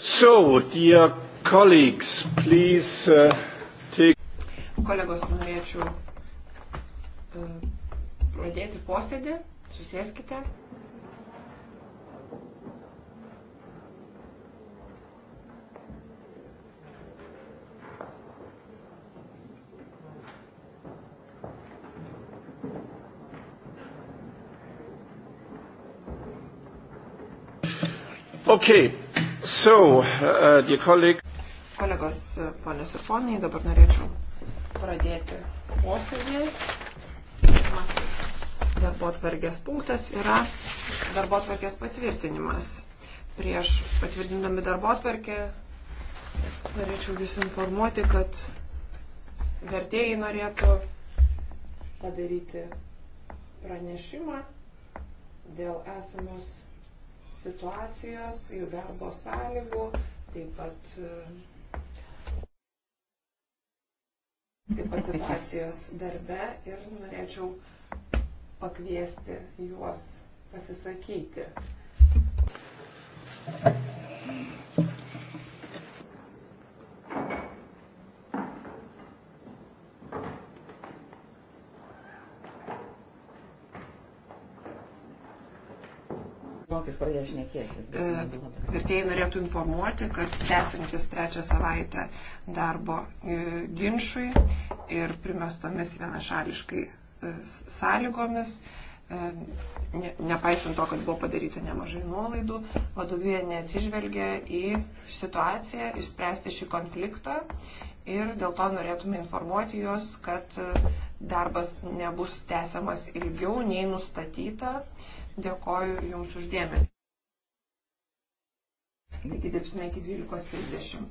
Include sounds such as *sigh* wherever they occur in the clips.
So, dear colleagues, please uh, take. Kolegos, norėčiau uh, pradėti posėdį. Susėskite. Okay. So, uh, dear colleague. Kolegos, ponios ir ponai, dabar norėčiau pradėti posėdį. Darbo atvarkės punktas yra darbo atvarkės patvirtinimas. Prieš patvirtindami darbo atvarkę norėčiau jūs informuoti, kad vertėjai norėtų padaryti pranešimą dėl esamos situacijos, jų darbo sąlygų, taip pat, e, taip pat situacijos darbe ir norėčiau pakviesti juos pasisakyti. Vertėjai norėtų informuoti, kad tęsiantis trečią savaitę darbo e, ginšui ir primestomis vienašališkai e, sąlygomis, e, nepaisant to, kad buvo padaryta nemažai nuolaidų, vadovybė neatsižvelgia į situaciją, išspręsti šį konfliktą ir dėl to norėtume informuoti juos, kad darbas nebus tęsiamas ilgiau nei nustatyta. Uh, Dėkoju Jums uždėmesi. Taigi dirbsime iki 12.30.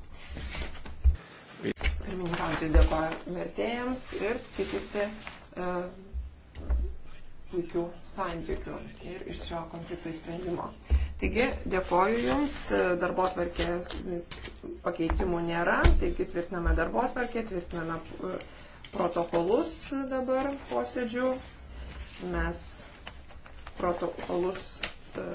Pirmininkautis dėkoja vertėjams ir tikisi uh, puikių santykių ir iš šio konflikto įsprendimo. Taigi dėkoju Jums, e, darbo atvarkė pakeitimų nėra, taigi tvirtiname darbo atvarkę, tvirtiname e, protokolus dabar posėdžių. Mes protokolus e,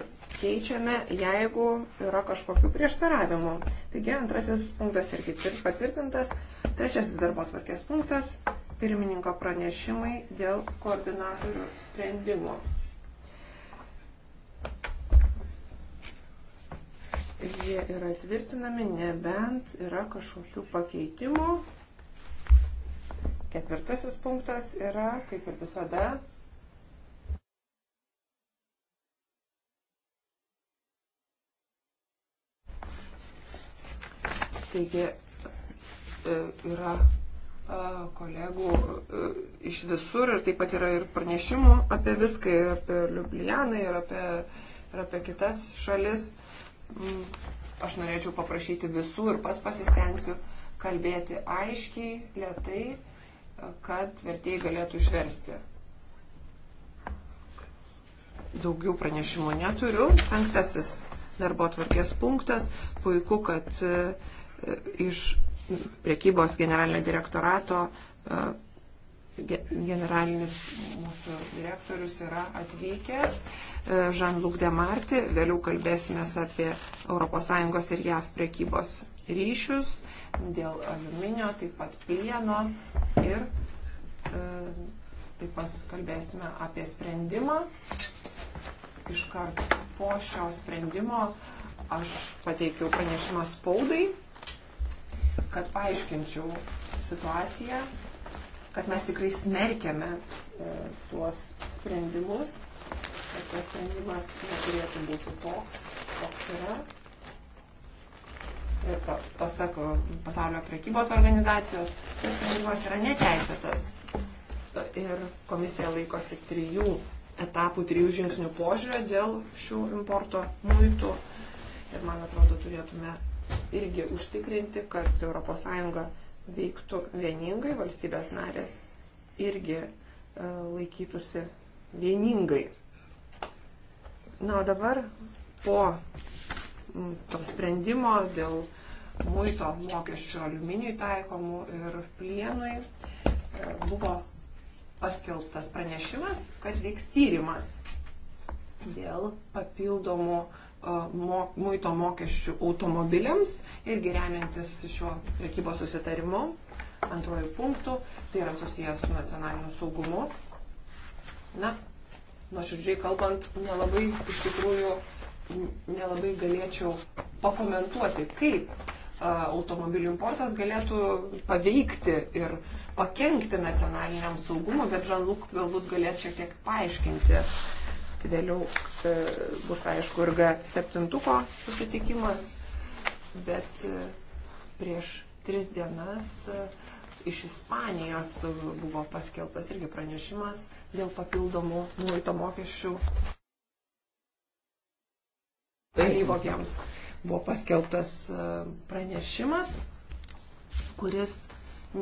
keičiame, jeigu yra kažkokių prieštaravimų. Taigi antrasis punktas irgi patvirtintas. Trečiasis darbo tvarkės punktas - pirmininko pranešimai dėl koordinatorių sprendimų. Jie yra tvirtinami, nebent yra kažkokių pakeitimų. Ketvirtasis punktas yra, kaip ir visada, Taigi e, yra e, kolegų e, iš visur ir taip pat yra ir pranešimų apie viską, ir apie Liublianą, ir apie, ir apie kitas šalis. Mm, aš norėčiau paprašyti visų ir pats pasistengsiu kalbėti aiškiai, lietai, kad vertėjai galėtų išversti. Daugiau pranešimų neturiu. Penktasis darbo tvarkės punktas. Puiku, kad uh, iš priekybos generalinio direktorato e, generalinis mūsų direktorius yra atvykęs, Žan-Luk e, Demarti, vėliau kalbėsime apie ES ir JAV priekybos ryšius dėl aliuminio, taip pat plieno ir e, taip pat kalbėsime apie sprendimą. Iškart po šio sprendimo aš pateikiau pranešimą spaudai kad paaiškinčiau situaciją, kad mes tikrai smerkiame e, tuos sprendimus, kad tas sprendimas neturėtų būti toks, koks yra. Ir to, pasak pasaulio prekybos organizacijos, tas sprendimas yra neteisėtas. Ir komisija laikosi trijų etapų, trijų žingsnių požiūrio dėl šių importo muitų. Ir man atrodo, turėtume irgi užtikrinti, kad ES veiktų vieningai, valstybės narės irgi e, laikytųsi vieningai. Na, o dabar po to sprendimo dėl muito mokesčio aliuminiui taikomų ir plienui e, buvo paskelbtas pranešimas, kad vyks tyrimas dėl papildomų uh, muito mokesčių automobiliams irgi remiantis šiuo prekybos susitarimu. Antrojų punktų, tai yra susijęs su nacionaliniu saugumu. Na, nuoširdžiai kalbant, nelabai iš tikrųjų nelabai galėčiau pakomentuoti, kaip automobilių importas galėtų paveikti ir pakenkti nacionaliniam saugumui, bet Žanluk galbūt galės šiek tiek paaiškinti Vėliau e, bus aišku ir G7 susitikimas, bet e, prieš tris dienas e, iš Ispanijos buvo paskelbtas irgi pranešimas dėl papildomų muito mokesčių. Alyvokiams tai buvo paskelbtas pranešimas, kuris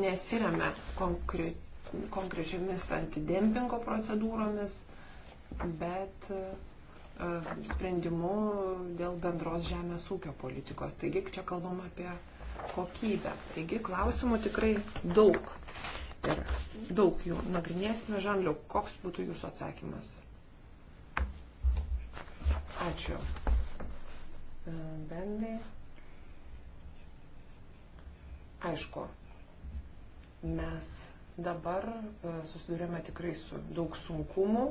nesiremia konkrečiomis antidempingo procedūromis, bet e, sprendimu dėl bendros žemės ūkio politikos. Taigi čia kalbam apie kokybę. Taigi klausimų tikrai daug. Ir daug jų nagrinėsime. Žanliu, koks būtų jūsų atsakymas? Ačiū. E, Bendai. Aišku, mes dabar e, susidurėme tikrai su daug sunkumų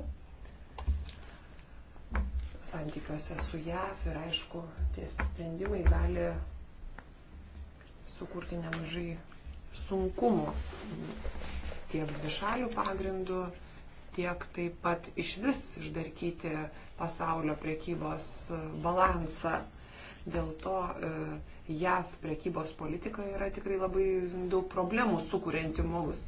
santykiuose su JAF ir aišku, tie sprendimai gali sukurti nemažai sunkumų tiek dvišalių pagrindų, tiek taip pat iš vis išdarkyti pasaulio priekybos balansą. Dėl to e, JAV priekybos politika yra tikrai labai daug problemų sukurianti mums.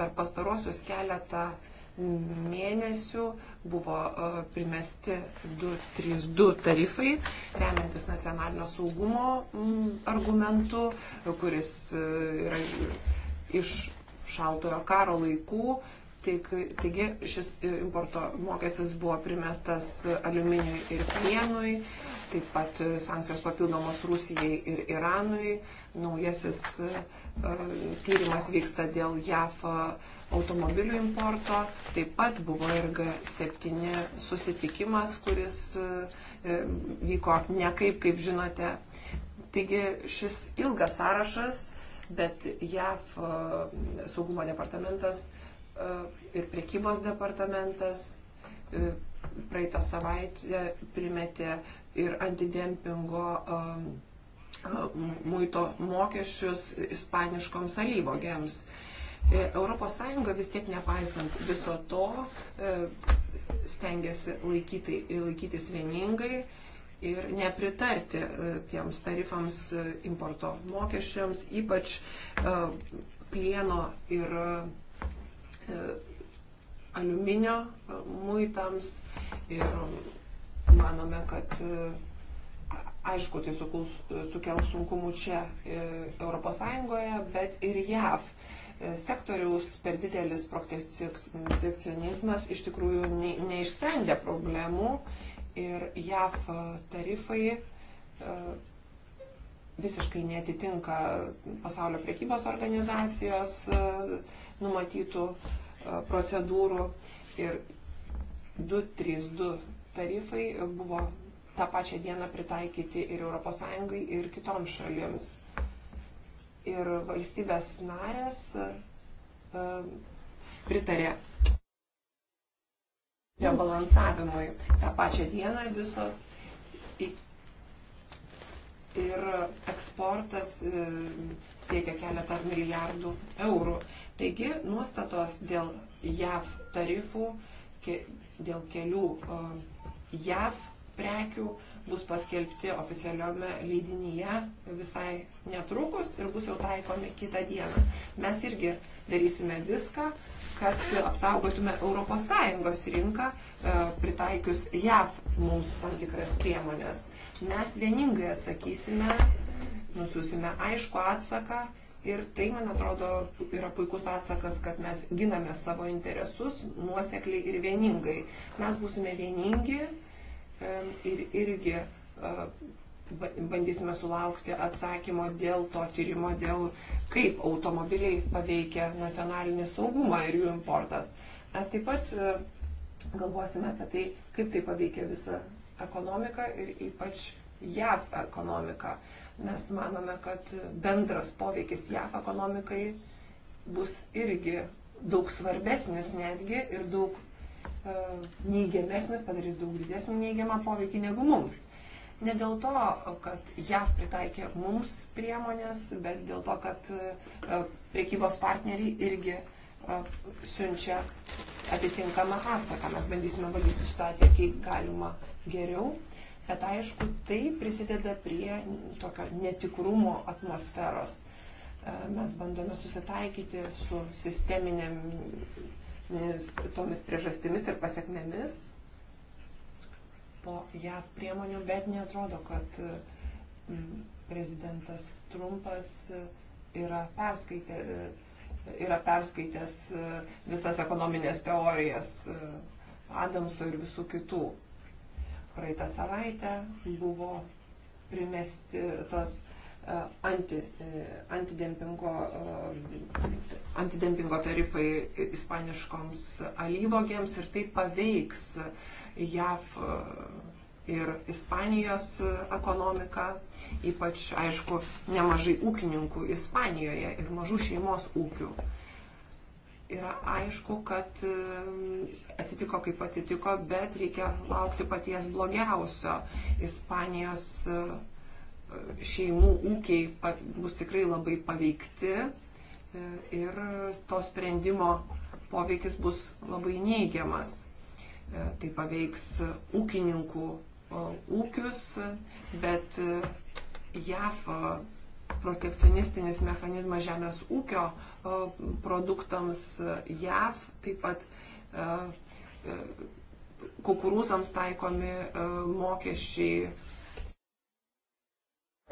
Per pastarosius keletą metų mėnesių buvo e, primesti 232 tarifai, remiantis nacionalinio saugumo mm, argumentu, kuris e, yra iš šaltojo karo laikų. Taigi šis e, importo mokestis buvo primestas aliuminiui ir plienui, taip pat sankcijos papildomos Rusijai ir Iranui. Naujasis tyrimas vyksta dėl JAF automobilių importo. Taip pat buvo ir G7 susitikimas, kuris e, e, vyko nekaip, kaip žinote. Taigi šis ilgas sąrašas, bet JAV e, saugumo departamentas ir priekybos departamentas praeitą savaitę primetė ir antidempingo muito mokesčius ispaniškoms alyvogėms. Um, ES vis tiek nepaisant viso to e, stengiasi laikyti, laikytis vieningai ir nepritarti e, tiems tarifams e, importo mokesčiams, ypač plieno ir aliuminio muitams. Ir manome, kad aišku, tai sukels sunkumų čia ES, bet ir JAV sektoriaus per didelis protekcionizmas iš tikrųjų neišsprendė problemų ir JAF tarifai e, visiškai netitinka pasaulio priekybos organizacijos e, numatytų e, procedūrų ir 232 tarifai buvo tą pačią dieną pritaikyti ir ES ir kitoms šalims ir valstybės narės e, pritarė rebalansavimui tą pačią dieną visos. Ir eksportas e, siekia keletą milijardų eurų. Taigi nuostatos dėl JAV tarifų, dėl kelių e, JAV prekių bus paskelbti oficialiame leidinyje visai netrukus ir bus jau taikomi kitą dieną. Mes irgi darysime viską, kad apsaugotume ES rinką, e, pritaikius JAV mums tam tikras priemonės. Mes vieningai atsakysime, nusiusime aišku atsaką Ir tai, man atrodo, yra puikus atsakas, kad mes giname savo interesus nuosekliai ir vieningai. Mes būsime vieningi, ir irgi bandysime sulaukti atsakymo dėl to tyrimo, dėl kaip automobiliai paveikia nacionalinį saugumą ir jų importas. Mes taip pat galvosime apie tai, kaip tai paveikia visą ekonomiką ir ypač JAV ekonomiką. Mes manome, kad bendras poveikis JAV ekonomikai bus irgi daug svarbesnis netgi ir daug E, neigiamesnis, padarys daug didesnį neigiamą poveikį negu mums. Ne dėl to, kad JAV pritaikė mums priemonės, bet dėl to, kad e, priekybos partneriai irgi e, siunčia atitinkamą atsaką. Mes bandysime valdyti situaciją kaip galima geriau, bet aišku, tai prisideda prie tokio netikrumo atmosferos mes bandome susitaikyti su sisteminėm tomis priežastimis ir pasiekmėmis po JAV priemonių, bet netrodo, kad mm, prezidentas Trumpas e, yra, perskaitė, e, yra perskaitęs e, visas ekonominės teorijas Adamso ir visų kitų. Praeitą savaitę buvo primesti tos E, anti, e, antidempingo, e, antidempingo tarifai ispaniškoms alyvogėms ir tai paveiks JAV ir Ispanijos ekonomiką, ypač, aišku, nemažai ūkininkų Ispanijoje ir mažų šeimos ūkių. Yra aišku, kad atsitiko kaip atsitiko, bet reikia laukti paties blogiausio. Ispanijos šeimų ūkiai bus tikrai labai paveikti e, ir to sprendimo poveikis bus labai neigiamas. E, tai paveiks ūkininkų ūkius, bet e, JAF protekcionistinis mechanizmas žemės ūkio produktams JAF taip pat kukurūzams taikomi mokesčiai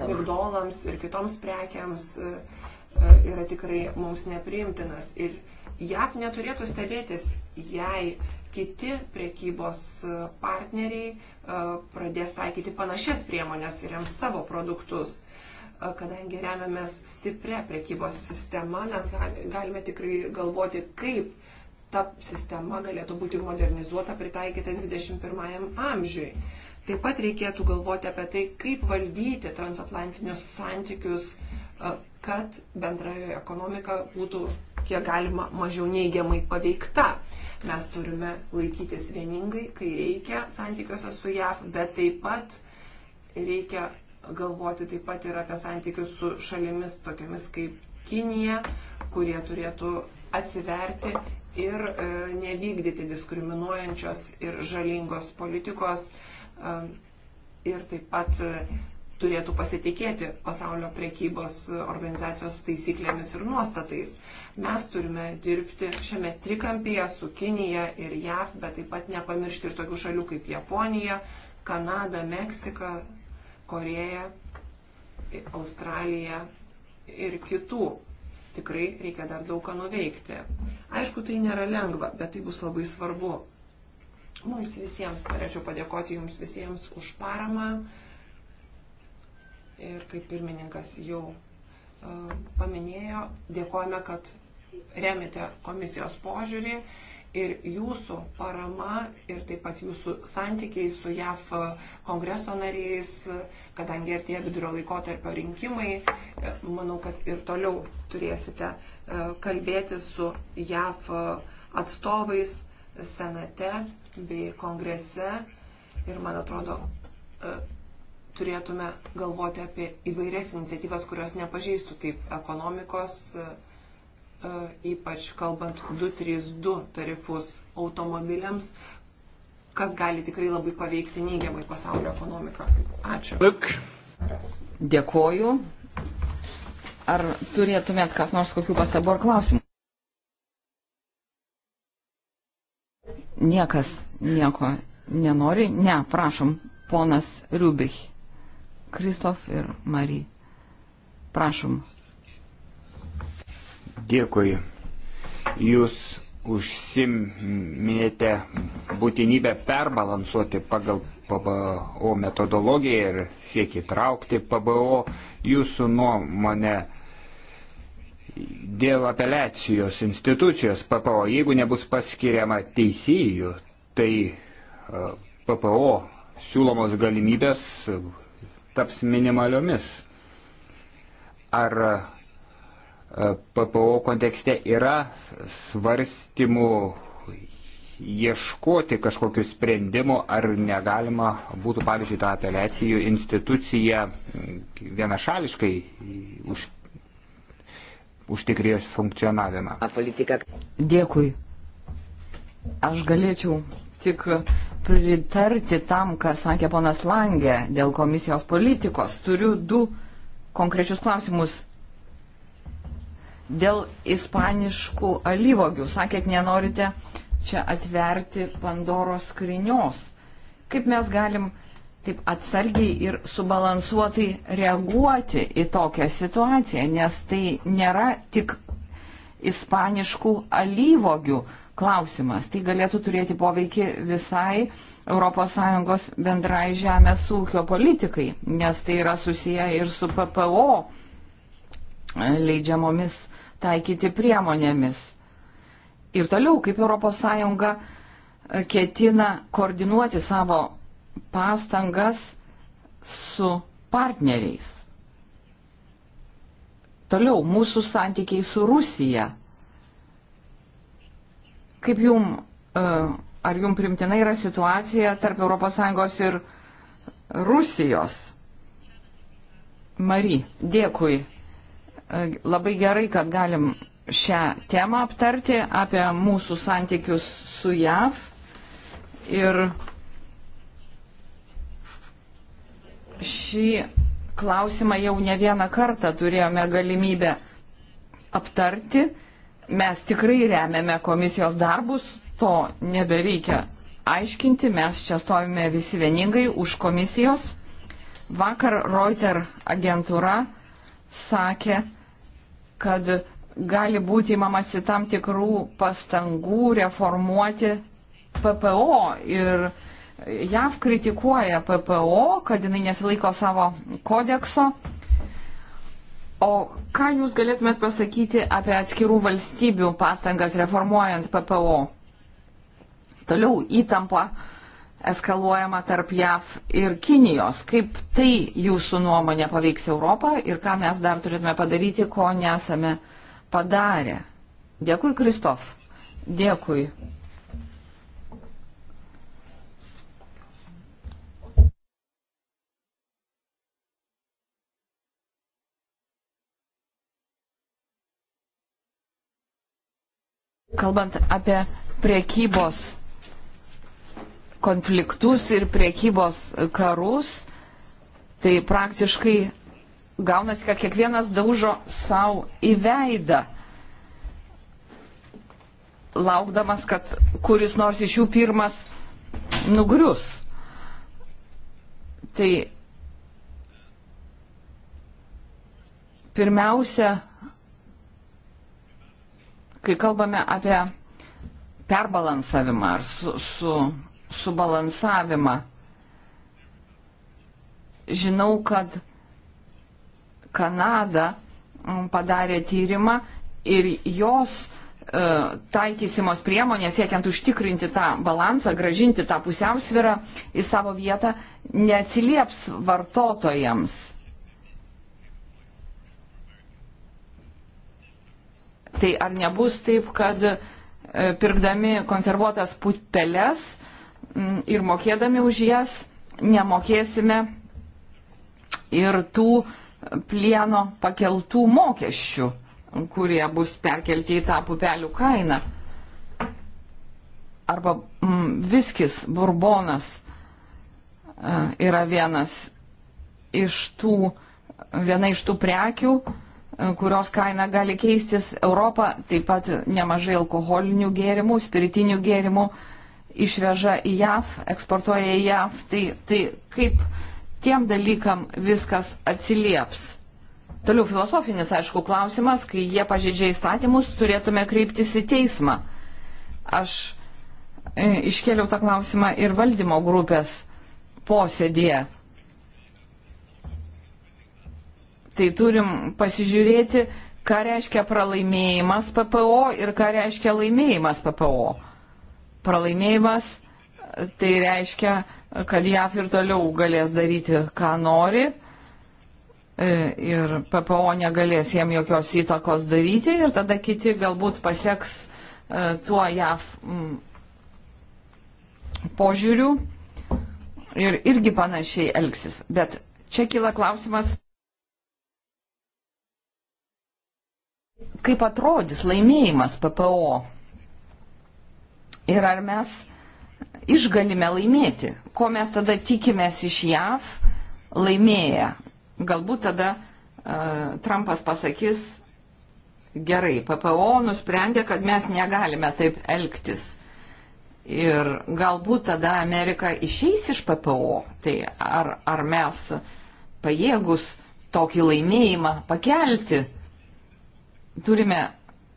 migdolams ir kitoms prekiams e, e, yra tikrai mums nepriimtinas. Ir JAV neturėtų stebėtis, jei kiti prekybos e, partneriai pradės taikyti panašias priemonės ir jiems savo produktus. Kadangi remiamės stiprią prekybos sistemą, mes galime tikrai galvoti, kaip ta sistema galėtų būti modernizuota, pritaikyta 21 amžiui. Taip pat reikėtų galvoti apie tai, kaip valdyti transatlantinius santykius, e, kad bendroji ekonomika būtų kiek galima mažiau neigiamai paveikta. Mes turime laikytis vieningai, kai reikia santykiuose su JAV, bet taip pat reikia galvoti taip pat ir apie santykius su šalimis tokiamis kaip Kinija, kurie turėtų atsiverti ir e, nevykdyti diskriminuojančios ir žalingos politikos. E, ir taip pat e, turėtų pasitikėti pasaulio priekybos e, organizacijos taisyklėmis ir nuostatais. Mes turime dirbti šiame trikampyje su Kinija ir JAV, bet taip pat nepamiršti ir tokių šalių kaip Japonija, Kanada, Meksika, Koreja, Australija ir kitų. Tikrai reikia dar daug ką nuveikti. Aišku, tai nėra lengva, bet tai bus labai svarbu. Mums visiems norėčiau padėkoti jums visiems už paramą. Ir kaip pirmininkas jau uh, paminėjo, dėkojame, kad remite komisijos požiūrį ir jūsų parama ir taip pat jūsų santykiai su JAF kongreso nariais, kadangi artėja vidurio laikotarpio rinkimai, e, manau, kad ir toliau turėsite e, kalbėti su JAF atstovais senate bei kongrese ir, man atrodo, e, turėtume galvoti apie įvairias iniciatyvas, kurios nepažįstų taip ekonomikos, e, e, ypač kalbant 232 tarifus automobiliams, kas gali tikrai labai paveikti neigiamai pasaulio ekonomiką. Ačiū. Liuk. Dėkoju. Ar turėtumėt kas nors kokių pastabų ar klausimų? Niekas nieko nenori. Ne, prašom, ponas Riubich. Kristof ir Marija. Prašom. Dėkui. Jūs užsiminėte būtinybę perbalansuoti pagal PBO metodologiją ir siekį traukti PBO. Jūsų nuomonė dėl apeliacijos institucijos PPO, jeigu nebus paskiriama teisėjų, tai e, PPO siūlomos galimybės taps minimaliomis. Ar e, PPO kontekste yra svarstymų ieškoti kažkokių sprendimų, ar negalima būtų, pavyzdžiui, tą apeliacijų instituciją vienašališkai už, užtikrės funkcionavimą. Politika. Dėkui. Aš galėčiau tik pritarti tam, ką sakė ponas Langė dėl komisijos politikos. Turiu du konkrečius klausimus. Dėl ispaniškų alyvogių. Sakėt, nenorite čia atverti Pandoros skrinios. Kaip mes galim taip atsargiai ir subalansuotai reaguoti į tokią situaciją, nes tai nėra tik ispaniškų alyvogių klausimas. Tai galėtų turėti poveikį visai ES bendrai žemės ūkio politikai, nes tai yra susiję ir su PPO leidžiamomis taikyti priemonėmis. Ir toliau, kaip ES ketina koordinuoti savo pastangas su partneriais. Toliau mūsų santykiai su Rusija. Kaip jum, e, ar jum primtina yra situacija tarp ES ir Rusijos? Mari, dėkui. E, labai gerai, kad galim šią temą aptarti apie mūsų santykius su JAV. Ir šį klausimą jau ne vieną kartą turėjome galimybę aptarti. Mes tikrai remiame komisijos darbus, to nebereikia aiškinti, mes čia stovime visi vieningai už komisijos. Vakar Reuter agentūra sakė, kad gali būti įmamasi tam tikrų pastangų reformuoti PPO ir JAV kritikuoja PPO, kad jinai nesilaiko savo kodekso. O ką jūs galėtumėt pasakyti apie atskirų valstybių pastangas reformuojant PPO? Toliau įtampa eskaluojama tarp JAV ir Kinijos. Kaip tai jūsų nuomonė paveiks Europą ir ką mes dar turėtume padaryti, ko nesame padarę? Dėkui, Kristof. Dėkui. Kalbant apie priekybos konfliktus ir priekybos karus, tai praktiškai gaunasi, kad kiekvienas daužo savo į veidą, laukdamas, kad kuris nors iš jų pirmas nugrius. Tai pirmiausia, Kai kalbame apie perbalansavimą ar su, su, subalansavimą, žinau, kad Kanada mm, padarė tyrimą ir jos e, taikysimos priemonės, siekiant užtikrinti tą balansą, gražinti tą pusiausvyrą į savo vietą, neatsilieps vartotojams. Tai ar nebus taip, kad e, pirkdami konservuotas pupeles ir mokėdami už jas nemokėsime ir tų plieno pakeltų mokesčių, kurie bus perkelti į tą pupelių kainą. Arba mm, viskis, burbonas e, yra vienas iš tų, viena iš tų prekių, kurios kaina gali keistis Europą, taip pat nemažai alkoholinių gėrimų, spiritinių gėrimų išveža į JAV, eksportuoja į JAV. Tai, tai kaip tiem dalykam viskas atsilieps? Toliau filosofinis, aišku, klausimas, kai jie pažeidžia įstatymus, turėtume kreiptis į teismą. Aš e, iškėliau tą klausimą ir valdymo grupės posėdėje. Tai turim pasižiūrėti, ką reiškia pralaimėjimas PPO ir ką reiškia laimėjimas PPO. Pralaimėjimas tai reiškia, kad JAF ir toliau galės daryti, ką nori e, ir PPO negalės jiem jokios įtakos daryti ir tada kiti galbūt paseks e, tuo JAF mm, požiūriu ir irgi panašiai elgsis. Bet čia kyla klausimas. kaip atrodys laimėjimas PPO ir ar mes išgalime laimėti, ko mes tada tikimės iš JAV laimėję. Galbūt tada uh, Trumpas pasakys, gerai, PPO nusprendė, kad mes negalime taip elgtis. Ir galbūt tada Amerika išeis iš PPO. Tai ar, ar mes pajėgus tokį laimėjimą pakelti turime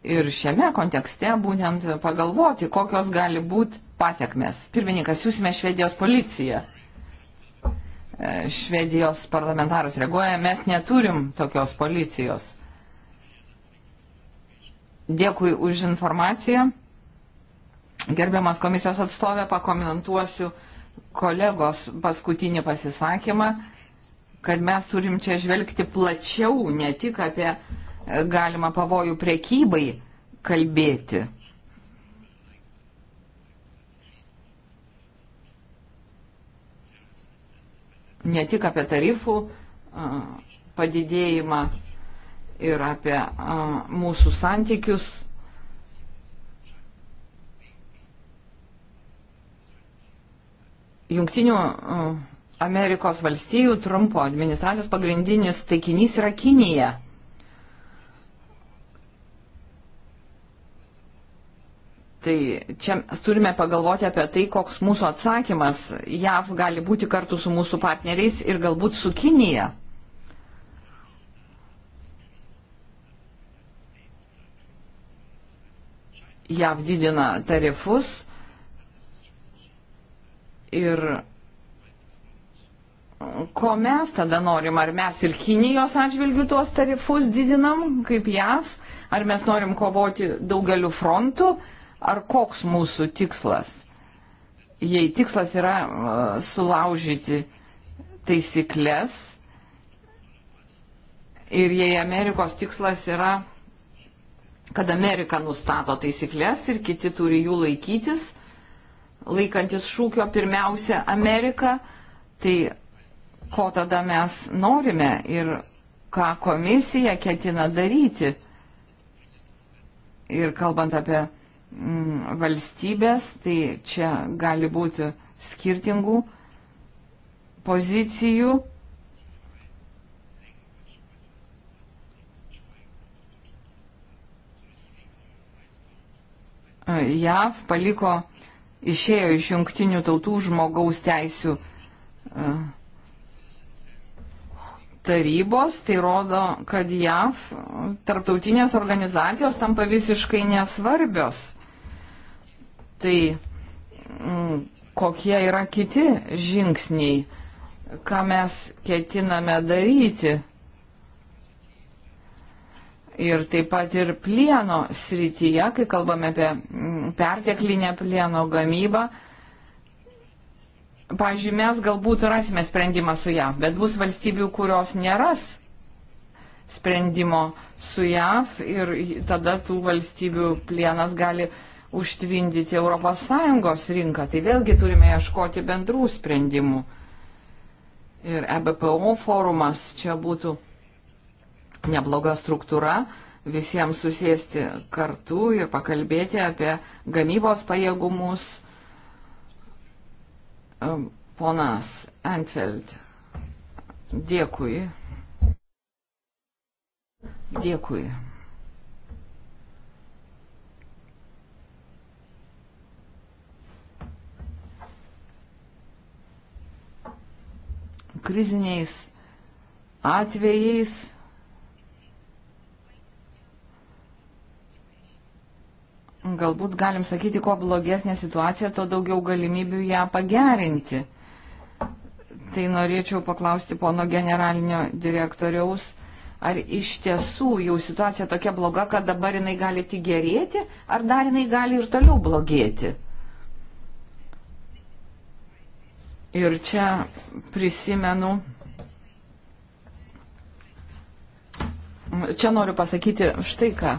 ir šiame kontekste būtent pagalvoti, kokios gali būti pasiekmes. Pirmininkas, siūsime Švedijos policiją. E, Švedijos parlamentaras reaguoja, mes neturim tokios policijos. Dėkui už informaciją. Gerbiamas komisijos atstovė, pakomentuosiu kolegos paskutinį pasisakymą, kad mes turim čia žvelgti plačiau, ne tik apie uh, galima pavojų priekybai kalbėti. Ne tik apie tarifų padidėjimą ir apie mūsų santykius Junktinių Amerikos valstijų Trumpo administracijos pagrindinis taikinys yra Kinija. Tai čia mes turime pagalvoti apie tai, koks mūsų atsakymas JAV gali būti kartu su mūsų partneriais ir galbūt su Kinija. JAV didina tarifus ir ko mes tada norim, ar mes ir Kinijos atžvilgių tuos tarifus didinam kaip JAV, ar mes norim kovoti daugeliu frontų ar koks mūsų tikslas. Jei tikslas yra uh, sulaužyti taisyklės ir jei Amerikos tikslas yra, kad Amerika nustato taisyklės ir kiti turi jų laikytis, laikantis šūkio pirmiausia Amerika, tai ko tada mes norime ir ką komisija ketina daryti. Ir kalbant apie Mm, valstybės, tai čia gali būti skirtingų pozicijų. JAV paliko, išėjo iš jungtinių tautų žmogaus teisų e, tarybos, tai rodo, kad JAV tarptautinės organizacijos tampa visiškai nesvarbios. Tai mm, kokie yra kiti žingsniai, ką mes ketiname daryti. Ir taip pat ir plieno srityje, kai kalbame apie mm, perteklinę plieno gamybą, pažiūrėjau, mes galbūt rasime sprendimą su JAV, bet bus valstybių, kurios neras sprendimo su JAV ir tada tų valstybių plienas gali užtvindyti ES rinką, tai vėlgi turime ieškoti bendrų sprendimų. Ir EBPO forumas čia būtų nebloga struktūra visiems susėsti kartu ir pakalbėti apie gamybos pajėgumus. Ponas Antfeld, dėkui. Dėkui. kriziniais atvejais. Galbūt galim sakyti, kuo blogesnė situacija, to daugiau galimybių ją pagerinti. Tai norėčiau paklausti pono generalinio direktoriaus, ar iš tiesų jau situacija tokia bloga, kad dabar jinai gali tik gerėti, ar dar jinai gali ir toliau blogėti. Ir čia prisimenu, čia noriu pasakyti štai ką,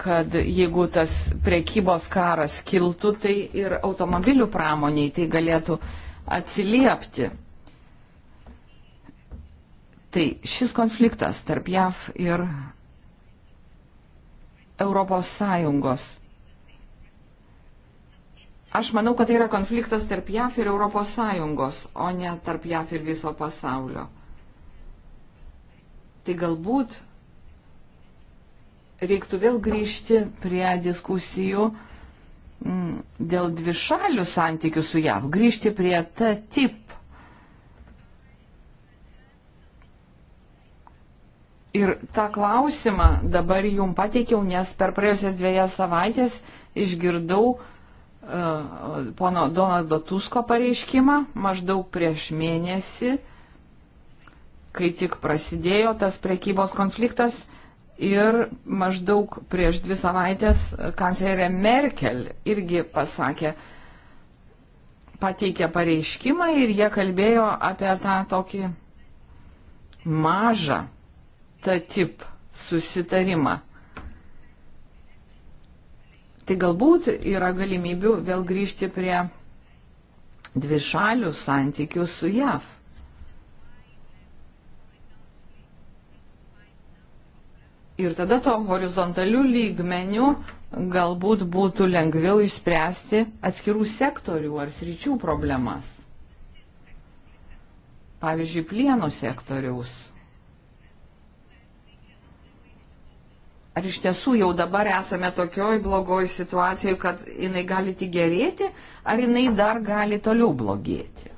kad jeigu tas priekybos karas kiltų, tai ir automobilių pramoniai tai galėtų atsiliepti. Tai šis konfliktas tarp JAV ir Europos Sąjungos Aš manau, kad tai yra konfliktas tarp JAF ir ES, o ne tarp JAF ir viso pasaulio. Tai galbūt reiktų vėl grįžti prie diskusijų m, mm, dėl dvišalių santykių su JAV, grįžti prie ta tip. Ir tą klausimą dabar jum pateikiau, nes per praėjusias dviejas savaitės išgirdau pono Donaldo Tusko pareiškimą maždaug prieš mėnesį, kai tik prasidėjo tas prekybos konfliktas ir maždaug prieš dvi savaitės kanclerė Merkel irgi pasakė, pateikė pareiškimą ir jie kalbėjo apie tą tokį mažą tą tip susitarimą tai galbūt yra galimybių vėl grįžti prie dvišalių santykių su JAV. Ir tada to horizontalių lygmenių galbūt būtų lengviau išspręsti atskirų sektorių ar sričių problemas. Pavyzdžiui, plieno sektoriaus ar iš tiesų jau dabar esame tokioj blogoj situacijoje, kad jinai gali tik gerėti, ar jinai dar gali toliau blogėti?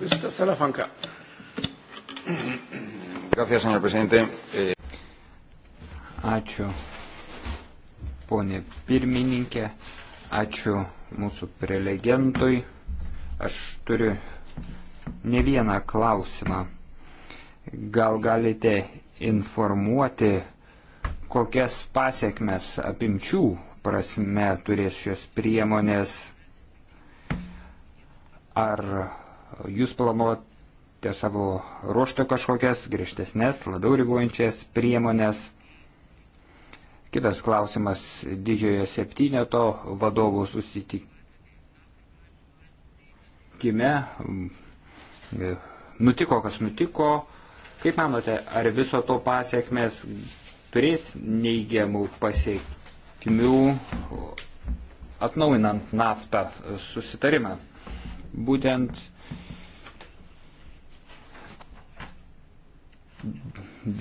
Visita Salafanka. Gracias, señor presidente. Eh, Ačiū, ponė pirmininkė. Ačiū mūsų prelegentui. Aš turiu ne vieną klausimą. Gal galite informuoti kokias pasiekmes apimčių prasme turės šios priemonės, ar jūs planuojate savo ruoštą kažkokias griežtesnės, labiau ribojančias priemonės. Kitas klausimas didžiojo septyneto vadovų susitikime. Nutiko, kas nutiko. Kaip manote, ar viso to pasiekmes turės neigiamų pasiekmių atnaujinant naftą susitarimą. Būtent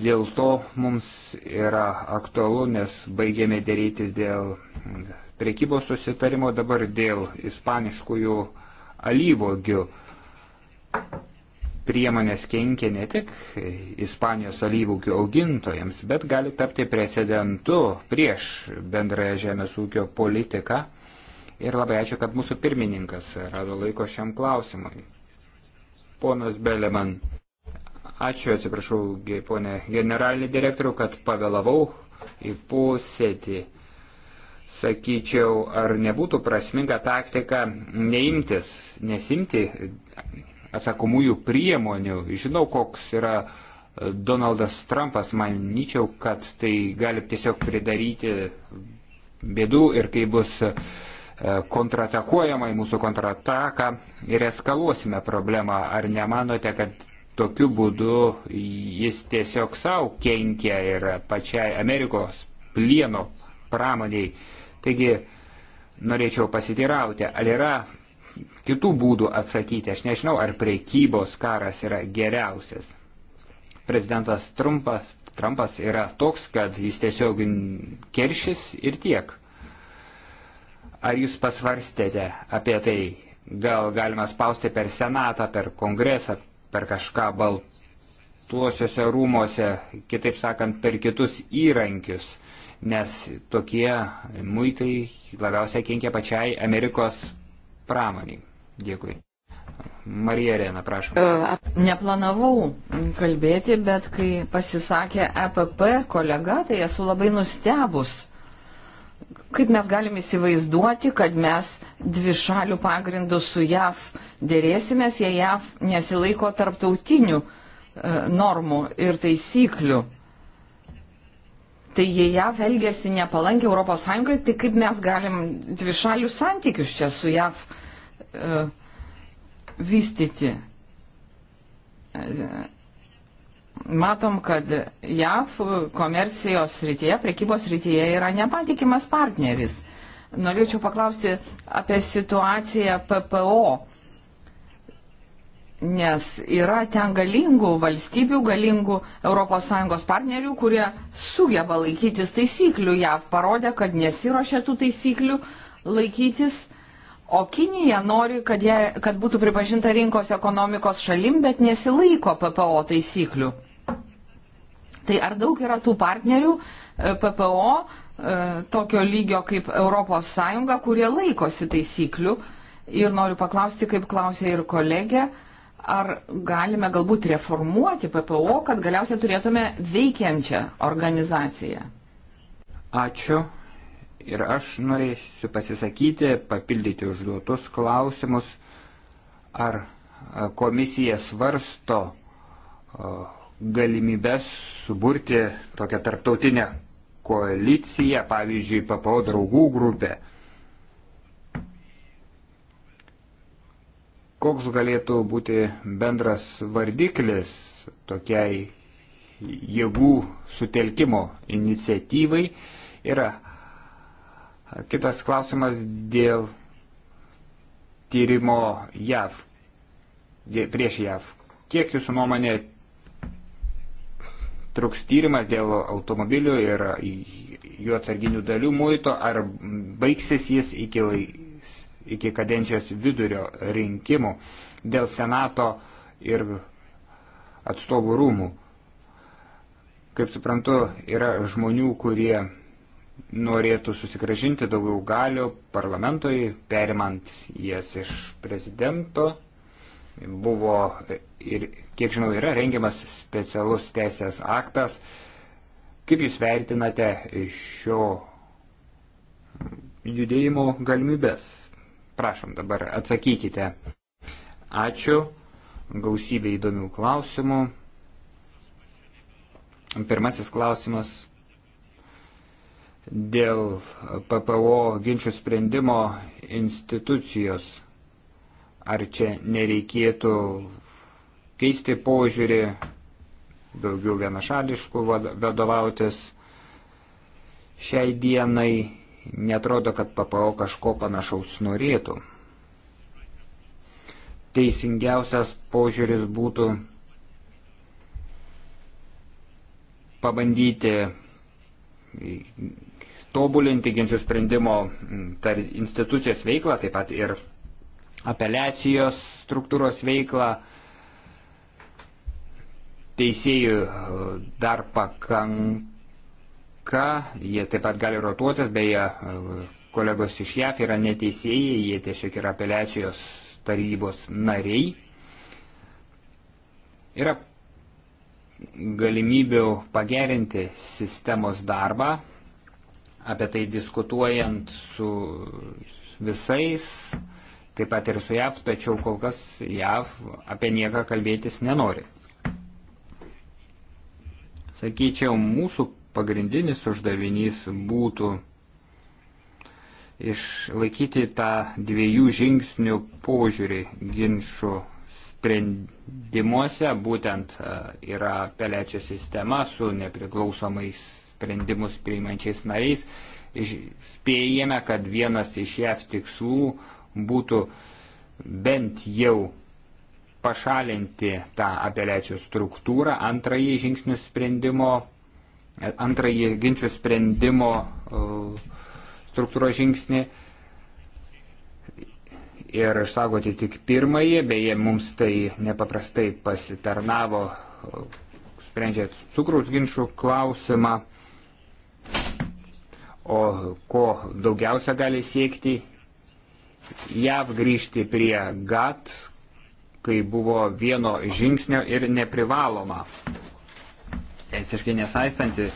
dėl to mums yra aktualu, nes baigėme dėrytis dėl priekybos susitarimo, dabar dėl ispaniškųjų alyvogių priemonės kenkia ne tik Ispanijos alyvūkių augintojams, bet gali tapti precedentu prieš bendrąją žemės ūkio politiką. Ir labai ačiū, kad mūsų pirmininkas rado laiko šiam klausimui. Ponas Beleman, ačiū, atsiprašau, ponė generalinį direktorių, kad pavėlavau į pusėtį sakyčiau, ar nebūtų prasminga taktika neimtis, nesimti atsakomųjų priemonių. Žinau, koks yra e, Donaldas Trumpas, manyčiau, kad tai gali tiesiog pridaryti bėdų ir kai bus e, kontratakuojama į mūsų kontrataką ir eskaluosime problemą. Ar nemanote, kad tokiu būdu jis tiesiog savo kenkia ir pačiai Amerikos plieno pramoniai? Taigi norėčiau pasitirauti, ar yra kitų būdų atsakyti. Aš nežinau, ar priekybos karas yra geriausias. Prezidentas Trumpas, Trumpas yra toks, kad jis tiesiog keršis ir tiek. Ar jūs pasvarstėte apie tai, gal galima spausti per senatą, per kongresą, per kažką baltuosiuose rūmose, kitaip sakant, per kitus įrankius, nes tokie muitai labiausiai kenkia pačiai Amerikos pramoniai. Dėkui. Marija Arena, prašom. E, Neplanavau kalbėti, bet kai pasisakė EPP kolega, tai esu labai nustebus. Kaip mes galim įsivaizduoti, kad mes dvi šalių pagrindų su JAV dėrėsimės, jei JAV nesilaiko tarptautinių e, normų ir taisyklių. Tai jei JAV elgesi nepalankiai ES, tai kaip mes galim dvi šalių santykius čia su JAV E, vystyti. Matom, kad JAV komercijos rytyje, prekybos rytyje yra nepatikimas partneris. Norėčiau paklausti apie situaciją PPO, nes yra ten galingų valstybių, galingų ES partnerių, kurie sugeba laikytis taisyklių. JAV parodė, kad nesiuošia tų taisyklių laikytis O Kinija nori, kad, jie, kad būtų pripažinta rinkos ekonomikos šalim, bet nesilaiko PPO taisyklių. Tai ar daug yra tų partnerių e, PPO e, tokio lygio kaip ES, kurie laikosi taisyklių? Ir noriu paklausti, kaip klausė ir kolegė, ar galime galbūt reformuoti PPO, kad galiausiai turėtume veikiančią organizaciją? Ačiū ir aš norėsiu pasisakyti, papildyti užduotus klausimus, ar komisija svarsto galimybės suburti tokią tarptautinę koaliciją, pavyzdžiui, PPO draugų grupę. Koks galėtų būti bendras vardiklis tokiai jėgų sutelkimo iniciatyvai yra Kitas klausimas dėl tyrimo JAV, prieš JAV. Kiek jūsų nuomonė truks tyrimas dėl automobilių ir jų atsarginių dalių muito, ar baigsis jis iki, iki kadencijos vidurio rinkimų dėl Senato ir atstovų rūmų. Kaip suprantu, yra žmonių, kurie norėtų susigražinti daugiau galių parlamentui, perimant jas iš prezidento. Buvo ir, kiek žinau, yra rengiamas specialus teisės aktas. Kaip Jūs vertinate šio judėjimo galimybės? Prašom dabar atsakykite. Ačiū. Gausybė įdomių klausimų. Pirmasis klausimas dėl PPO ginčių sprendimo institucijos. Ar čia nereikėtų keisti požiūrį, daugiau vienašališkų vadovautis šiai dienai, netrodo, kad PPO kažko panašaus norėtų. Teisingiausias požiūris būtų pabandyti tobulinti ginčių sprendimo tar, institucijos veiklą, taip pat ir apeliacijos struktūros veiklą. Teisėjų e, dar pakanka, jie taip pat gali rotuotis, beje, e, kolegos iš JAF yra neteisėjai, jie tiesiog yra apeliacijos tarybos nariai. Yra galimybių pagerinti sistemos darbą, apie tai diskutuojant su visais, taip pat ir su JAV, tačiau kol kas JAV apie nieką kalbėtis nenori. Sakyčiau, mūsų pagrindinis uždavinys būtų išlaikyti tą dviejų žingsnių požiūrį ginčių sprendimuose, būtent e, yra pelečių sistema su nepriklausomais sprendimus priimančiais nariais. Spėjame, kad vienas iš JAV tikslų būtų bent jau pašalinti tą apeliacijų struktūrą, antrąjį žingsnių sprendimo, antrąjį ginčių sprendimo uh, struktūros žingsnį ir išsaugoti tik pirmąjį, beje, mums tai nepaprastai pasitarnavo, uh, sprendžiant cukraus ginčių klausimą o ko daugiausia gali siekti JAV grįžti prie GATT, kai buvo vieno žingsnio ir neprivaloma. Teisiškai nesaistanti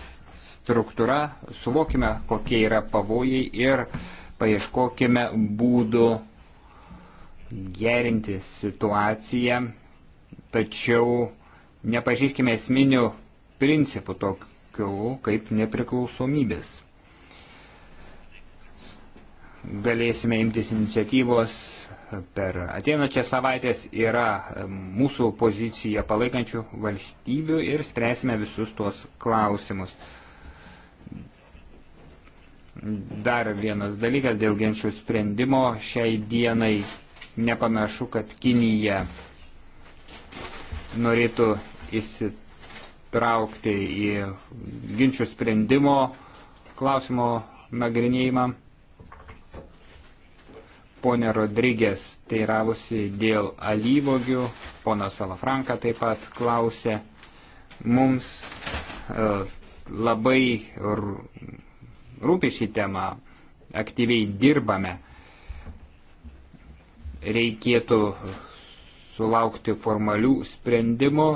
struktūra, suvokime, kokie yra pavojai ir paieškokime būdų gerinti situaciją, tačiau nepažįskime esminių principų tokių kaip nepriklausomybės galėsime imtis iniciatyvos per ateinačias savaitės yra e, mūsų pozicija palaikančių valstybių ir spręsime visus tuos klausimus. Dar vienas dalykas dėl ginčių sprendimo šiai dienai nepanašu, kad Kinija norėtų įsitraukti į ginčių sprendimo klausimo nagrinėjimą Pone Rodrygės teiravusi dėl alyvogių, pono Salafranka taip pat klausė. Mums e, labai rūpi šį temą, aktyviai dirbame. Reikėtų sulaukti formalių sprendimų,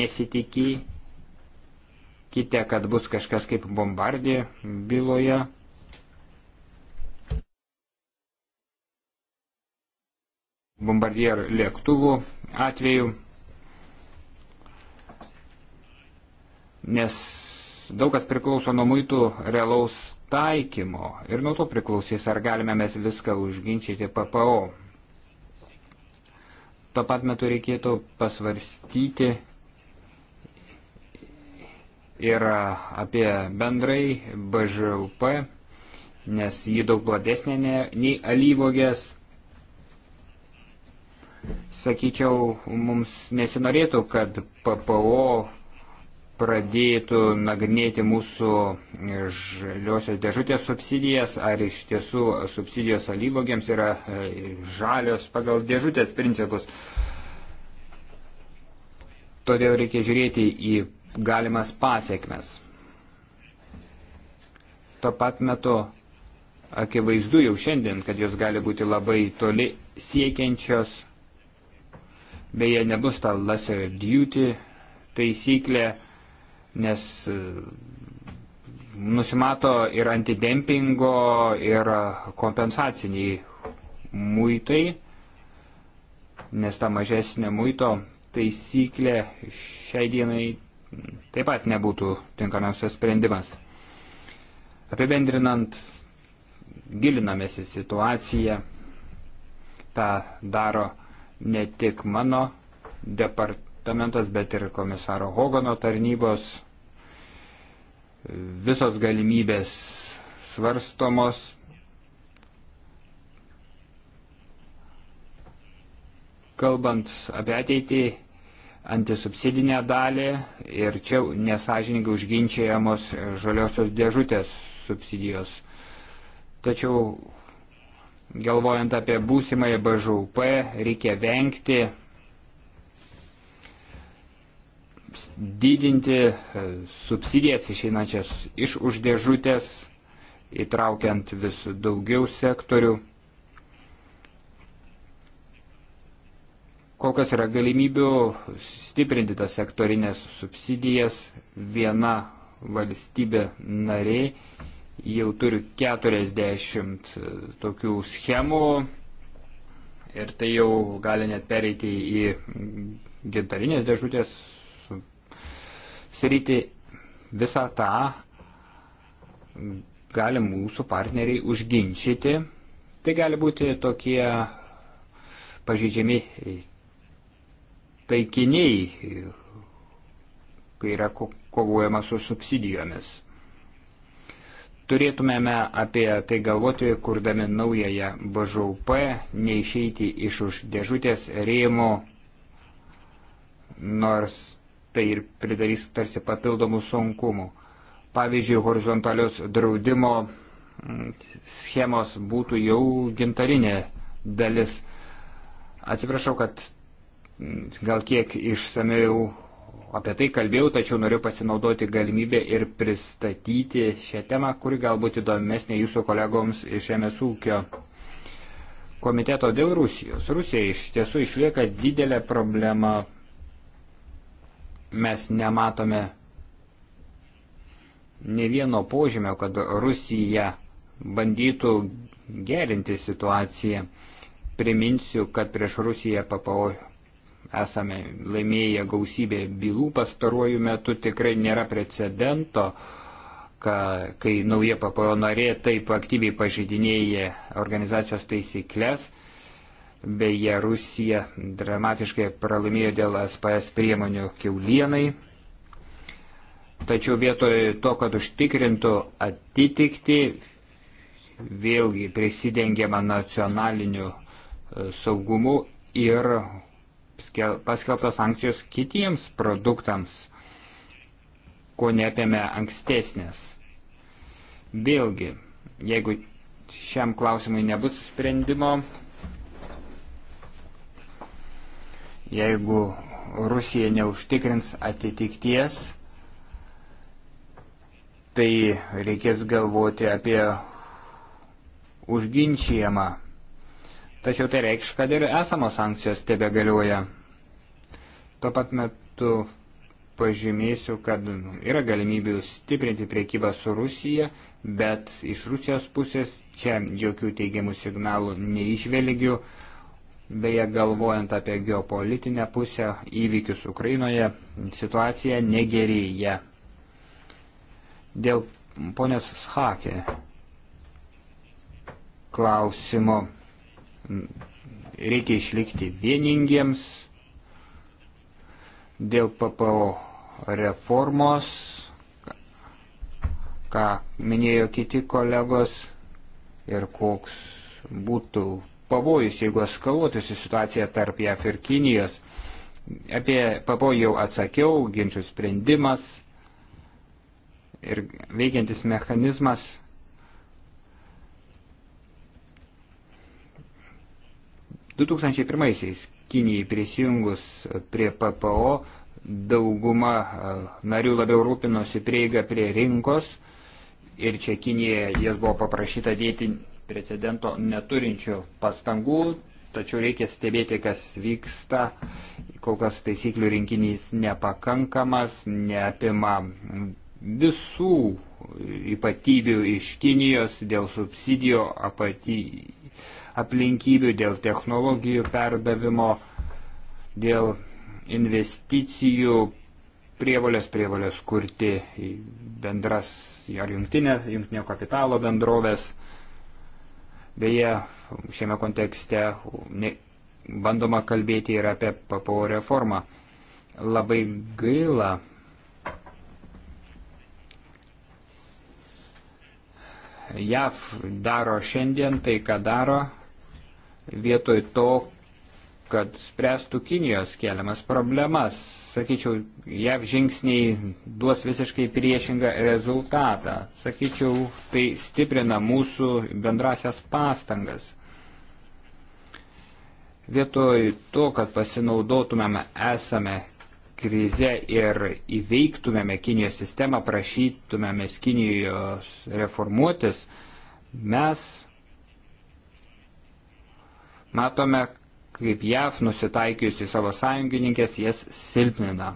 nesitikėkite, kad bus kažkas kaip bombardė byloje. bombardier lėktuvų atveju, nes daug kas priklauso nuo muitų realaus taikymo ir nuo to priklausys, ar galime mes viską užginčyti PPO. Tuo pat metu reikėtų pasvarstyti ir apie bendrai BŽUP, nes jį daug platesnė nei alyvogės. Sakyčiau, mums nesinorėtų, kad PPO pradėtų nagrinėti mūsų žaliosios dėžutės subsidijas, ar iš tiesų subsidijos alyvogiams yra e, žalios pagal dėžutės principus. Todėl reikia žiūrėti į galimas pasiekmes. Tuo pat metu akivaizdu jau šiandien, kad jos gali būti labai toli siekiančios Beje, nebus ta lesser duty taisyklė, nes e, nusimato ir antidempingo, ir kompensaciniai muitai, nes ta mažesnė muito taisyklė šiai dienai taip pat nebūtų tinkamiausias sprendimas. Apibendrinant, gilinamės į situaciją, tą daro ne tik mano departamentas, bet ir komisaro Hogano tarnybos. Visos galimybės svarstomos. Kalbant apie ateitį, antisubsidinę dalį ir čia nesažininkai užginčiajamos žaliosios dėžutės subsidijos. Tačiau galvojant apie būsimąją BŽUP, reikia vengti didinti e, subsidijas išeinančias iš uždėžutės, įtraukiant vis daugiau sektorių. Kol kas yra galimybių stiprinti tas sektorinės subsidijas viena valstybė nariai Jau turiu 40 e, tokių schemų ir tai jau gali net pereiti į gintarinės dėžutės sritį. Visą tą gali mūsų partneriai užginčyti. Tai gali būti tokie pažeidžiami taikiniai, kai yra kovojama su subsidijomis. Turėtumėme apie tai galvoti, kurdami naująją BŽUP, neišeiti iš už dėžutės rėmų, nors tai ir pridarys tarsi papildomų sunkumų. Pavyzdžiui, horizontalios draudimo mm, schemos būtų jau gintarinė dalis. Atsiprašau, kad mm, gal kiek išsameu apie tai kalbėjau, tačiau noriu pasinaudoti galimybę ir pristatyti šią temą, kuri galbūt įdomesnė jūsų kolegoms iš MS ūkio komiteto dėl Rusijos. Rusija iš tiesų išlieka didelė problema. Mes nematome ne vieno požymio, kad Rusija bandytų gerinti situaciją. Priminsiu, kad prieš Rusiją PPO esame laimėję gausybę bylų pastaruoju metu, tikrai nėra precedento, ka, kai nauja PPO narė taip aktyviai pažeidinėja organizacijos taisyklės. Beje, Rusija dramatiškai pralaimėjo dėl SPS priemonių keulienai. Tačiau vietoj to, kad užtikrintų atitikti, vėlgi prisidengiama nacionaliniu e, saugumu ir paskelbtos sankcijos kitiems produktams, ko neapėmė ankstesnės. Vėlgi, jeigu šiam klausimui nebus sprendimo, jeigu Rusija neužtikrins atitikties, tai reikės galvoti apie užginčiamą Tačiau tai reikš, kad ir esamos sankcijos tebe galioja. Tuo pat metu pažymėsiu, kad yra galimybių stiprinti priekybą su Rusija, bet iš Rusijos pusės čia jokių teigiamų signalų neižvelgiu. Beje, galvojant apie geopolitinę pusę, įvykius Ukrainoje, situacija negerėja. Dėl ponios Schakė klausimo reikia išlikti vieningiems dėl PPO reformos, ką minėjo kiti kolegos ir koks būtų pavojus, jeigu eskaluotųsi situacija tarp JAF ir Kinijos. Apie PPO jau atsakiau, ginčių sprendimas ir veikiantis mechanizmas 2001-aisiais Kinijai prisijungus prie PPO dauguma e, narių labiau rūpinosi prieiga prie rinkos ir čia Kinijoje jas buvo paprašyta dėti precedento neturinčių pastangų, tačiau reikia stebėti, kas vyksta. Kol kas taisyklių rinkinys nepakankamas, neapima visų ypatybių iš Kinijos dėl subsidijų apaty, aplinkybių, dėl technologijų perdavimo, dėl investicijų prievolės, prievolės kurti bendras ar jungtinės, jungtinio kapitalo bendrovės. Beje, šiame kontekste ne, bandoma kalbėti ir apie PPO reformą. Labai gaila. JAV daro šiandien tai, ką daro, vietoj to, kad spręstų Kinijos keliamas problemas. Sakyčiau, JAV žingsniai duos visiškai priešingą rezultatą. Sakyčiau, tai stiprina mūsų bendrasias pastangas. Vietoj to, kad pasinaudotumėme esame krize ir įveiktumėme Kinijos sistemą, prašytumėme Kinijos reformuotis, mes Matome, kaip JAV nusitaikiusi savo sąjungininkės jas silpnina.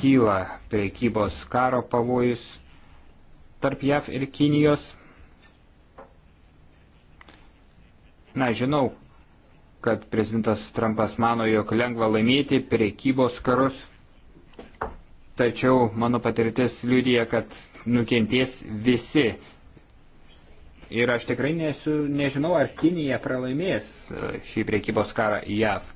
Kyla priekybos karo pavojus tarp JAV ir Kinijos. Na, žinau, kad prezidentas Trumpas mano, jog lengva laimėti priekybos karus, tačiau mano patirtis liūdija, kad nukentės visi Ir aš tikrai nesu, nežinau, ar Kinija pralaimės e, šį priekybos karą JAV.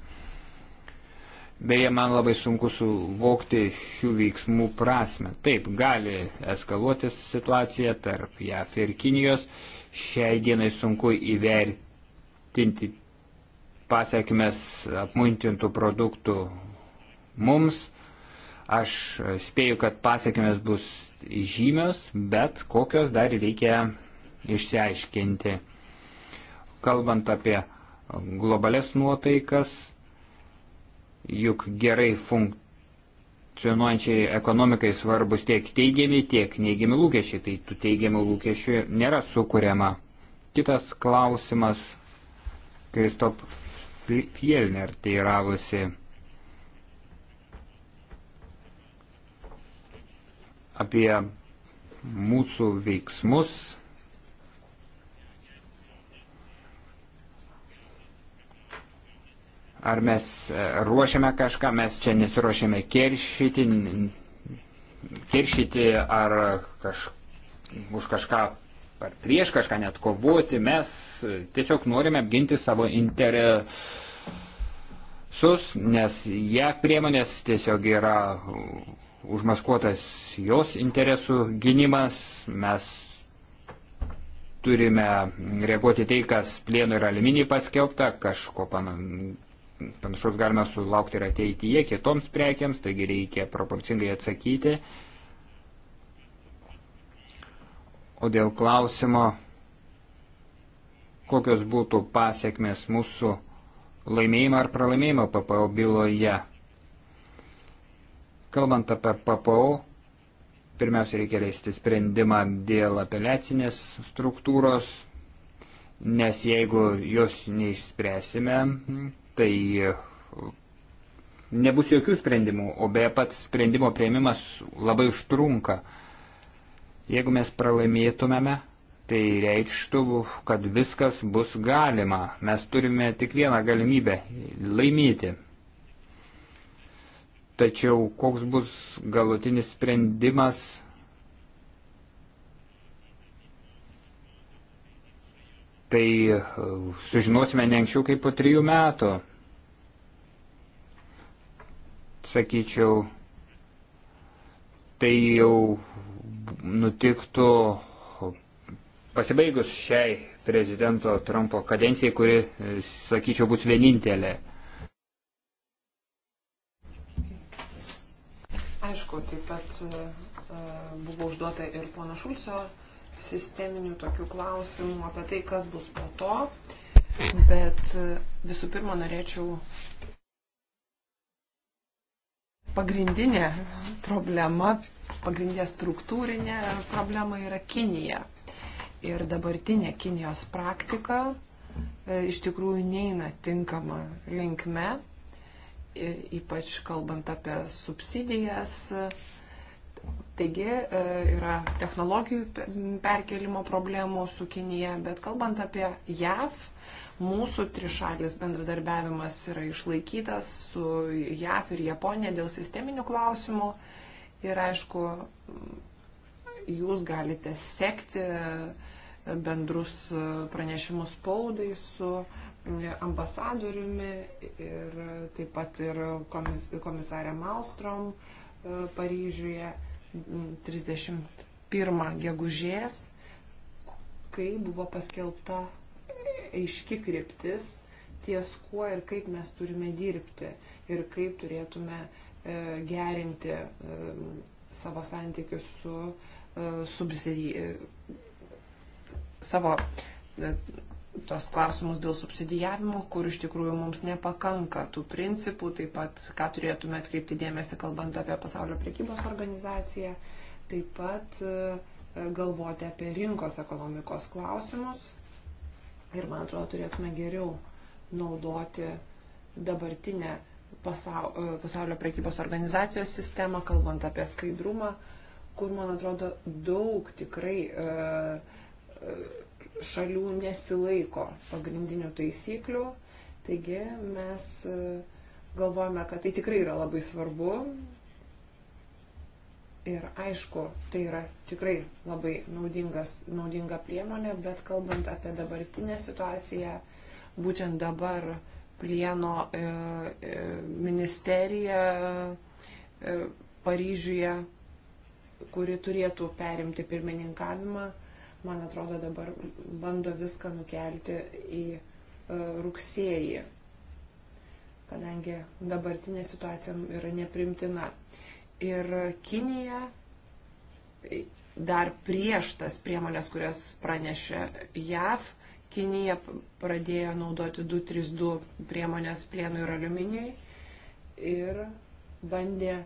Beje, man labai sunku suvokti šių veiksmų prasme. Taip, gali eskaluoti situacija tarp JAF ir Kinijos. Šiai dienai sunku įvertinti pasiekmes apmuntintų produktų mums. Aš spėju, kad pasiekmes bus žymios, bet kokios dar reikia išsiaiškinti. Kalbant apie globales nuotaikas, juk gerai funkcionuojančiai ekonomikai svarbus tiek teigiami, tiek neigiami lūkesčiai, tai tų teigiamų lūkesčių nėra sukuriama. Kitas klausimas, Kristop Fielner teiravusi. apie mūsų veiksmus Ar mes e, ruošiame kažką, mes čia nesiruošiame keršyti, keršyti ar kaž, už kažką, ar prieš kažką net kovoti, mes e, tiesiog norime apginti savo interesus, nes JAV priemonės tiesiog yra užmaskuotas jos interesų gynimas, mes turime reaguoti tai, kas plieno ir aliminį paskelbta, kažko panan, panašaus galime sulaukti ir ateityje kitoms prekiams, taigi reikia proporcingai atsakyti. O dėl klausimo, kokios būtų pasiekmes mūsų laimėjimo ar pralaimėjimo PPO byloje. Kalbant apie PPO, pirmiausia reikia leisti sprendimą dėl apeliacinės struktūros, nes jeigu jos neišspręsime, tai e, nebus jokių sprendimų, o beje pats sprendimo prieimimas labai užtrunka. Jeigu mes pralaimėtumėme, tai reikštų, kad viskas bus galima. Mes turime tik vieną galimybę - laimėti. Tačiau koks bus galutinis sprendimas, tai e, sužinosime ne anksčiau kaip po trijų metų. Sakyčiau, tai jau nutiktų pasibaigus šiai prezidento Trumpo kadencijai, kuri, e, sakyčiau, bus vienintelė. Aišku, taip pat e, buvo užduota ir pono Šulco sisteminių tokių klausimų apie tai, kas bus po to, bet e, visų pirma norėčiau pagrindinė problema, pagrindinė struktūrinė problema yra Kinija. Ir dabartinė Kinijos praktika e, iš tikrųjų neina tinkama linkme, e, ypač kalbant apie subsidijas Taigi e, yra technologijų perkelimo problemų su Kinija, bet kalbant apie JAV, mūsų trišalis bendradarbiavimas yra išlaikytas su JAV ir Japonija dėl sisteminių klausimų. Ir aišku, jūs galite sekti bendrus pranešimus spaudai su ambasadoriumi ir taip pat ir komisarė Malstrom e, Paryžiuje 31 gegužės, kai buvo paskelbta aiški kryptis ties kuo ir kaip mes turime dirbti ir kaip turėtume e, gerinti e, savo santykius su e, subsidijai, savo tos klausimus dėl subsidijavimo, kur iš tikrųjų mums nepakanka tų principų, taip pat ką turėtume atkreipti dėmesį, kalbant apie pasaulio priekybos organizaciją, taip pat e, galvoti apie rinkos ekonomikos klausimus ir, man atrodo, turėtume geriau naudoti dabartinę e, pasaulio priekybos organizacijos sistemą, kalbant apie skaidrumą, kur, man atrodo, daug tikrai uh, uh, šalių nesilaiko pagrindinių taisyklių. Taigi mes e, galvojame, kad tai tikrai yra labai svarbu. Ir aišku, tai yra tikrai labai naudingas, naudinga priemonė, bet kalbant apie dabartinę situaciją, būtent dabar plieno e, e, ministerija e, Paryžiuje, kuri turėtų perimti pirmininkavimą, e, man atrodo, dabar bando viską nukelti į e, rugsėjį, kadangi dabartinė situacija yra neprimtina. Ir Kinija dar prieš tas priemonės, kurias pranešė JAV, Kinija pradėjo naudoti 232 priemonės plienui ir aliuminiui ir bandė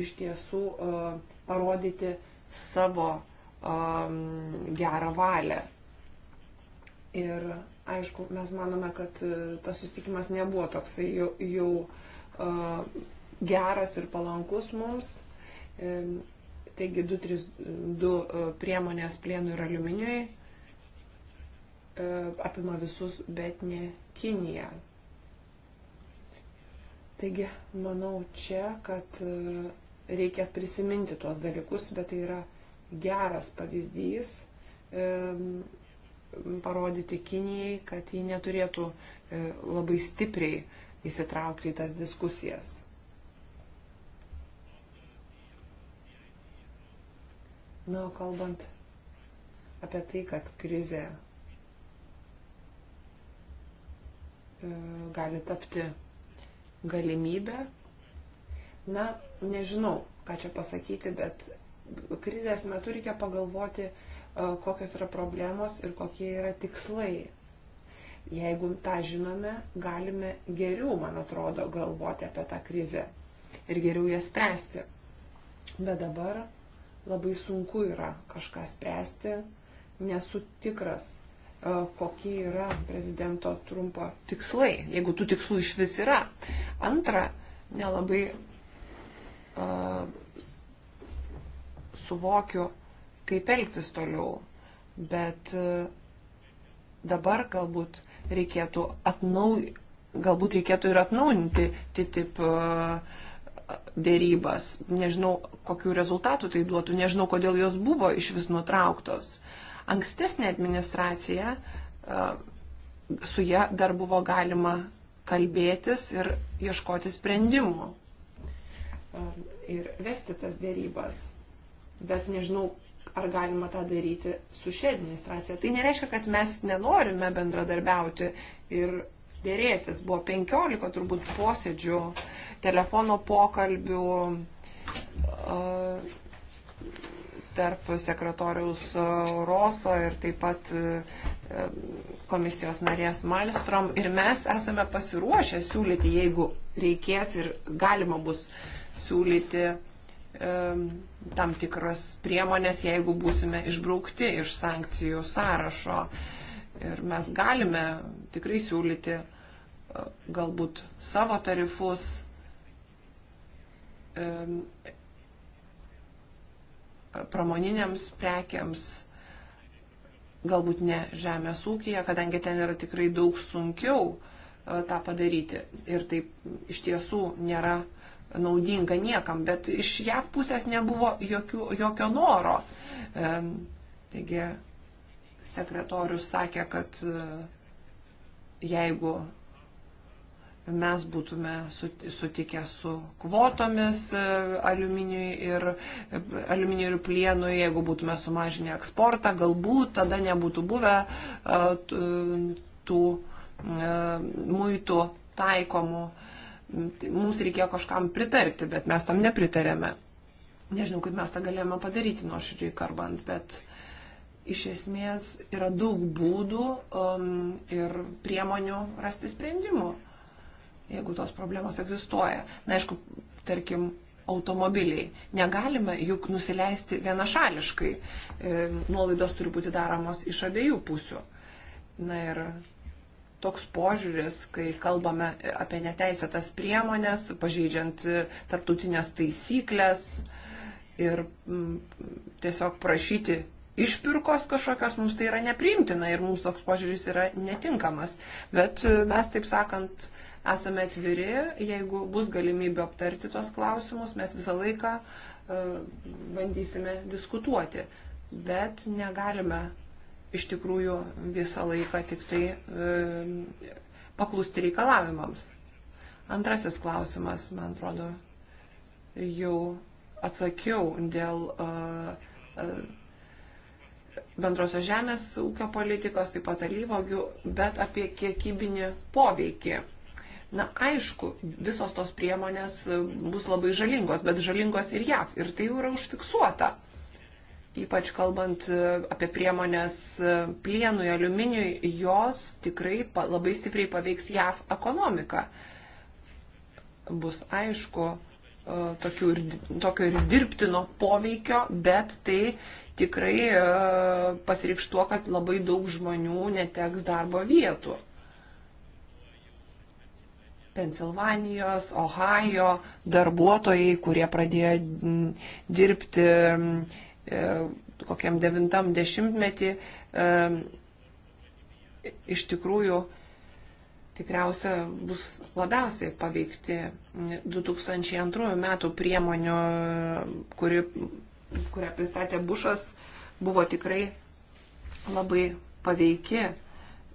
iš tiesų uh, parodyti savo um, gerą valią. Ir aišku, mes manome, kad e, tas susitikimas nebuvo toksai jau, jau uh, geras ir palankus mums. Um, taigi 232 uh, priemonės plienui ir aliuminiui uh, apima visus, bet ne Kiniją. Taigi, manau čia, kad reikia prisiminti tuos dalykus, bet tai yra geras pavyzdys parodyti Kinijai, kad ji neturėtų e, labai stipriai įsitraukti į tas diskusijas. Na, o kalbant apie tai, kad krizė e, gali tapti galimybę, na, nežinau, ką čia pasakyti, bet krizės metu reikia pagalvoti, e, kokios yra problemos ir kokie yra tikslai. Jeigu tą žinome, galime geriau, man atrodo, galvoti apie tą krizę ir geriau ją spręsti. Bet dabar labai sunku yra kažką spręsti, nesu tikras, e, kokie yra prezidento trumpo tikslai, jeigu tų tikslų iš vis yra. Antra, nelabai e, suvokiu, kaip elgtis toliau. Bet e, dabar galbūt reikėtų atnauj... galbūt reikėtų ir atnaujinti TTIP e, dėrybas. Nežinau, kokiu rezultatu tai duotų, nežinau, kodėl jos buvo iš vis nutrauktos. Ankstesnė administracija, e, su ja dar buvo galima kalbėtis ir ieškoti sprendimų ir vesti tas dėrybas bet nežinau, ar galima tą daryti su šia administracija. Tai nereiškia, kad mes nenorime bendradarbiauti ir dėrėtis. Buvo 15 turbūt posėdžių, telefono pokalbių tarp sekretoriaus Roso ir taip pat komisijos narės Malstrom. Ir mes esame pasiruošę siūlyti, jeigu reikės ir galima bus siūlyti tam tikras priemonės, jeigu būsime išbraukti iš sankcijų sąrašo. Ir mes galime tikrai siūlyti e, galbūt savo tarifus. pramoniniams prekiams, galbūt ne žemės ūkija, kadangi ten yra tikrai daug sunkiau e, tą padaryti. Ir taip iš tiesų nėra uh, naudinga niekam, bet iš JAV pusės nebuvo jokių, jokio noro. Taigi sekretorius sakė, kad e, jeigu mes būtume sutikę su kvotomis e, aliuminiui ir, aliuminiui ir plienui, jeigu būtume sumažinę eksportą, galbūt tada nebūtų buvę e, tų muitų taikomų. Uh, Tai mums reikėjo kažkam pritarti, bet mes tam nepritarėme. Nežinau, kaip mes tą galėjome padaryti nuoširdžiai karbant, bet iš esmės yra daug būdų um, ir priemonių rasti sprendimų, jeigu tos problemos egzistuoja. Na, aišku, tarkim, automobiliai. Negalime juk nusileisti vienašališkai. E, nuolaidos turi būti daromos iš abiejų pusių. Na ir toks požiūris, kai kalbame apie neteisėtas priemonės, pažeidžiant tarptautinės taisyklės ir m, mm, tiesiog prašyti išpirkos kažkokios, mums tai yra nepriimtina ir mums toks požiūris yra netinkamas. Bet e, mes, taip sakant, esame atviri, jeigu bus galimybė aptarti tos klausimus, mes visą laiką uh, bandysime diskutuoti. Bet negalime iš tikrųjų visą laiką tik tai e, paklusti reikalavimams. Antrasis klausimas, man atrodo, jau atsakiau dėl e, e, bendrosios žemės ūkio politikos, taip pat alyvogių, bet apie kiekybinį poveikį. Na, aišku, visos tos priemonės bus labai žalingos, bet žalingos ir JAV. Ir tai jau yra užfiksuota. E, ypač kalbant e, apie priemonės e, plienui, aliuminiui, jos tikrai labai stipriai paveiks JAV ekonomiką. Bus aišku, e, tokio ir, tokio ir dirbtino poveikio, bet tai tikrai pasireikš tuo, kad labai daug žmonių neteks darbo vietų. Pensilvanijos, Ohajo darbuotojai, kurie pradėjo dirbti E, kokiam devintam dešimtmetį e, iš tikrųjų tikriausia bus labiausiai paveikti 2002 metų priemonių, kuri, kurią pristatė Bušas, buvo tikrai labai paveiki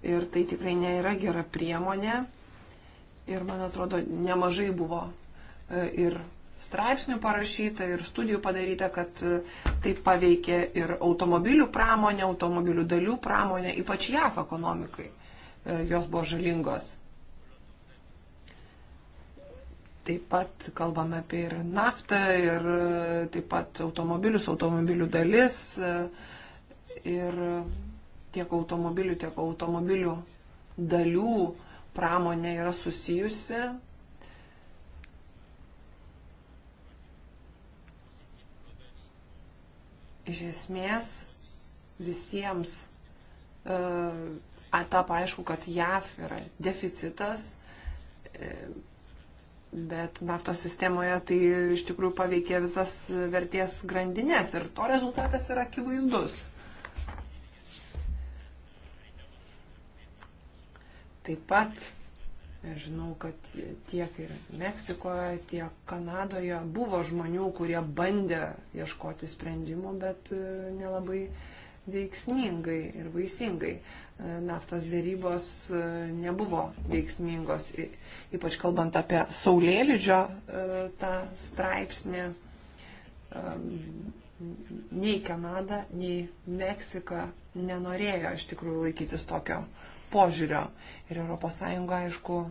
ir tai tikrai nėra gera priemonė. Ir man atrodo, nemažai buvo e, ir straipsnių parašyta ir studijų padaryta, kad tai paveikė ir automobilių pramonę, automobilių dalių pramonę, ypač JAF ekonomikai. E, jos buvo žalingos. Taip pat kalbame apie ir naftą, ir e, taip pat automobilius, automobilių dalis. Ir tiek automobilių, tiek automobilių dalių pramonė yra susijusi iš esmės visiems etapą aišku, kad JAV yra deficitas, e, bet naftos sistemoje tai iš tikrųjų paveikė visas vertės grandinės ir to rezultatas yra akivaizdus. Taip pat Žinau, kad tiek ir Meksikoje, tiek Kanadoje buvo žmonių, kurie bandė ieškoti sprendimų, bet e, nelabai veiksmingai ir vaisingai. E, naftos dėrybos e, nebuvo veiksmingos, ypač kalbant apie Saulėlydžio tą straipsnį. Nei Kanada, nei Meksika nenorėjo iš tikrųjų laikytis tokio požiūrio. Ir ES, aišku, e,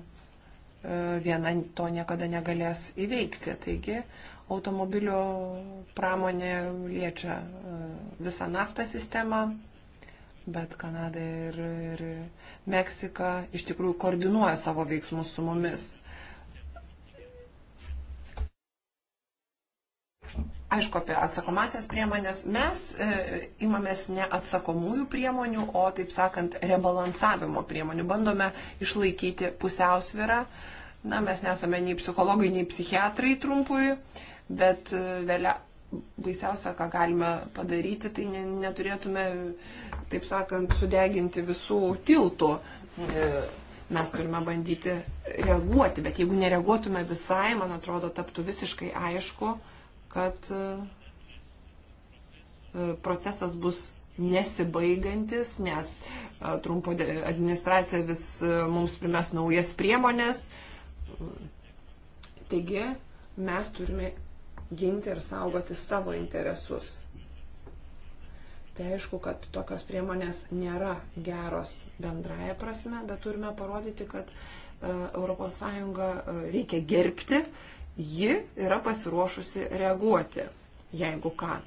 viena to niekada negalės įveikti. Taigi automobilių pramonė liečia e, visą naftą sistemą, bet Kanada ir, ir Meksika iš tikrųjų koordinuoja savo veiksmus su mumis. Aišku, apie atsakomasias priemonės mes e, imamės ne atsakomųjų priemonių, o taip sakant, rebalansavimo priemonių. Bandome išlaikyti pusiausvirą. Na, mes nesame nei psichologai, nei psichiatrai trumpui, bet e, vėlia, baisiausia, ką galime padaryti, tai ne, neturėtume, taip sakant, sudeginti visų tiltų. E, mes turime bandyti reaguoti, bet jeigu nereaguotume visai, man atrodo, taptų visiškai aišku, kad e, procesas bus nesibaigantis, nes e, trumpo administracija vis e, mums primes naujas priemonės. Taigi mes turime ginti ir saugoti savo interesus. Tai aišku, kad tokios priemonės nėra geros bendraja prasme, bet turime parodyti, kad ES reikia gerbti ji yra pasiruošusi reaguoti, jeigu ką.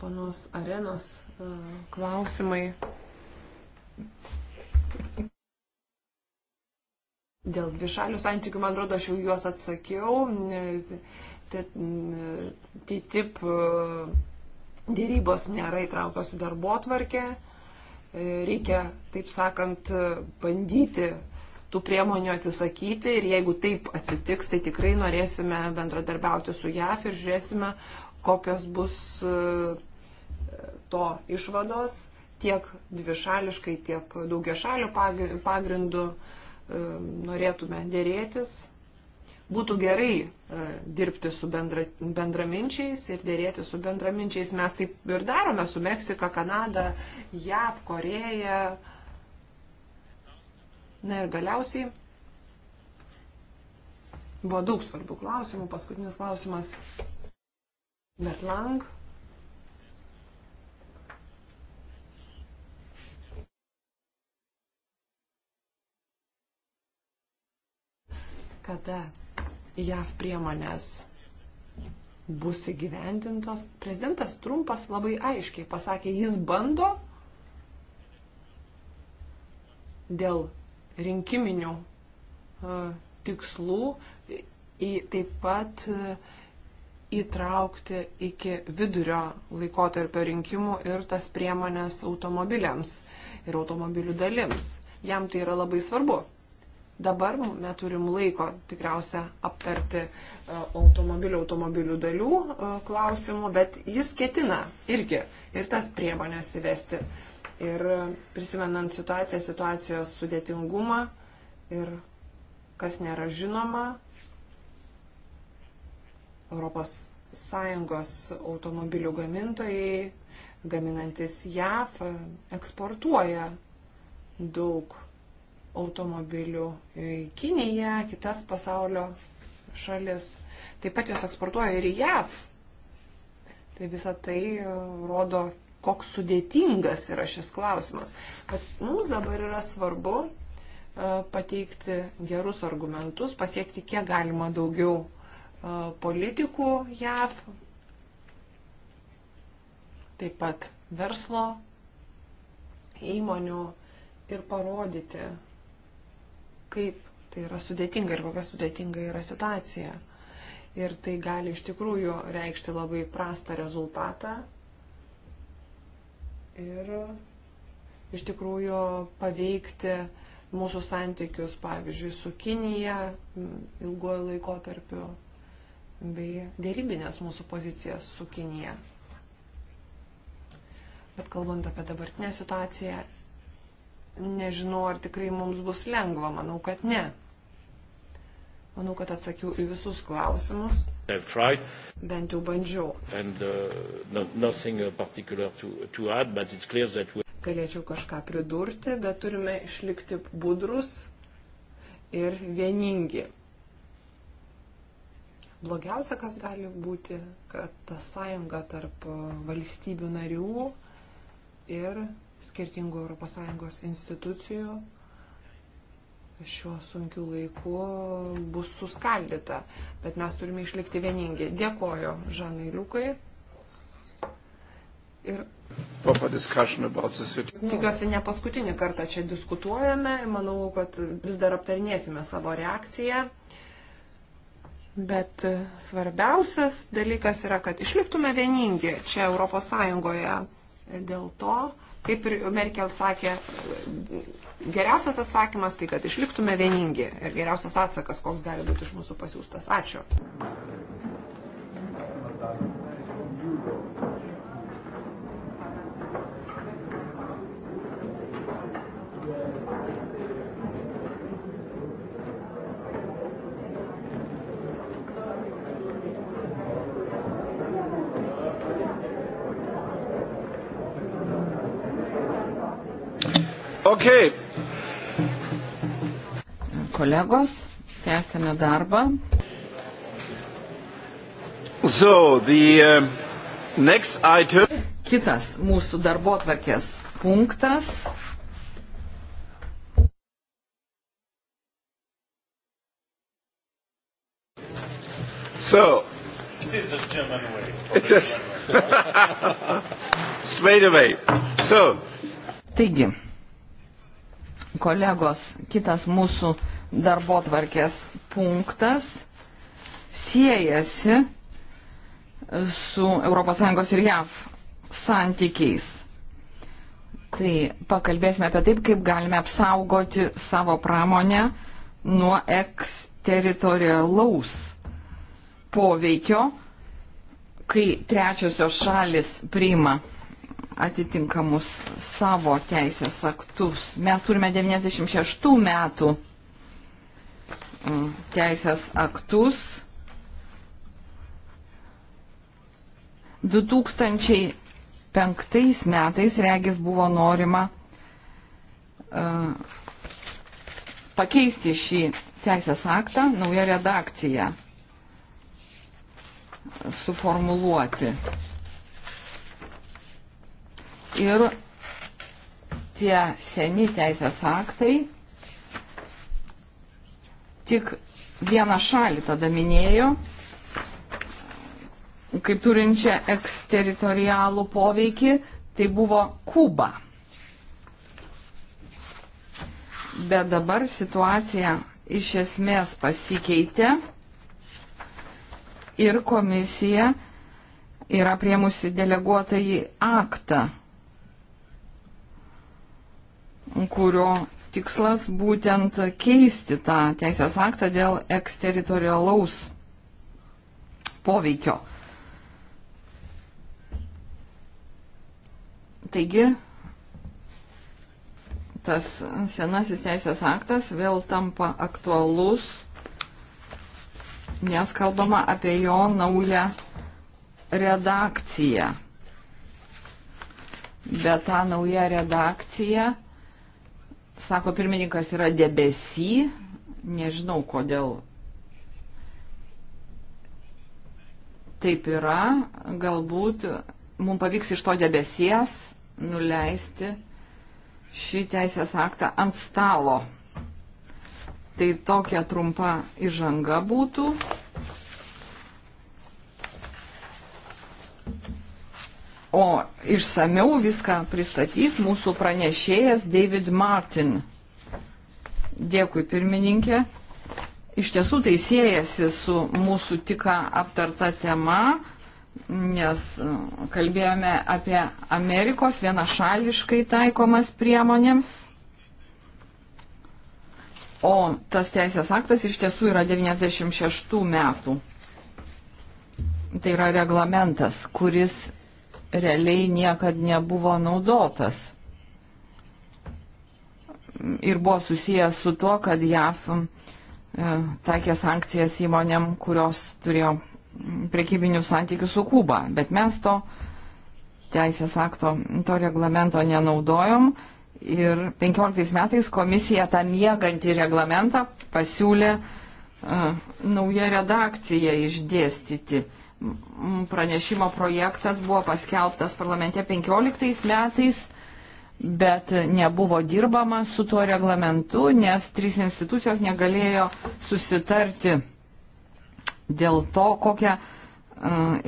Panos arenos e, klausimai. Dėl dvišalių santykių, man atrodo, aš jau juos atsakiau. Tai taip, e, dėrybos nėra įtrauktos į darbo tvarkę. E, reikia, taip sakant, bandyti uh, tų priemonių atsisakyti ir jeigu taip atsitiks, tai tikrai norėsime bendradarbiauti su JAF ir žiūrėsime, kokios bus e, to išvados tiek dvišališkai, tiek daugia šalių pagrindu e, norėtume dėrėtis. Būtų gerai e, dirbti su bendra, bendraminčiais ir dėrėti su bendraminčiais. Mes taip ir darome su Meksika, Kanada, JAV, Koreja, uh, Na ir galiausiai buvo daug svarbių klausimų. Paskutinis klausimas Bertlang. Kada JAV priemonės bus įgyvendintos? Prezidentas Trumpas labai aiškiai pasakė, jis bando dėl rinkiminių e, tikslų į taip pat e, įtraukti iki vidurio laikotarpio rinkimų ir tas priemonės automobiliams ir automobilių dalims. Jam tai yra labai svarbu. Dabar mes turim laiko tikriausia aptarti e, automobilių, automobilių dalių klausimų, bet jis ketina irgi ir tas priemonės įvesti ir prisimenant situaciją, situacijos sudėtingumą ir kas nėra žinoma, ES automobilių gamintojai, gaminantis JAF, eksportuoja daug automobilių į Kiniją, kitas pasaulio šalis. Taip pat jos eksportuoja ir į JAV. Tai visa tai uh, rodo koks sudėtingas yra šis klausimas. Bet mums dabar yra svarbu e, pateikti gerus argumentus, pasiekti kiek galima daugiau e, politikų JAV, taip pat verslo įmonių ir parodyti, kaip tai yra sudėtinga ir kokia sudėtinga yra situacija. Ir tai gali iš tikrųjų reikšti labai prastą rezultatą ir iš tikrųjų paveikti mūsų santykius, pavyzdžiui, su Kinija ilguoju laikotarpiu bei dėrybinės mūsų pozicijas su Kinija. Bet kalbant apie dabartinę situaciją, nežinau, ar tikrai mums bus lengva, manau, kad ne. Manau, kad atsakiau į visus klausimus. Bent jau bandžiau. And, uh, nothing uh, particular to, to add, but it's clear that we... Galėčiau kažką pridurti, bet turime išlikti budrus ir vieningi. Blogiausia, kas gali būti, kad ta sąjunga tarp uh, valstybių narių ir skirtingų ES institucijų šiuo sunkiu laiku bus suskaldyta, bet mes turime išlikti vieningi. Dėkoju Žanai Liukai. Ir Tikiuosi, ne paskutinį kartą čia diskutuojame, manau, kad vis dar aptarnėsime savo reakciją. Bet svarbiausias dalykas yra, kad išliktume vieningi čia ES dėl to, kaip ir Merkel sakė, Geriausias atsakymas tai, kad išliktume vieningi ir geriausias atsakas, koks gali būti iš mūsų pasiūstas. Ačiū. Okay. Kolegos, tęsėme darbą. So, the, uh, next item. Kitas mūsų darbo tvarkės punktas. So, this is the German way. It's *laughs* a... Straight away. So, Taigi, Kolegos, kitas mūsų darbo tvarkės punktas siejasi su ES ir JAV santykiais. Tai pakalbėsime apie taip, kaip galime apsaugoti savo pramonę nuo eksteritorialaus poveikio, kai trečiosios šalis priima atitinkamus savo teisės aktus. Mes turime 96 metų mm, teisės aktus. 2005 metais, regis, buvo norima uh, pakeisti šį teisės aktą, nauja redakcija suformuluoti ir tie seni teisės aktai tik vieną šalį tada minėjo kaip turinčią eksteritorialų poveikį, tai buvo Kuba. Bet dabar situacija iš esmės pasikeitė ir komisija yra priemusi deleguotąjį aktą kurio tikslas būtent keisti tą teisės aktą dėl eksteritorialaus poveikio. Taigi, tas senasis teisės aktas vėl tampa aktualus, nes kalbama apie jo naują redakciją. Bet ta nauja redakcija sako pirmininkas, yra debesy, nežinau kodėl taip yra, galbūt mums pavyks iš to debesies nuleisti šį teisės aktą ant stalo. Tai tokia trumpa įžanga būtų. O išsameu viską pristatys mūsų pranešėjas David Martin. Dėkui pirmininkė. Iš tiesų tai siejasi su mūsų tika aptarta tema, nes e, kalbėjome apie Amerikos vienašališkai taikomas priemonėms. O tas teisės aktas iš tiesų yra 96 metų. Tai yra reglamentas, kuris realiai niekad nebuvo naudotas. Ir buvo susijęs su tuo, kad JAF e, taikė sankcijas įmonėm, kurios turėjo prekybinius santykius su Kuba. Bet mes to teisės akto, to reglamento nenaudojom. Ir 15 metais komisija tą mėgantį reglamentą pasiūlė uh, nauja redakcija išdėstyti. Uh, Pranešimo projektas buvo paskelbtas parlamente 15 metais, bet nebuvo dirbama su tuo reglamentu, nes trys institucijos negalėjo susitarti dėl to, kokią e,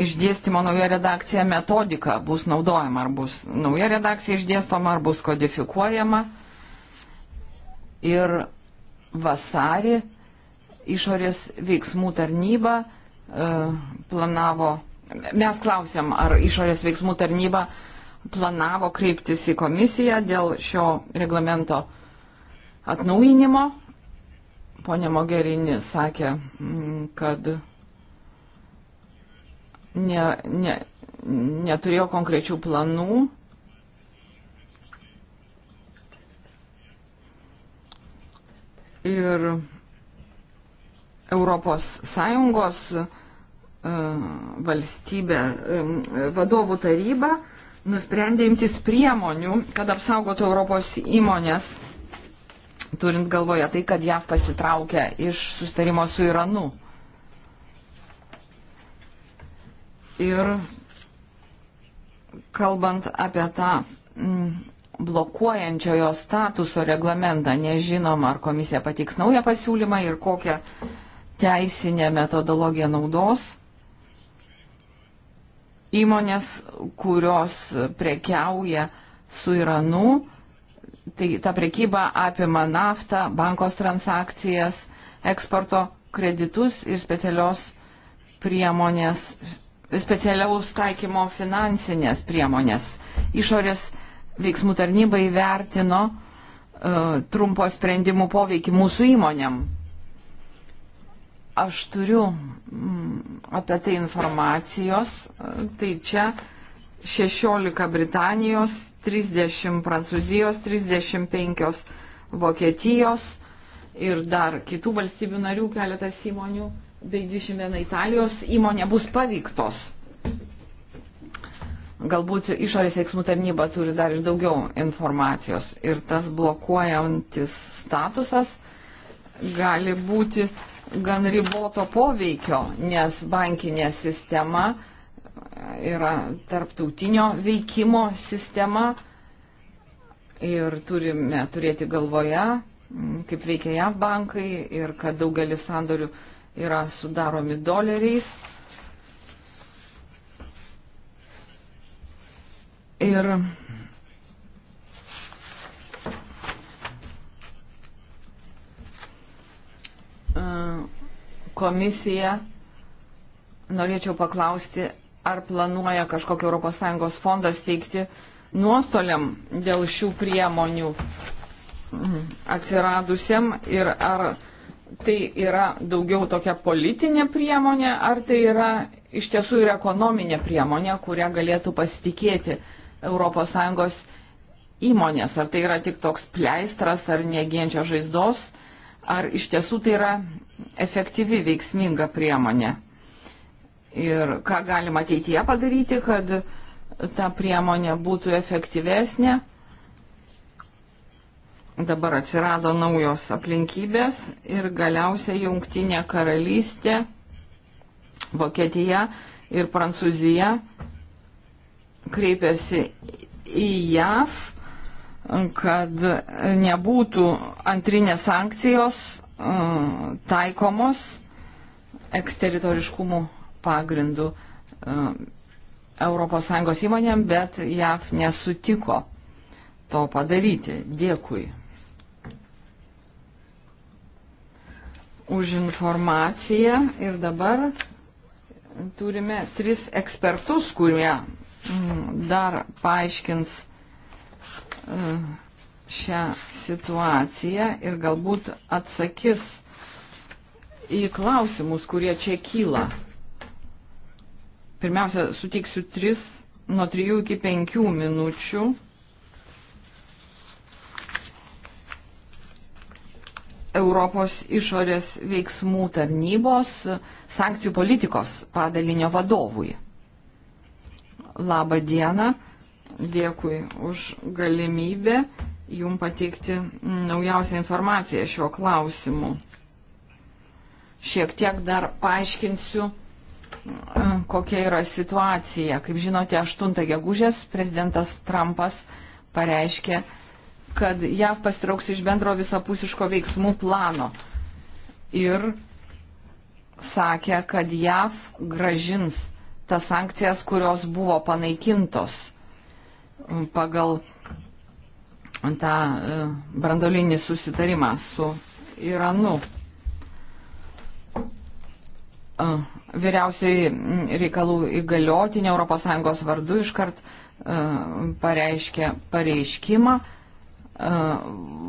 išdėstymo nauja redakcija metodika bus naudojama, ar bus nauja redakcija išdėstoma, ar bus kodifikuojama. Ir vasarį išorės veiksmų tarnyba E, planavo, mes klausėm, ar išorės veiksmų tarnyba planavo kreiptis į komisiją dėl šio reglamento atnaujinimo. Pone Mogerini sakė, mm, kad ne, ne, neturėjo konkrečių planų. Ir ES e, valstybė, e, vadovų taryba nusprendė imtis priemonių, kad apsaugotų Europos įmonės, turint galvoje tai, kad JAV pasitraukė iš sustarimo su Iranu. Ir kalbant apie tą mm, blokuojančiojo statuso reglamentą, nežinom, ar komisija patiks naują pasiūlymą ir kokią teisinė metodologija naudos. Įmonės, kurios prekiauja su Iranu, tai ta prekyba apima naftą, bankos transakcijas, eksporto kreditus ir specialios priemonės, specialiaus taikymo finansinės priemonės. Išorės veiksmų tarnyba įvertino uh, trumpo sprendimų poveikį mūsų įmonėm aš turiu mm, apie tai informacijos, tai čia 16 Britanijos, 30 Prancūzijos, 35 Vokietijos ir dar kitų valstybių narių keletas įmonių bei 21 Italijos įmonė bus pavyktos. Galbūt išorės veiksmų tarnyba turi dar ir daugiau informacijos ir tas blokuojantis statusas gali būti gan riboto poveikio, nes bankinė sistema yra tarptautinio veikimo sistema ir turime turėti galvoje, kaip veikia JAV bankai ir kad daugelis sandorių yra sudaromi doleriais. Ir E, komisija, norėčiau paklausti, ar planuoja kažkokį ES fondą steigti nuostoliam dėl šių priemonių atsiradusiam ir ar tai yra daugiau tokia politinė priemonė, ar tai yra iš tiesų ir ekonominė priemonė, kurią galėtų pasitikėti ES įmonės, ar tai yra tik toks pleistras ar negenčio žaizdos ar iš tiesų tai yra efektyvi, veiksminga priemonė. Ir ką galima ateityje padaryti, kad ta priemonė būtų efektyvesnė. Dabar atsirado naujos aplinkybės ir galiausiai Jungtinė karalystė, Vokietija ir Prancūzija kreipėsi į JAV kad nebūtų antrinės sankcijos e, taikomos eksteritoriškumų pagrindų ES įmonėm, bet JAV nesutiko to padaryti. Dėkui už informaciją ir dabar turime tris ekspertus, kurie mm, dar paaiškins E, šią situaciją ir galbūt atsakys į klausimus, kurie čia kyla. Pirmiausia, suteiksiu 3, nuo 3 iki 5 minučių. Europos išorės veiksmų tarnybos sankcijų politikos padalinio vadovui. Labą dieną dėkui už galimybę jum pateikti naujausią informaciją šiuo klausimu. Šiek tiek dar paaiškinsiu, e, kokia yra situacija. Kaip žinote, 8 gegužės prezidentas Trumpas pareiškė, kad JAV pastrauks iš bendro visapusiško veiksmų plano ir sakė, kad JAV gražins tas sankcijas, kurios buvo panaikintos pagal tą e, brandolinį susitarimą su Iranu. E, vyriausiai reikalų įgaliotinė ES vardu iškart e, pareiškė pareiškimą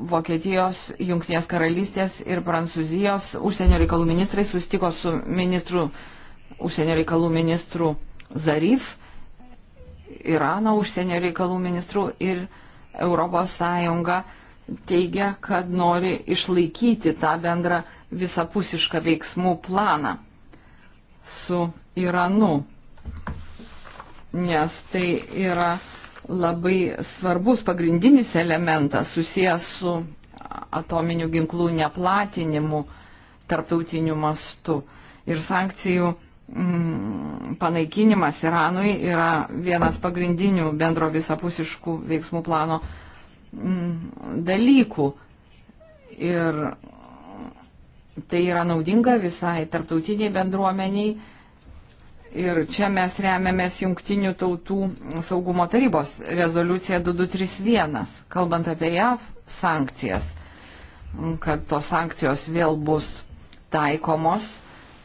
Vokietijos, Junktinės karalystės ir Prancūzijos užsienio reikalų ministrai sustiko su ministru, užsienio reikalų ministru Zarif Irano užsienio reikalų ministrų ir ES teigia, kad nori išlaikyti tą bendrą visapusišką veiksmų planą su Iranu, nes tai yra labai svarbus pagrindinis elementas susijęs su atominių ginklų neplatinimu tarptautiniu mastu ir sankcijų Mm, panaikinimas Iranui yra vienas pagrindinių bendro visapusiškų veiksmų plano mm, dalykų. Ir tai yra naudinga visai tarptautiniai bendruomeniai. Ir čia mes remiamės Junktinių tautų saugumo tarybos rezoliucija 2231, kalbant apie JAV sankcijas, kad tos sankcijos vėl bus taikomos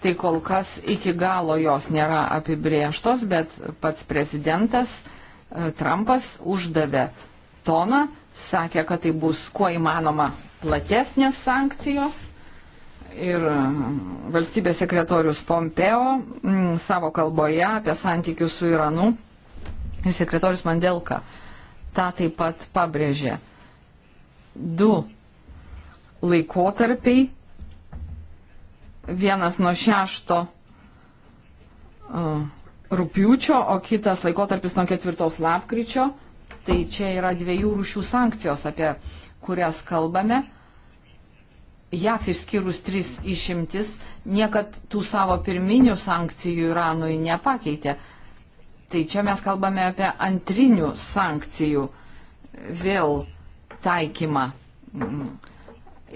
tai kol kas iki galo jos nėra apibrieštos, bet pats prezidentas e, Trumpas uždavė toną, sakė, kad tai bus kuo įmanoma platesnės sankcijos. Ir e, valstybės sekretorius Pompeo m, savo kalboje apie santykius su Iranu ir sekretorius Mandelka tą taip pat pabrėžė. Du laikotarpiai vienas nuo 6 e, rūpiučio, o kitas laikotarpis nuo 4 lapkričio. Tai čia yra dviejų rūšių sankcijos, apie kurias kalbame. JAF išskyrus tris išimtis niekad tų savo pirminių sankcijų Iranui nepakeitė. Tai čia mes kalbame apie antrinių sankcijų vėl taikymą. Mm.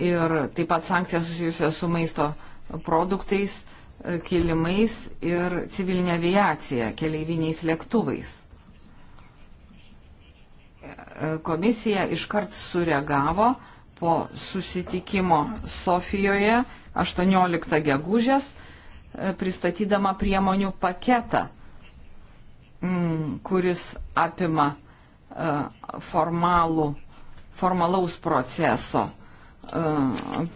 Ir taip pat sankcijas susijusias su maisto produktais, e, kilimais ir civilinė aviacija, keleiviniais lėktuvais. E, komisija iškart sureagavo po susitikimo Sofijoje 18 gegužės, e, pristatydama priemonių paketą, mm, kuris apima formalų, formalaus proceso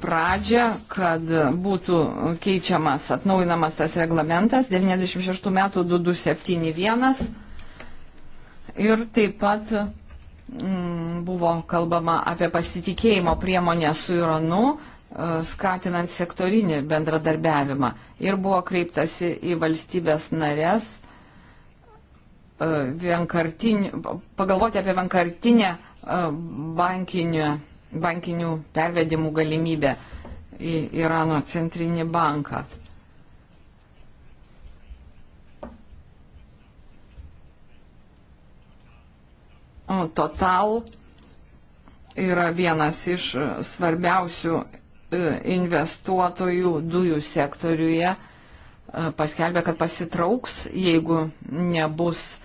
pradžią, kad būtų keičiamas, atnaujinamas tas reglamentas 96 metų 2271 ir taip pat mm, buvo kalbama apie pasitikėjimo priemonę su Iranu, e, skatinant sektorinį bendradarbiavimą ir buvo kreiptasi į valstybės narės e, vienkartinį, pagalvoti apie vienkartinę e, bankinę bankinių pervedimų galimybę į Irano centrinį banką. O Total yra vienas iš svarbiausių e, investuotojų dujų sektoriuje. E, paskelbė, kad pasitrauks, jeigu nebus e,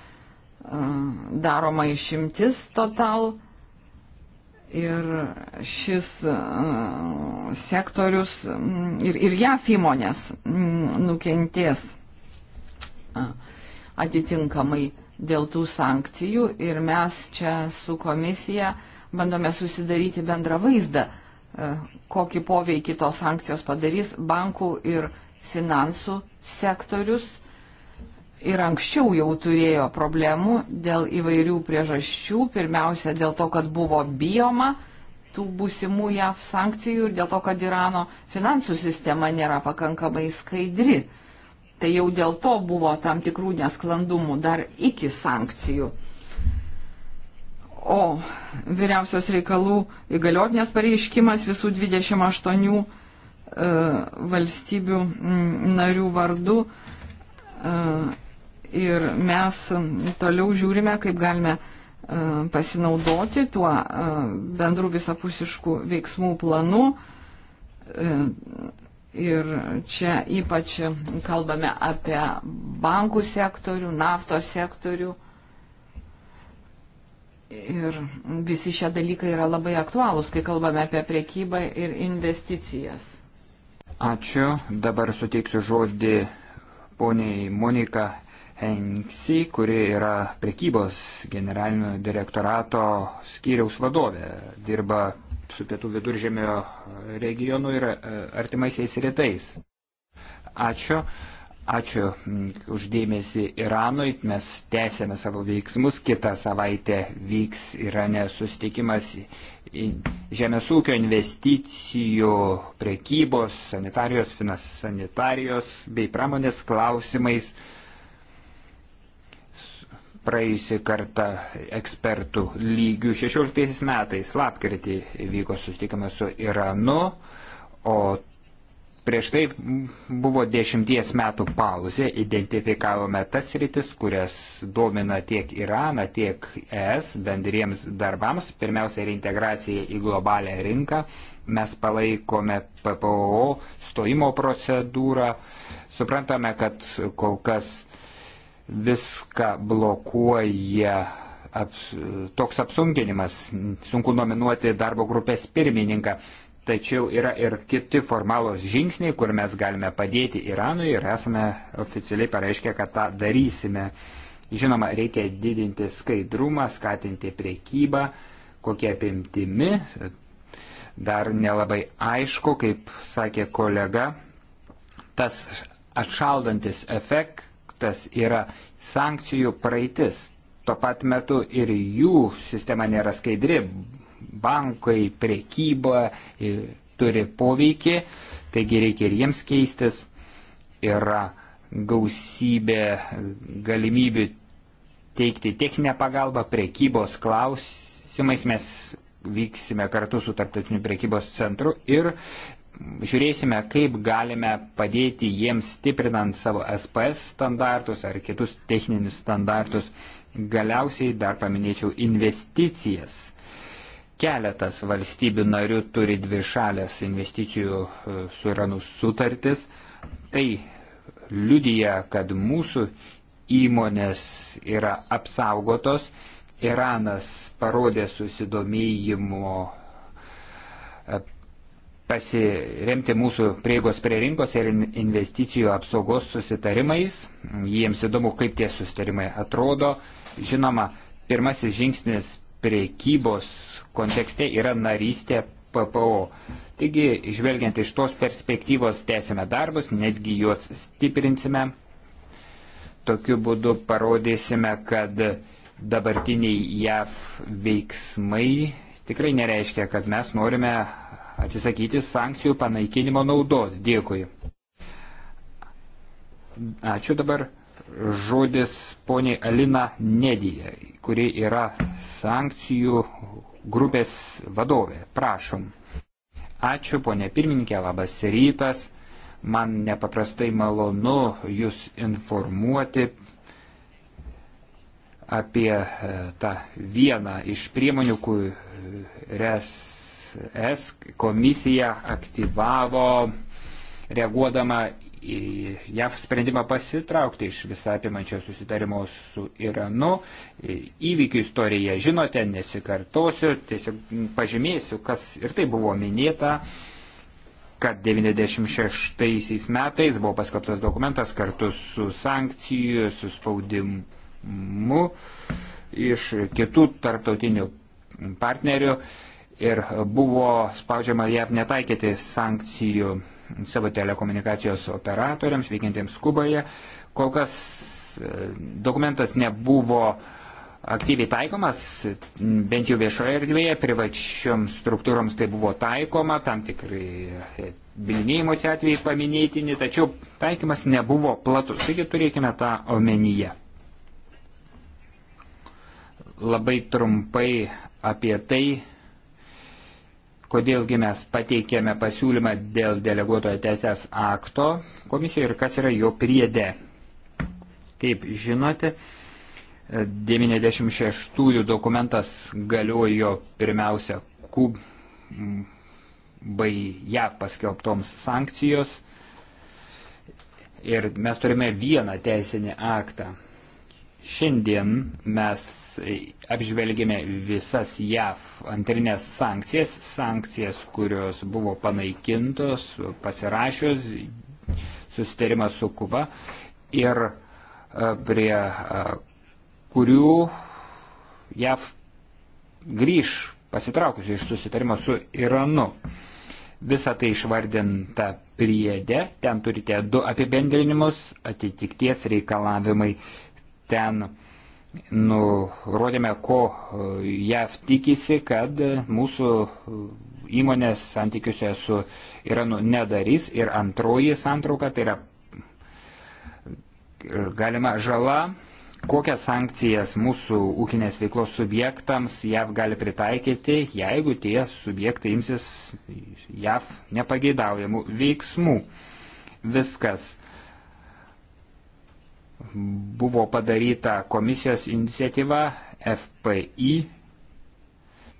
daroma išimtis Total. Ir šis sektorius ir, ir JAF įmonės nukentės atitinkamai dėl tų sankcijų ir mes čia su komisija bandome susidaryti bendrą vaizdą, kokį poveikį tos sankcijos padarys bankų ir finansų sektorius ir anksčiau jau turėjo problemų dėl įvairių priežasčių. Pirmiausia, dėl to, kad buvo bijoma tų būsimų JAV sankcijų ir dėl to, kad Irano finansų sistema nėra pakankamai skaidri. Tai jau dėl to buvo tam tikrų nesklandumų dar iki sankcijų. O vyriausios reikalų įgaliotinės pareiškimas visų 28 e, valstybių narių vardu e, ir mes toliau žiūrime, kaip galime e, pasinaudoti tuo e, bendru visapusišku veiksmų planu. E, ir čia ypač kalbame apie bankų sektorių, naftos sektorių. Ir visi šie dalykai yra labai aktualūs, kai kalbame apie priekybą ir investicijas. Ačiū. Dabar suteiksiu žodį poniai Monika Enksi, kuri yra prekybos generalinio direktorato skyriaus vadovė, dirba su pietų viduržėmio regionu ir e, artimaisiais rytais. Ačiū. Ačiū uždėmesi Iranui. Mes tęsėme savo veiksmus. Kita savaitė vyks Irane susitikimas žemės ūkio investicijų, prekybos, sanitarijos, finans sanitarijos bei pramonės klausimais praėjusi kartą ekspertų lygių 16 metais lapkritį vyko susitikimas su Iranu, o prieš tai buvo dešimties metų pauzė, identifikavome tas rytis, kurias domina tiek Iraną, tiek ES bendriems darbams, pirmiausia reintegracija į globalę rinką, mes palaikome PPO stojimo procedūrą, suprantame, kad kol kas viską blokuoja aps, toks apsunkinimas, sunku nominuoti darbo grupės pirmininką. Tačiau yra ir kiti formalos žingsniai, kur mes galime padėti Iranui ir esame oficialiai pareiškę, kad tą darysime. Žinoma, reikia didinti skaidrumą, skatinti priekybą, kokie apimtimi. Dar nelabai aišku, kaip sakė kolega, tas atšaldantis efekt, tas yra sankcijų praeitis. Tuo pat metu ir jų sistema nėra skaidri, bankai, prekyba turi poveikį, taigi reikia ir jiems keistis. Yra gausybė galimybių teikti techninę pagalbą prekybos klausimais. Mes vyksime kartu su tarptautiniu prekybos centru ir žiūrėsime, kaip galime padėti jiems stiprinant savo SPS standartus ar kitus techninius standartus. Galiausiai dar paminėčiau investicijas. Keletas valstybių narių turi dvi šalės investicijų e, su Iranu sutartis. Tai liudyja, kad mūsų įmonės yra apsaugotos. Iranas parodė susidomėjimo e, pasiremti mūsų prieigos prie rinkos ir investicijų apsaugos susitarimais. Jiems įdomu, kaip tie susitarimai atrodo. Žinoma, pirmasis žingsnis priekybos kontekste yra narystė PPO. Taigi, žvelgiant iš tos perspektyvos, tęsime darbus, netgi juos stiprinsime. Tokiu būdu parodysime, kad dabartiniai JAV veiksmai tikrai nereiškia, kad mes norime atsisakyti sankcijų panaikinimo naudos. Dėkui. Ačiū dabar žodis poniai Alina Nedija, kuri yra sankcijų grupės vadovė. Prašom. Ačiū, ponė pirmininkė, labas rytas. Man nepaprastai malonu jūs informuoti apie e, tą vieną iš priemonių, kurias S komisija aktyvavo reaguodama į JAV sprendimą pasitraukti iš visą apimančio susitarimo su Iranu. Įvykių istoriją žinote, nesikartosiu, tiesiog pažymėsiu, kas ir tai buvo minėta kad 96 metais buvo paskelbtas dokumentas kartu su sankcijų, su spaudimu iš kitų tarptautinių partnerių ir buvo spaudžiama JAV netaikyti sankcijų savo telekomunikacijos operatoriams veikiantiems Kuboje. Kol kas e, dokumentas nebuvo aktyviai taikomas, bent jau viešoje erdvėje, privačioms struktūroms tai buvo taikoma, tam tikrai e, bilinėjimuose atvejai paminėtini, tačiau taikymas nebuvo platus, taigi turėkime tą omenyje. Labai trumpai apie tai, kodėlgi mes pateikėme pasiūlymą dėl deleguotojo teisės akto komisijoje ir kas yra jo priedė. Kaip žinote, 96 dokumentas galiojo pirmiausia Kubai JAV paskelbtoms sankcijos ir mes turime vieną teisinį aktą. Šiandien mes apžvelgėme visas JAV antrinės sankcijas, sankcijas, kurios buvo panaikintos, pasirašius susitarimą su Kuba ir e, prie e, kurių JAV grįž pasitraukusi iš susitarimo su Iranu. Visa tai išvardinta priede, ten turite du apibendrinimus, atitikties reikalavimai ten nurodėme, ko e, JAV tikisi, kad mūsų įmonės santykiuose su Iranu nedarys. Ir antroji santrauka tai yra galima žala Kokias sankcijas mūsų ūkinės veiklos subjektams JAV gali pritaikyti, jeigu tie subjektai imsis JAV nepageidaujamų veiksmų? Viskas buvo padaryta komisijos iniciatyva FPI.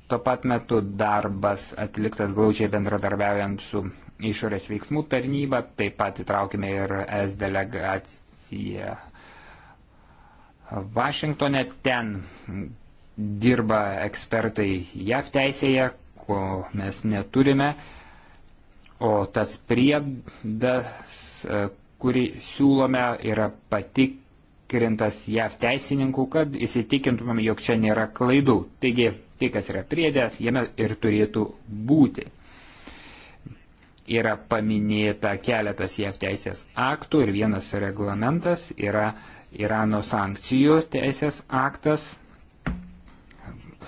Tuo pat metu darbas atliktas glaučiai bendradarbiaujant su išorės veiksmų tarnyba, taip pat įtraukime ir S delegaciją Vašingtone. Ten dirba ekspertai JAV teisėje, ko mes neturime. O tas priedas, kurį siūlome, yra patikrintas JAV teisininkų, kad įsitikintumėm, jog čia nėra klaidų. Taigi, tai, kas yra priedės, jame ir turėtų būti. Yra paminėta keletas JAV teisės aktų ir vienas reglamentas yra Irano sankcijų teisės aktas,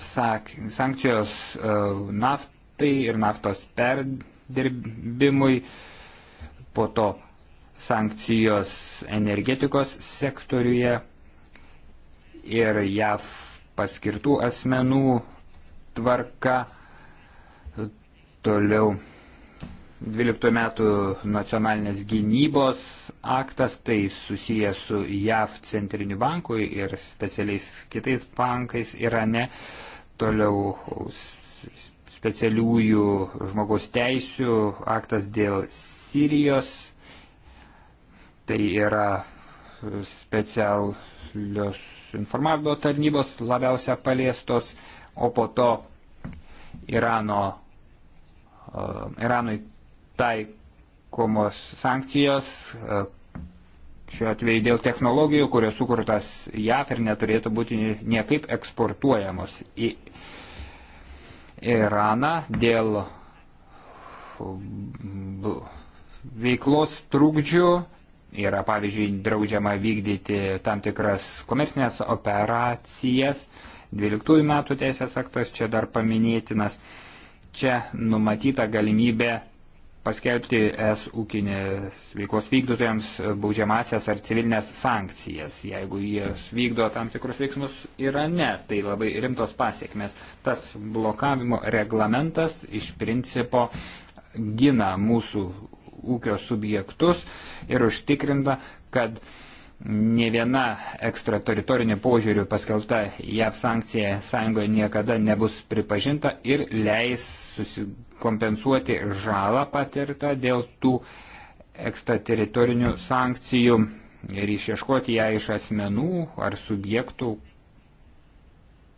sankcijos e, naftai ir naftos perdirbimui, po to sankcijos energetikos sektoriuje ir JAV paskirtų asmenų tvarka. Toliau 12 metų nacionalinės gynybos aktas, tai susijęs su JAV centriniu banku ir specialiais kitais bankais Irane, toliau specialiųjų žmogaus teisių aktas dėl Sirijos Tai yra specialios informavimo tarnybos labiausia paliestos, o po to Irano, e, Iranui taikomos sankcijos, e, šiuo atveju dėl technologijų, kurios sukurtas JAF ir neturėtų būti niekaip eksportuojamos į Iraną dėl veiklos trukdžių yra, pavyzdžiui, draudžiama vykdyti tam tikras komercinės operacijas. 12 metų teisės aktas čia dar paminėtinas. Čia numatyta galimybė paskelbti es ūkinės veiklos vykdytojams baudžiamasias ar civilinės sankcijas, jeigu jie vykdo tam tikrus veiksmus Irane. Tai labai rimtos pasiekmes. Tas blokavimo reglamentas iš principo gina mūsų ūkio subjektus ir užtikrinta, kad ne viena ekstrateritorinė požiūrių paskelbta JAV sankcija sąjungoje niekada nebus pripažinta ir leis susikompensuoti žalą patirtą dėl tų ekstrateritorinių sankcijų ir išieškoti ją iš asmenų ar subjektų,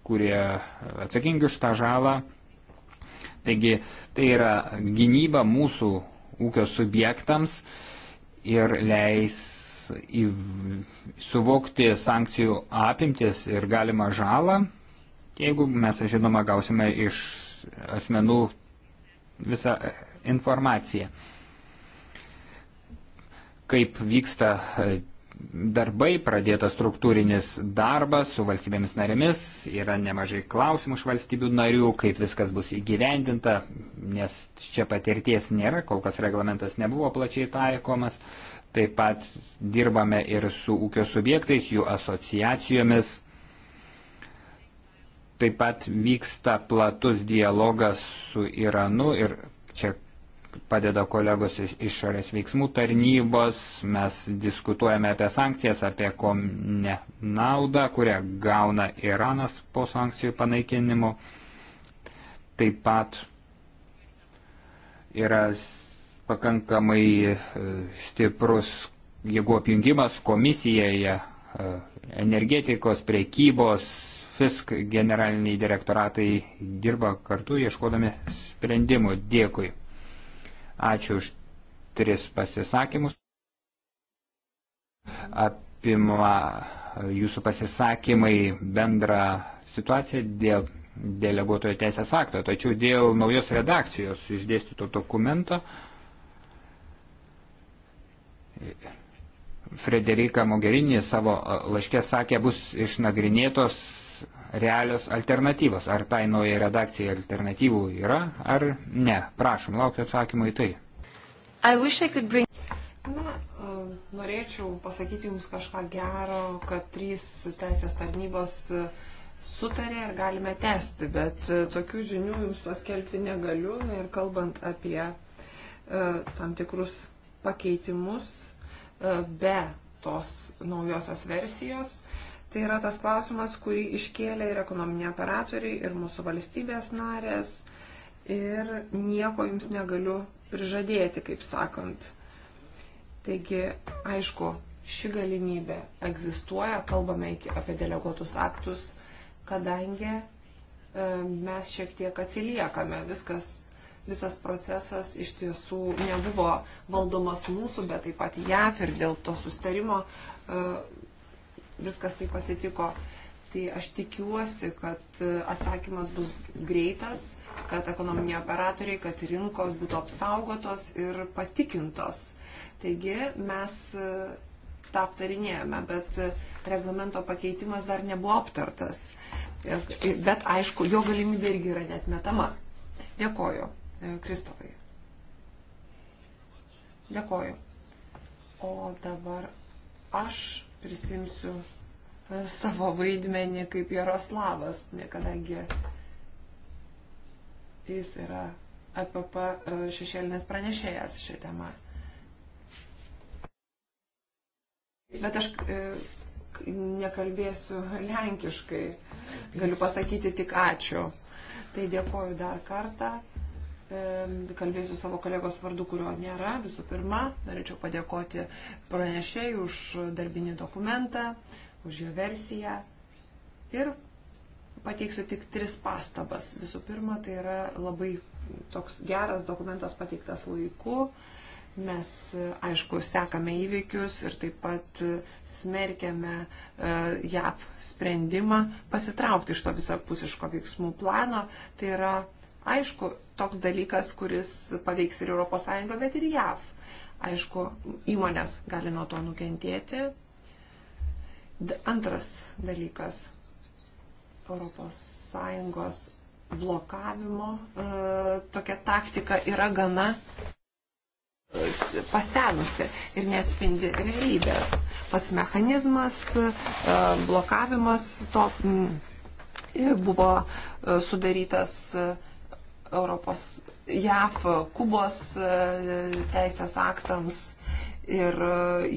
kurie atsakingi už tą žalą. Taigi tai yra gynyba mūsų ūkio subjektams ir leis į, suvokti sankcijų apimtis ir galimą žalą, jeigu mes, žinoma, gausime iš asmenų visą informaciją. Kaip vyksta darbai, pradėtas struktūrinis darbas su valstybėmis narėmis, yra nemažai klausimų iš valstybių narių, kaip viskas bus įgyvendinta, nes čia patirties nėra, kol kas reglamentas nebuvo plačiai taikomas. Taip pat dirbame ir su ūkio subjektais, jų asociacijomis. Taip pat vyksta platus dialogas su Iranu ir čia padeda kolegos iš išorės veiksmų tarnybos, mes diskutuojame apie sankcijas, apie ko ne naudą, kurią gauna Iranas po sankcijų panaikinimo. Taip pat yra pakankamai e, stiprus jėgų apjungimas komisijoje e, energetikos, prekybos, FISK generaliniai direktoratai dirba kartu ieškodami sprendimų. Dėkui. Ačiū už tris pasisakymus. Apima jūsų pasisakymai bendrą situaciją dėl deleguotojo teisės akto, tačiau dėl naujos redakcijos išdėstyto dokumento Frederika Mogherini savo laiškė sakė, bus išnagrinėtos realios alternatyvos. Ar tai naujai redakcijai alternatyvų yra, ar ne? Prašom, laukiu atsakymų į tai. I I bring... Na, e, norėčiau pasakyti Jums kažką gero, kad trys teisės tarnybos e, sutarė ir galime tęsti, bet e, tokių žinių Jums paskelbti negaliu. Na, ir kalbant apie tam tikrus pakeitimus be tos naujosios versijos, Tai yra tas klausimas, kurį iškėlė ir ekonominiai operatoriai, ir mūsų valstybės narės. Ir nieko jums negaliu prižadėti, kaip sakant. Taigi, aišku, ši galimybė egzistuoja, kalbame iki, apie deleguotus aktus, kadangi e, mes šiek tiek atsiliekame. Viskas, visas procesas iš tiesų nebuvo valdomas mūsų, bet taip pat JAF ir dėl to sustarimo e, viskas taip atsitiko. Tai aš tikiuosi, kad atsakymas bus greitas, kad ekonominiai operatoriai, kad rinkos būtų apsaugotos ir patikintos. Taigi mes e, tą aptarinėjome, bet e, reglamento pakeitimas dar nebuvo aptartas. E, bet aišku, jo galimybė irgi yra netmetama. Dėkoju, Kristofai. Dėkoju. O dabar aš prisimsiu e, savo vaidmenį kaip Jaroslavas, kadangi jis yra APP e, šešėlinis pranešėjas šią temą. Bet aš e, nekalbėsiu lenkiškai, galiu pasakyti tik ačiū. Tai dėkoju dar kartą kalbėsiu savo kolegos vardu, kurio nėra. Visų pirma, norėčiau padėkoti pranešėjai už darbinį dokumentą, už jo versiją ir pateiksiu tik tris pastabas. Visų pirma, tai yra labai toks geras dokumentas pateiktas laiku. Mes, aišku, sekame įvykius ir taip pat smerkiame uh, e, JAP sprendimą pasitraukti iš to visapusiško veiksmų plano. Tai yra, aišku, toks dalykas, kuris paveiks ir ES, bet ir JAV. Aišku, įmonės gali nuo to nukentėti. Antras dalykas - ES blokavimo e, tokia taktika yra gana pasenusi ir neatspindi realybės. Pats mechanizmas, e, blokavimas to buvo e, sudarytas Europos JAF, Kubos e, teisės aktams ir e,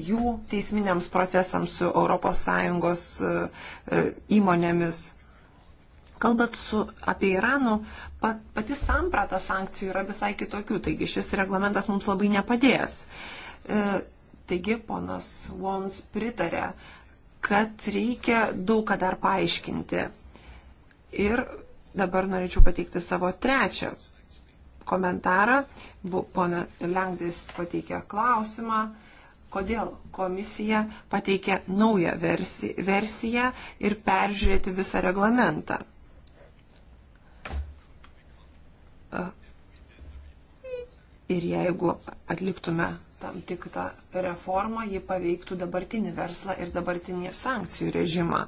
jų teisminiams procesams su ES e, įmonėmis. Kalbant su, apie Iranų, pat, pati samprata sankcijų yra visai kitokių, taigi šis reglamentas mums labai nepadės. E, taigi ponas Wons pritarė, kad reikia daug ką dar paaiškinti. Ir Dabar norėčiau pateikti savo trečią komentarą. Pona Lengdis pateikė klausimą, kodėl komisija pateikė naują versiją ir peržiūrėti visą reglamentą. Ir jeigu atliktume tam tikrą reformą, ji paveiktų dabartinį verslą ir dabartinį sankcijų režimą.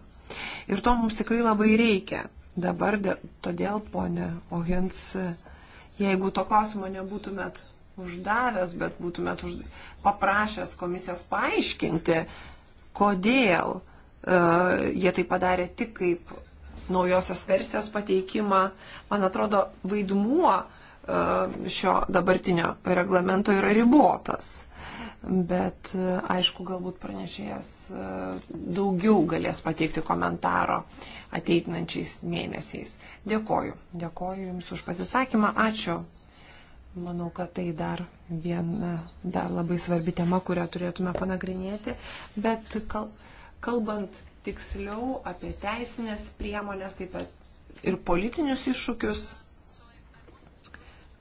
Ir to mums tikrai labai reikia. Dabar dėl, todėl, ponė Ohins, jeigu to klausimo nebūtumėt uždavęs, bet būtumėt už, paprašęs komisijos paaiškinti, kodėl uh, jie tai padarė tik kaip naujosios versijos pateikimą, man atrodo, vaidmuo uh, šio dabartinio reglamento yra ribotas bet e, aišku, galbūt pranešėjas daugiau galės pateikti komentaro ateitinančiais mėnesiais. Dėkoju. Dėkoju Jums už pasisakymą. Ačiū. Manau, kad tai dar viena dar labai svarbi tema, kurią turėtume panagrinėti. Bet kal, kalbant tiksliau apie teisinės priemonės, taip pat ir politinius iššūkius,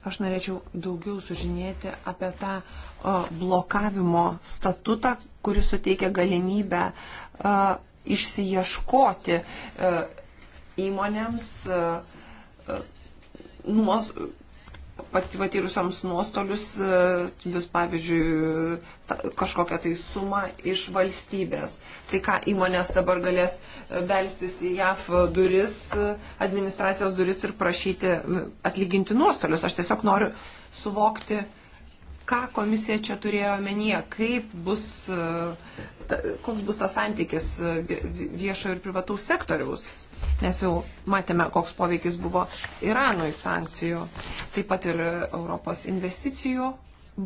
aš norėčiau daugiau sužinėti apie tą o, blokavimo statutą, kuris suteikia galimybę o, išsiieškoti e, įmonėms e, e, nuos, patyrusioms nuostolius, vis pavyzdžiui, ta, kažkokią tai sumą iš valstybės. Tai ką įmonės dabar galės belstis į JAF duris, administracijos duris ir prašyti atlyginti nuostolius. Aš tiesiog noriu suvokti, uh, ką komisija čia turėjo omenyje, kaip bus, e, koks bus tas santykis e, viešo ir privataus sektoriaus. Nes jau matėme, koks poveikis buvo Iranui sankcijų, taip pat ir Europos investicijų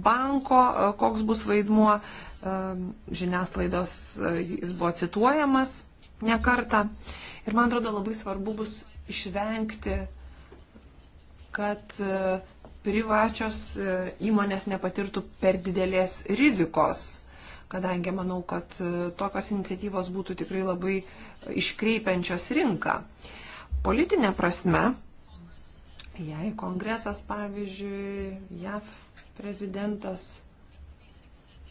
banko, e, koks bus vaidmuo, žiniasklaidos jis buvo cituojamas ne kartą. Ir man atrodo labai svarbu bus išvengti, kad uh, privačios e, įmonės nepatirtų per didelės rizikos, kadangi manau, kad e, tokios iniciatyvos būtų tikrai labai iškreipiančios rinką. Politinė prasme, jei kongresas, pavyzdžiui, JAV prezidentas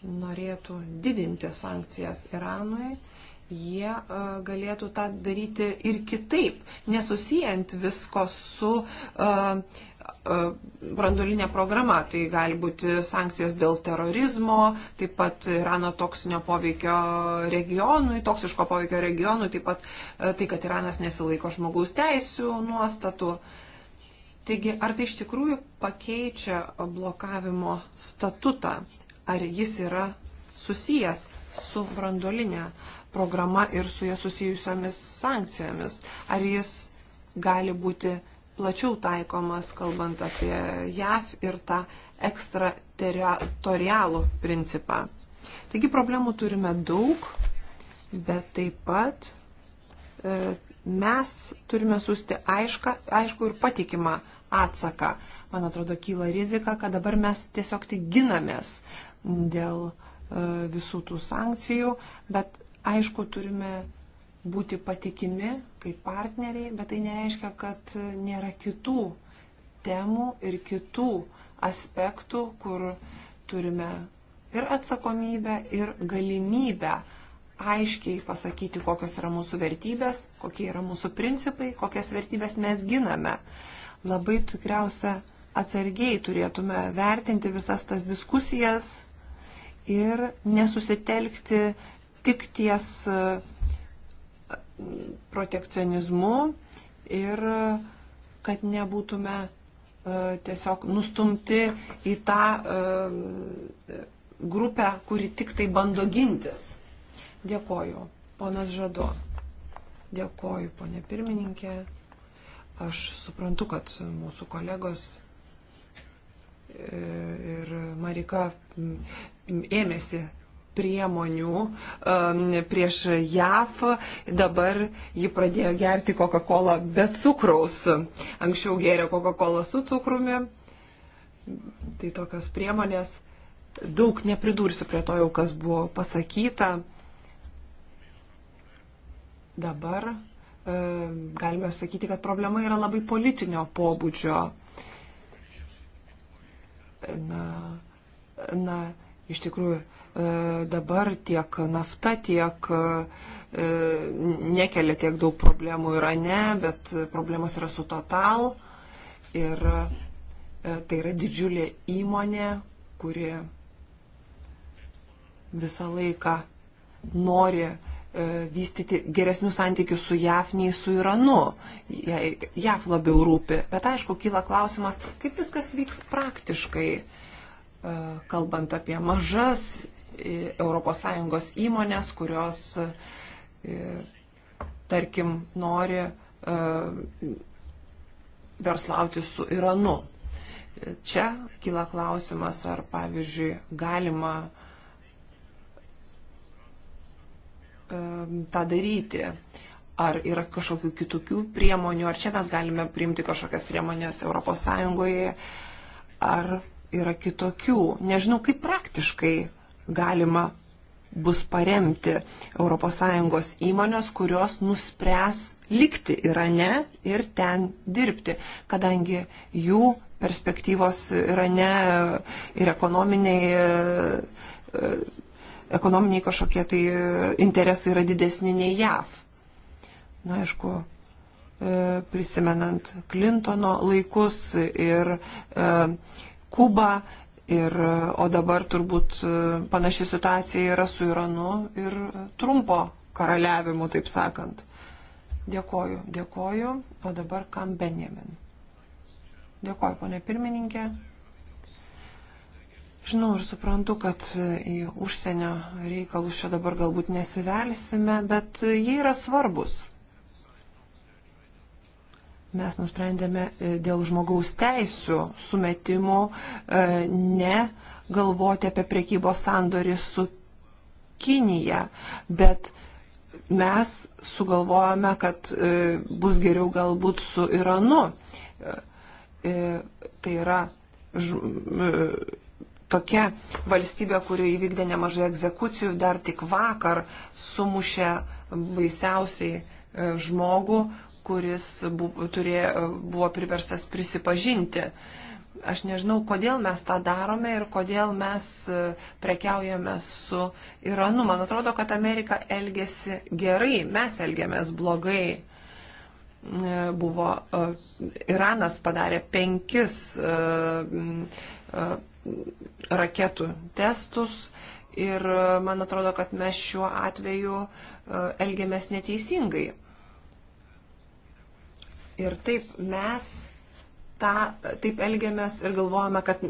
norėtų didinti sankcijas Iranui, jie e, galėtų tą daryti ir kitaip, nesusijant visko su uh, E, branduolinė programa. Tai gali būti sankcijos dėl terorizmo, taip pat Irano toksinio poveikio regionui, toksiško poveikio regionui, taip pat e, tai, kad Iranas nesilaiko žmogaus teisų nuostatų. Taigi, ar tai iš tikrųjų pakeičia blokavimo statutą? Ar jis yra susijęs su branduolinė programa ir su jie susijusiamis sankcijomis? Ar jis gali būti plačiau taikomas, kalbant apie JAV ir tą ekstrateritorialų principą. Taigi problemų turime daug, bet taip pat e, mes turime susti aišką, aišku ir patikimą atsaką. Man atrodo, kyla rizika, kad dabar mes tiesiog tik ginamės dėl e, visų tų sankcijų, bet aišku turime būti patikimi kaip partneriai, bet tai nereiškia, kad nėra kitų temų ir kitų aspektų, kur turime ir atsakomybę, ir galimybę aiškiai pasakyti, kokios yra mūsų vertybės, kokie yra mūsų principai, kokias vertybės mes giname. Labai tikriausia atsargiai turėtume vertinti visas tas diskusijas ir nesusitelkti tik ties uh, protekcionizmu ir kad nebūtume e, tiesiog nustumti į tą e, grupę, kuri tik tai bando gintis. Dėkoju, ponas Žado. Dėkoju, ponė pirmininkė. Aš suprantu, kad mūsų kolegos e, ir Marika ėmėsi priemonių um, prieš JAF, dabar ji pradėjo gerti Coca-Cola be cukraus. Anksčiau gėrė Coca-Cola su cukrumi. Tai tokios priemonės. Daug nepridursiu prie to jau, kas buvo pasakyta. Dabar e, galime sakyti, kad problema yra labai politinio pobūdžio. Na, na iš tikrųjų, E, dabar tiek nafta, tiek e, nekelia tiek daug problemų Irane, bet problemos yra su Total. Ir e, tai yra didžiulė įmonė, kuri visą laiką nori vystyti geresnius santykius su JAF nei su Iranu. JAF labiau rūpi. Bet aišku, kyla klausimas, kaip viskas vyks praktiškai, kalbant apie mažas ES įmonės, kurios, e, tarkim, nori e, verslauti su Iranu. Čia kyla klausimas, ar pavyzdžiui galima e, tą daryti ar yra kažkokių kitokių priemonių, ar čia mes galime priimti kažkokias priemonės ES, ar yra kitokių. Nežinau, kaip praktiškai galima bus paremti ES įmonės, kurios nuspręs likti Irane ir ten dirbti, kadangi jų perspektyvos Irane ir ekonominiai, e, ekonominiai kažkokie tai interesai yra didesni nei JAV. Na, aišku, e, prisimenant Klintono laikus ir e, Kubą, Ir, o dabar turbūt e, panaši situacija yra su Iranu ir Trumpo karaliavimu, taip sakant. Dėkoju, dėkoju. O dabar kam Benjamin? Dėkoju, ponė pirmininkė. Žinau ir suprantu, kad į užsienio reikalus čia dabar galbūt nesivelsime, bet jie yra svarbus mes nusprendėme e, dėl žmogaus teisų sumetimo e, ne galvoti apie prekybos sandorį su Kinija, bet mes sugalvojame, kad e, bus geriau galbūt su Iranu. Tai yra tokia valstybė, kuri įvykdė nemažai egzekucijų, dar tik vakar sumušė baisiausiai žmogų, kuris buvo, turė, buvo priverstas prisipažinti. Aš nežinau, kodėl mes tą darome ir kodėl mes e, prekiaujame su Iranu. Man atrodo, kad Amerika elgėsi gerai, mes elgėmės blogai. E, buvo, e, Iranas padarė penkis raketų testus ir man atrodo, kad mes šiuo atveju elgėmės neteisingai. Ir taip mes tą, taip elgiamės ir galvojame, kad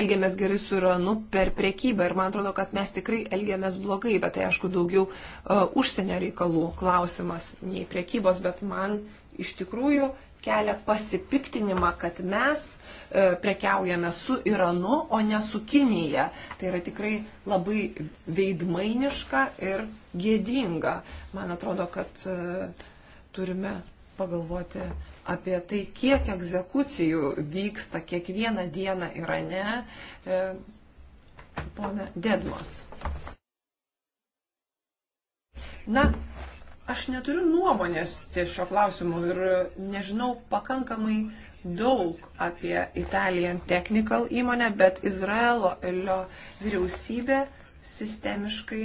elgiamės gerai su Iranu per priekybą. Ir man atrodo, kad mes tikrai elgiamės blogai, bet tai aišku daugiau uh, užsienio reikalų klausimas nei priekybos, bet man iš tikrųjų kelia pasipiktinimą, kad mes uh, prekiaujame su Iranu, o ne su Kinija. Tai yra tikrai labai veidmainiška ir gėdinga. Man atrodo, kad uh, turime pagalvoti apie tai, kiek egzekucijų vyksta kiekvieną dieną Irane. E, pone Dedmos. Na, aš neturiu nuomonės ties šio klausimu ir nežinau pakankamai daug apie Italian Technical įmonę, bet Izraelio vyriausybė sistemiškai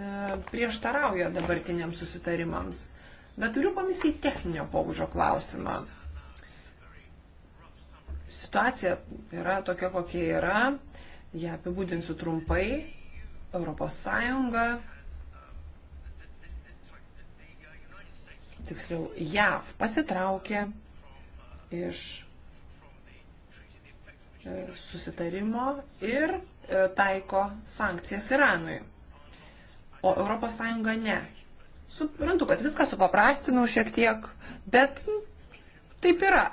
E, prieštarauja dabartiniams susitarimams. Bet turiu komisijai techninio pobūdžio klausimą. Situacija yra tokia, kokia yra. Ja apibūdinsiu trumpai. Europos Sąjunga, tiksliau JAV, pasitraukė iš e, susitarimo ir e, taiko sankcijas Iranui o ES ne. Suprantu, kad viską supaprastinau šiek tiek, bet taip yra.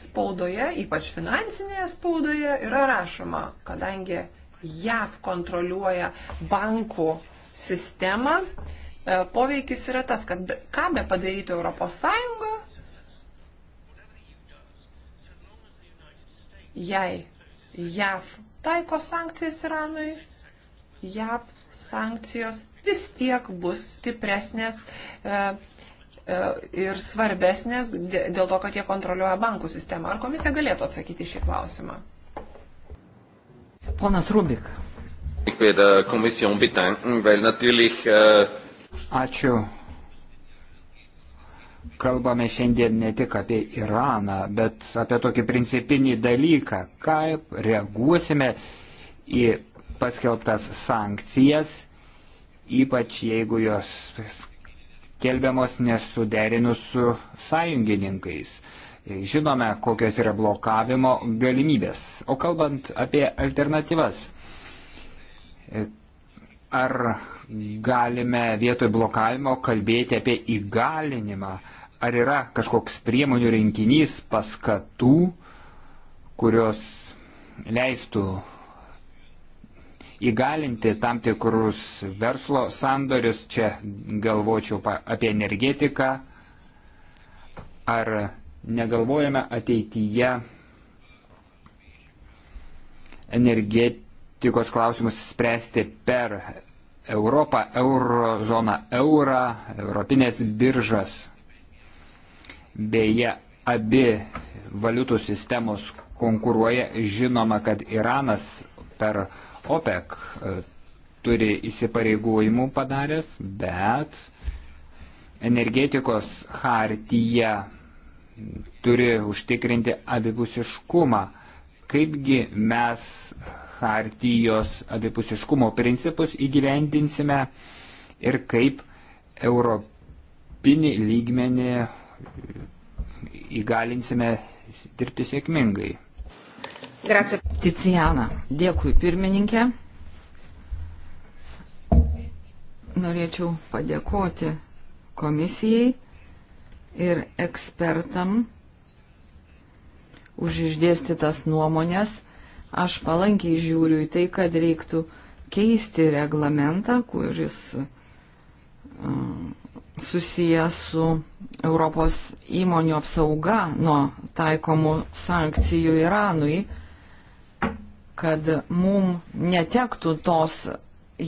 Spaudoje, ypač finansinėje spaudoje, yra rašoma, kadangi JAV kontroliuoja bankų sistemą, e, poveikis yra tas, kad be, ką be padarytų ES, jei JAV taiko sankcijas Iranui, JAV sankcijos vis tiek bus stipresnės e, e, ir svarbesnės dėl to, kad jie kontroliuoja bankų sistemą. Ar komisija galėtų atsakyti šį klausimą? Ponas Rubik. E, Ačiū. Kalbame šiandien ne tik apie Iraną, bet apie tokį principinį dalyką, kaip reaguosime į paskelbtas sankcijas, ypač jeigu jos kelbiamos nesuderinus su sąjungininkais. Žinome, kokios yra blokavimo galimybės. O kalbant apie alternatyvas, ar galime vietoj blokavimo kalbėti apie įgalinimą, ar yra kažkoks priemonių rinkinys paskatų, kurios leistų įgalinti tam tikrus verslo sandorius, čia galvočiau apie energetiką, ar negalvojame ateityje energetikos klausimus spręsti per Europą, eurozoną, eurą, europinės biržas. Beje, abi valiutų sistemos konkuruoja. Žinoma, kad Iranas per OPEC e, turi įsipareigojimų padaręs, bet energetikos hartyje turi užtikrinti abipusiškumą. Kaipgi mes hartijos abipusiškumo principus įgyvendinsime ir kaip europinį lygmenį įgalinsime dirbti sėkmingai. Grazie. Ticiana, dėkui pirmininkė. Norėčiau padėkoti komisijai ir ekspertam už išdėstytas nuomonės. Aš palankiai žiūriu į tai, kad reiktų keisti reglamentą, kuris um, susijęs su Europos įmonių apsauga nuo taikomų sankcijų Iranui kad mum netektų tos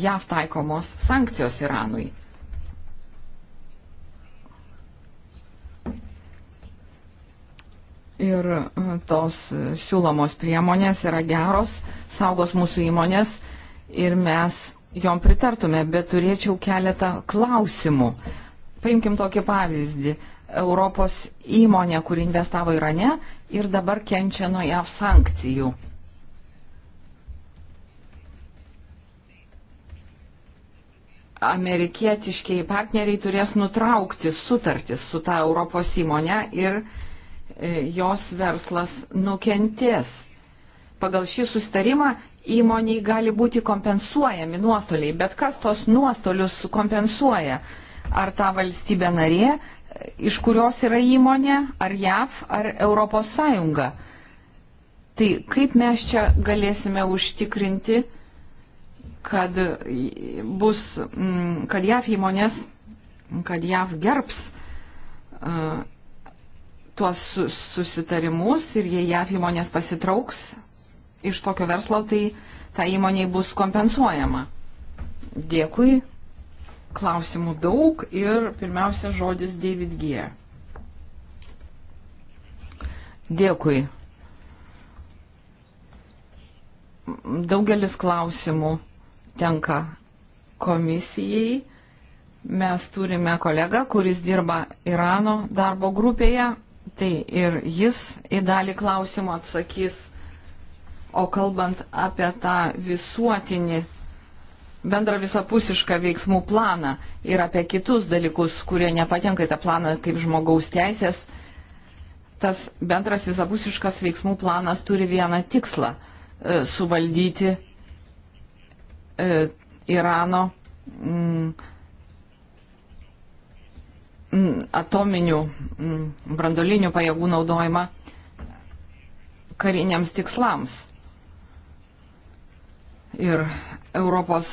JAV taikomos sankcijos Iranui. Ir e, tos siūlomos priemonės yra geros, saugos mūsų įmonės ir mes jom pritartume, bet turėčiau keletą klausimų. Paimkim tokį pavyzdį. Europos įmonė, kuri investavo Irane ir dabar kenčia nuo JAV sankcijų amerikietiškiai partneriai turės nutraukti sutartis su ta Europos įmonė ir e, jos verslas nukentės. Pagal šį sustarimą įmoniai gali būti kompensuojami nuostoliai, bet kas tos nuostolius kompensuoja? Ar ta valstybė narė, e, iš kurios yra įmonė, ar JAV, ar Europos Sąjunga? Tai kaip mes čia galėsime užtikrinti, kad bus, mm, kad JAV įmonės, kad JAV gerbs uh, tuos susitarimus ir jei JAV įmonės pasitrauks iš tokio verslo, tai ta įmonė bus kompensuojama. Dėkui, klausimų daug ir pirmiausia žodis David G. Dėkui. Daugelis klausimų tenka komisijai. Mes turime kolegą, kuris dirba Irano darbo grupėje, tai ir jis į dalį klausimų atsakys. O kalbant apie tą visuotinį bendrą visapusišką veiksmų planą ir apie kitus dalykus, kurie nepatenka į tą planą kaip žmogaus teisės, tas bendras visapusiškas veiksmų planas turi vieną tikslą e, - suvaldyti E, Irano mm, mm, atominių mm, brandolinių pajėgų naudojimą kariniams tikslams. Ir ES,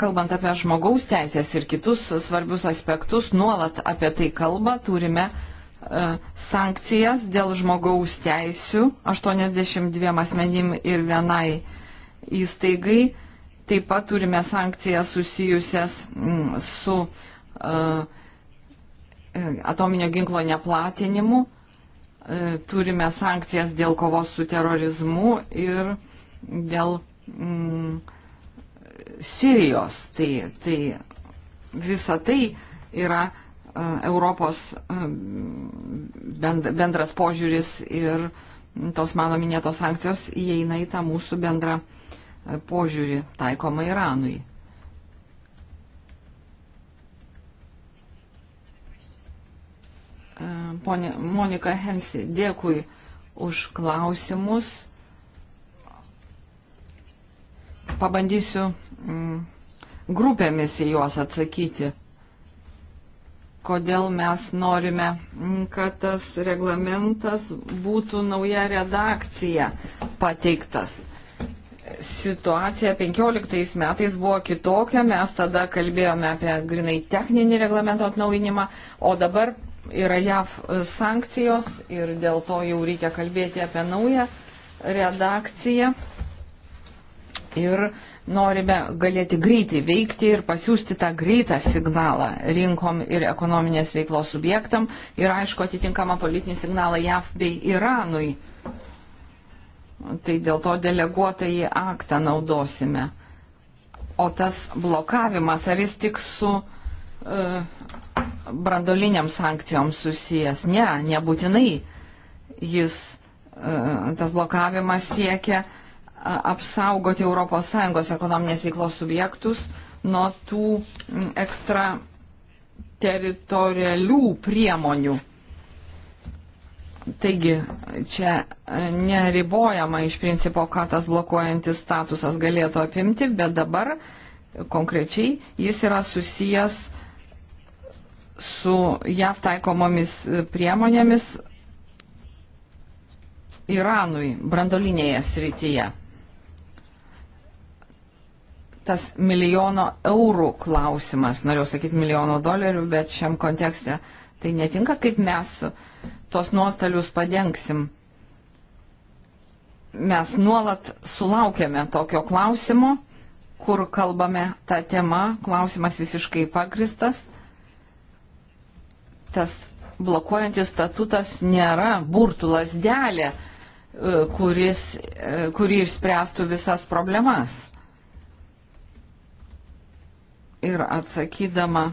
kalbant apie žmogaus teisės ir kitus svarbius aspektus, nuolat apie tai kalba, turime e, sankcijas dėl žmogaus teisių 82 asmenim ir vienai įstaigai Taip pat turime sankcijas susijusias mm, su uh, atominio ginklo neplatinimu, uh, turime sankcijas dėl kovos su terorizmu ir dėl um, Sirijos. Tai, tai visa tai yra uh, Europos bend, bendras požiūris ir tos mano minėtos sankcijos įeina į tą mūsų bendrą požiūrį taikomą Iranui. E, Pone, Monika Hensi, dėkui už klausimus. Pabandysiu mm, grupėmis į juos atsakyti. Kodėl mes norime, mm, kad tas reglamentas būtų nauja redakcija pateiktas situacija 15 metais buvo kitokia, mes tada kalbėjome apie grinai techninį reglamento atnaujinimą, o dabar yra JAV sankcijos ir dėl to jau reikia kalbėti apie naują redakciją. Ir norime galėti greitai veikti ir pasiūsti tą greitą signalą rinkom ir ekonominės veiklos subjektam ir aišku atitinkamą politinį signalą JAV bei Iranui. Tai dėl to deleguotąjį aktą naudosime. O tas blokavimas, ar jis tik su uh, brandoliniam sankcijom susijęs? Ne, nebūtinai. Jis, uh, tas blokavimas siekia uh, apsaugoti ES ekonominės veiklos subjektus nuo tų ekstra teritorialių priemonių Taigi, čia e, neribojama iš principo, ką tas blokuojantis statusas galėtų apimti, bet dabar konkrečiai jis yra susijęs su JAV taikomomis e, priemonėmis Iranui brandolinėje srityje. Tas milijono eurų klausimas, norėjau sakyti milijono dolerių, bet šiam kontekste tai netinka, kaip mes tos nuostolius padengsim. Mes nuolat sulaukėme tokio klausimo, kur kalbame tą temą, klausimas visiškai pagristas. Tas blokuojantis statutas nėra burtų lasdelė, e, kuris, e, kuri išspręstų visas problemas. Ir atsakydama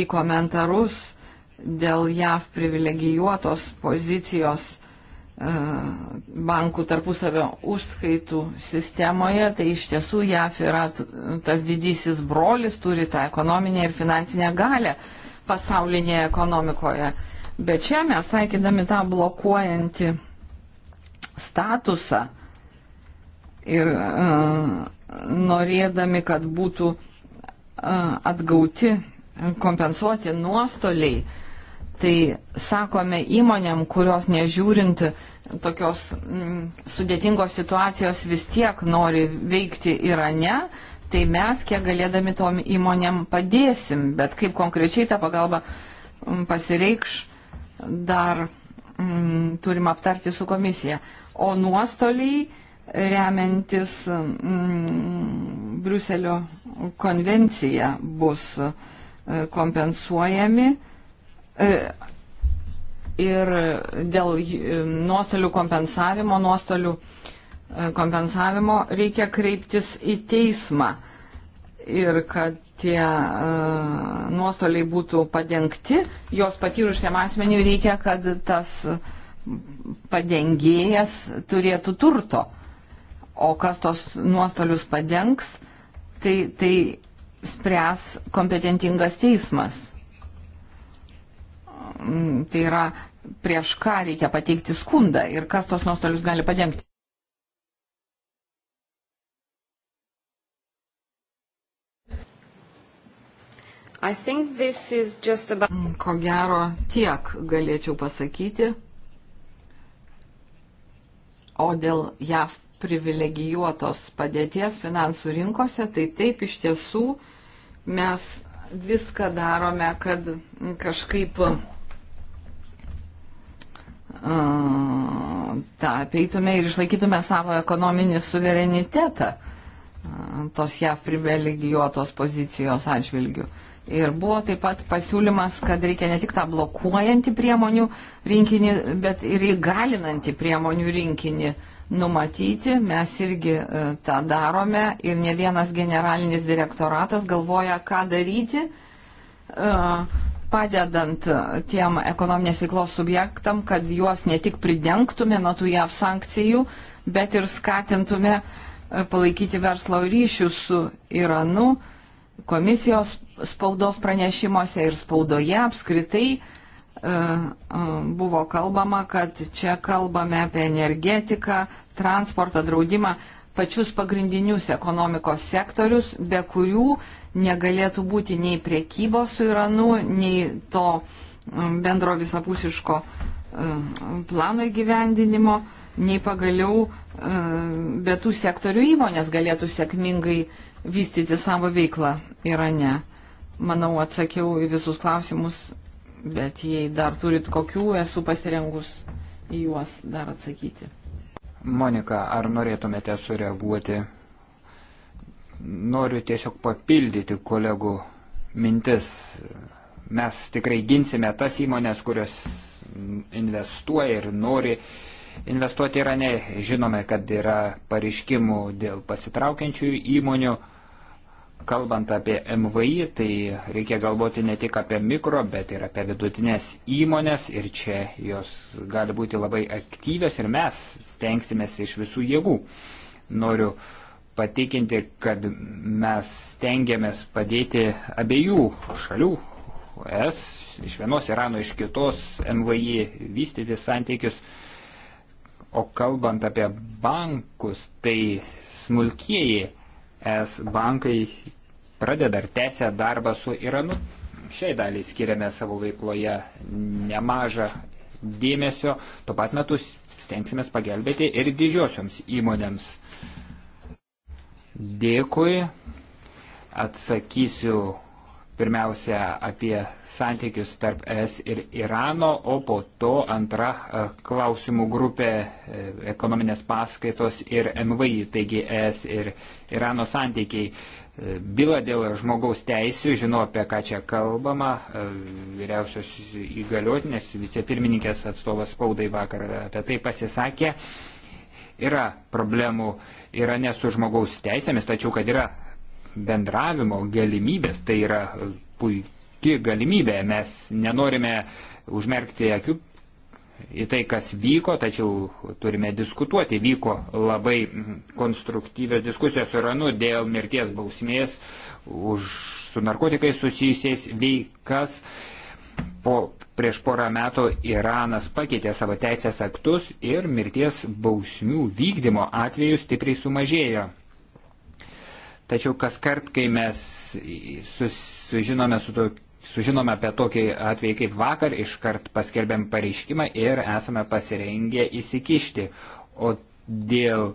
į komentarus dėl JAV privilegijuotos pozicijos e, bankų tarpusavio užskaitų sistemoje, tai iš tiesų JAF yra tas didysis brolis, turi tą ekonominę ir finansinę galę pasaulinėje ekonomikoje. Bet čia mes taikydami tą blokuojantį statusą ir uh, norėdami, kad būtų uh, atgauti, kompensuoti nuostoliai, uh, tai sakome įmonėm, kurios nežiūrint tokios m, mm, sudėtingos situacijos vis tiek nori veikti Irane, tai mes kiek galėdami tom įmonėm padėsim, bet kaip konkrečiai ta pagalba mm, pasireikš, dar m, mm, turim aptarti su komisija. O nuostoliai remiantis m, Bruselio konvencija bus e, kompensuojami E, ir dėl e, nuostolių kompensavimo, nuostolių e, kompensavimo reikia kreiptis į teismą ir kad tie uh, nuostoliai būtų padengti, jos patyrusiam asmeniu reikia, kad tas padengėjas turėtų turto. O kas tos nuostolius padengs, tai, tai spręs kompetentingas teismas. Mm, tai yra, prieš ką reikia pateikti skundą ir kas tos nuostolius gali padengti. About... Mm, ko gero tiek galėčiau pasakyti. O dėl JAV privilegijuotos padėties finansų rinkose, tai taip iš tiesų mes viską darome, kad kažkaip tą apeitume ir išlaikytume savo ekonominį suverenitetą tos JAV privilegijuotos pozicijos atžvilgių. Ir buvo taip pat pasiūlymas, kad reikia ne tik tą blokuojantį priemonių rinkinį, bet ir įgalinantį priemonių rinkinį numatyti. Mes irgi e, tą darome ir ne vienas generalinis direktoratas galvoja, ką daryti. Uh, padedant e, tiem ekonominės veiklos subjektam, kad juos ne tik pridengtume nuo tų JAV sankcijų, bet ir skatintume e, palaikyti verslo ryšius su Iranu. Komisijos spaudos pranešimuose ir spaudoje apskritai e, buvo kalbama, kad čia kalbame apie energetiką, transportą, draudimą, pačius pagrindinius ekonomikos sektorius, be kurių negalėtų būti nei priekybos su Iranu, nei to mm, bendro visapusiško mm, plano įgyvendinimo, nei pagaliau mm, be tų sektorių įmonės galėtų sėkmingai vystyti savo veiklą Irane. Manau, atsakiau į visus klausimus, bet jei dar turit kokių, esu pasirengus į juos dar atsakyti. Monika, ar norėtumėte sureaguoti Noriu tiesiog papildyti kolegų mintis. Mes tikrai ginsime tas įmonės, kurios investuoja ir nori investuoti Irane. Žinome, kad yra pareiškimų dėl pasitraukiančių įmonių. Kalbant apie MVI, tai reikia galvoti ne tik apie mikro, bet ir apie vidutinės įmonės ir čia jos gali būti labai aktyvios ir mes stengsimės iš visų jėgų. Noriu uh, patikinti, kad mes tengiamės padėti abiejų šalių, es, iš vienos Irano, iš kitos MVI vystyti santykius. O kalbant apie bankus, tai smulkieji es bankai pradeda ar tęsia darbą su Iranu. Šiai daliai skiriame savo veikloje nemažą dėmesio. Tuo pat metu stengsime pagelbėti ir didžiosioms įmonėms Dėkui. Atsakysiu pirmiausia apie santykius tarp ES ir Irano, o po to antra e, klausimų grupė e, ekonominės paskaitos ir MVI, taigi ES ir Irano santykiai. E, Byla dėl žmogaus teisų, žinau apie ką čia kalbama, vyriausios įgaliotinės vicepirmininkės atstovas spaudai vakar apie tai pasisakė. Yra problemų yra ne su žmogaus teisėmis, tačiau kad yra bendravimo galimybės, tai yra e, puikia galimybė. Mes nenorime užmerkti akių į tai, kas vyko, tačiau turime diskutuoti. Vyko labai konstruktyvios diskusijos su Iranu dėl mirties bausmės už su narkotikais susijusiais veikas po, prieš porą metų Iranas pakeitė savo teisės aktus ir mirties bausmių vykdymo atveju stipriai sumažėjo. Tačiau kas kart, kai mes sužinome, su to, sužinome apie tokį atvejį kaip vakar, iškart paskelbėm pareiškimą ir esame pasirengę įsikišti. O dėl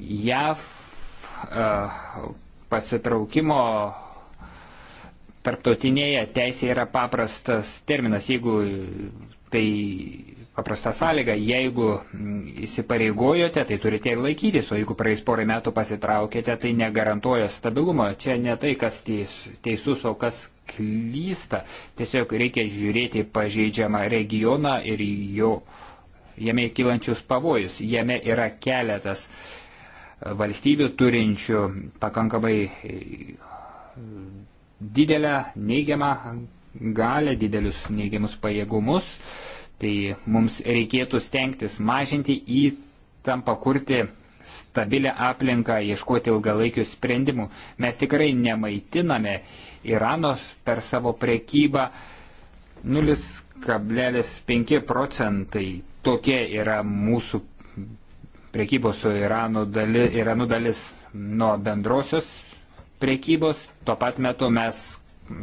JAV uh, pasitraukimo tarptautinėje teisėje yra paprastas terminas, jeigu tai paprasta sąlyga, jeigu įsipareigojote, tai turite ir laikytis, o jeigu praeis porai metų pasitraukėte, tai negarantuoja stabilumo. Čia ne tai, kas teisus, o kas klysta. Tiesiog reikia žiūrėti pažeidžiamą regioną ir jo, jame kylančius pavojus. Jame yra keletas valstybių turinčių pakankamai didelę neigiamą galę, didelius neigiamus pajėgumus, tai mums reikėtų stengtis mažinti įtampą, kurti stabilę aplinką, ieškoti ilgalaikių sprendimų. Mes tikrai nemaitiname Iranos per savo prekybą 0,5 procentai. Tokia yra mūsų prekybos su Iranu dalis, Iranu dalis nuo bendrosios prekybos. Tuo pat metu mes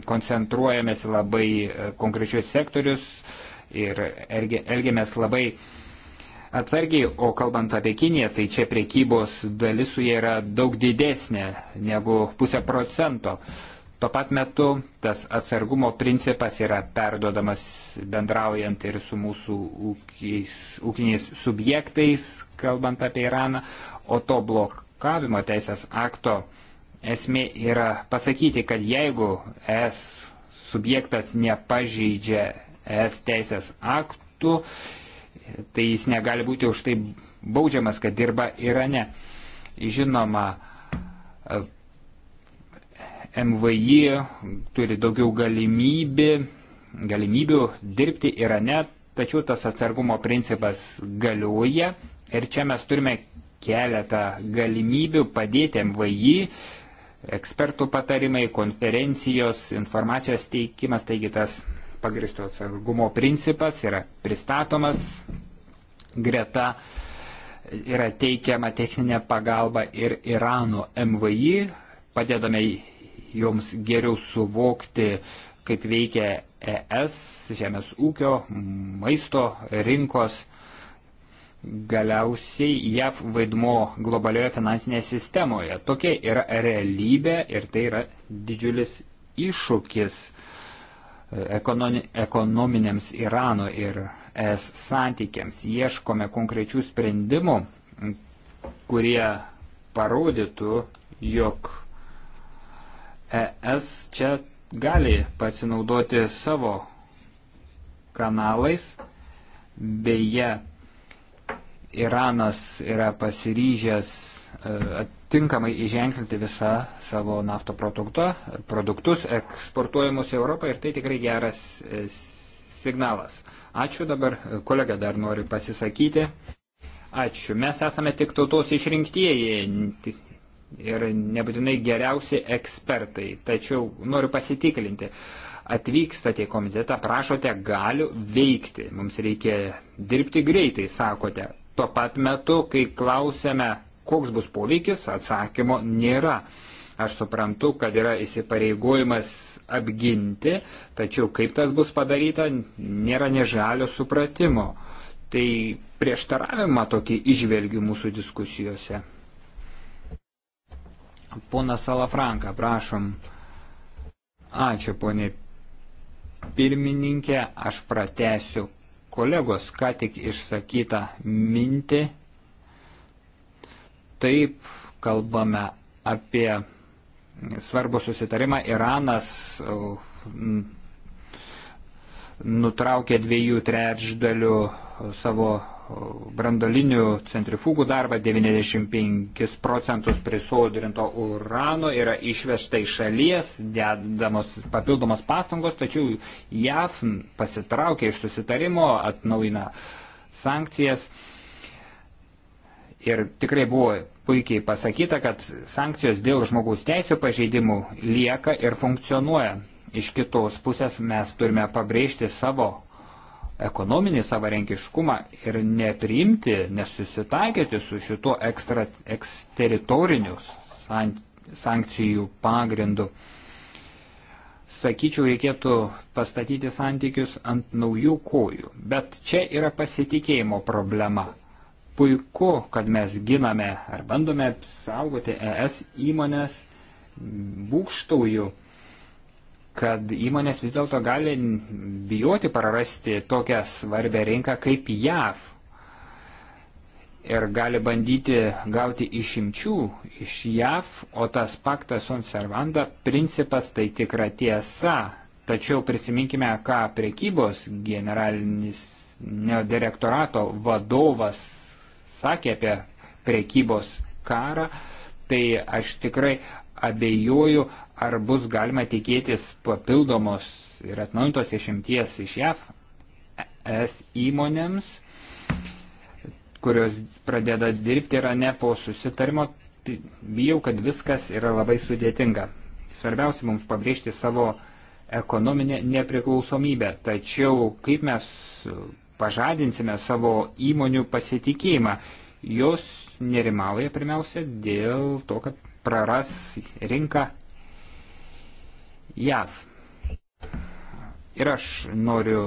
koncentruojamės labai e, konkrečius sektorius ir elgiamės labai atsargiai, o kalbant apie Kiniją, tai čia prekybos dalis su jie yra daug didesnė negu pusę procento. Tuo pat metu tas atsargumo principas yra perduodamas bendraujant ir su mūsų ūkiais, ūkiniais subjektais, kalbant apie Iraną, o to blokavimo teisės akto Esmė yra pasakyti, kad jeigu es subjektas nepažeidžia es teisės aktų, tai jis negali būti už tai baudžiamas, kad dirba Irane. Žinoma, MVI turi daugiau galimybė, galimybių dirbti Irane, tačiau tas atsargumo principas galioja ir čia mes turime keletą galimybių padėti MVI ekspertų patarimai, konferencijos, informacijos teikimas, taigi tas pagristo atsargumo principas yra pristatomas greta yra teikiama techninė pagalba ir Irano MVI, padedame joms geriau suvokti, kaip veikia ES, žemės ūkio, maisto rinkos galiausiai JAV vaidmo globalioje finansinėje sistemoje. Tokia yra realybė ir tai yra didžiulis iššūkis e, ekonominiams Irano ir ES santykiams. Ieškome konkrečių sprendimų, kurie parodytų, jog ES čia gali pasinaudoti savo kanalais, beje, Iranas yra pasiryžęs e, tinkamai įženklinti visą savo nafto produktą, produktus eksportuojamus į Europą ir tai tikrai geras e, signalas. Ačiū dabar, e, kolega dar nori pasisakyti. Ačiū. Mes esame tik tautos išrinktieji ir nebūtinai geriausi ekspertai, tačiau noriu pasitikrinti. Atvykstate į komitetą, prašote galių veikti. Mums reikia dirbti greitai, sakote tuo pat metu, kai klausėme, koks bus poveikis, atsakymo nėra. Aš suprantu, kad yra įsipareigojimas apginti, tačiau kaip tas bus padaryta, nėra nežalio supratimo. Tai prieštaravimą tokį išvelgiu mūsų diskusijose. Ponas Salafranka, prašom. Ačiū, ponė pirmininkė, aš pratesiu kolegos ką tik išsakytą mintį. Taip kalbame apie svarbų susitarimą. Iranas uh, nutraukė dviejų trečdalių savo brandolinių centrifugų darbą, 95 procentus prisodrinto urano yra išvežta iš šalies, dedamos papildomos pastangos, tačiau JAF pasitraukia iš susitarimo, atnaujina sankcijas. Ir tikrai buvo puikiai pasakyta, kad sankcijos dėl žmogaus teisų pažeidimų lieka ir funkcionuoja. Iš kitos pusės mes turime pabrėžti savo ekonominį savarankiškumą ir nepriimti, nesusitaikyti su šituo ekstra, eksteritoriniu san, sankcijų pagrindu. Sakyčiau, reikėtų pastatyti santykius ant naujų kojų, bet čia yra pasitikėjimo problema. Puiku, kad mes giname ar bandome apsaugoti ES įmonės būkštauju kad įmonės vis dėlto gali bijoti prarasti tokią svarbę rinką kaip JAV ir gali bandyti gauti išimčių iš JAV, o tas paktas on servanda principas tai tikra tiesa. Tačiau prisiminkime, ką prekybos generalinis direktorato vadovas sakė apie prekybos karą, tai aš tikrai abejoju, ar bus galima tikėtis papildomos ir atnaujintos išimties iš JAV ES įmonėms, kurios pradeda dirbti yra ne po susitarimo. Tai bijau, kad viskas yra labai sudėtinga. Svarbiausia mums pabrėžti savo ekonominę nepriklausomybę. Tačiau kaip mes pažadinsime savo įmonių pasitikėjimą, jos nerimauja pirmiausia dėl to, kad praras rinką JAV. Ir aš noriu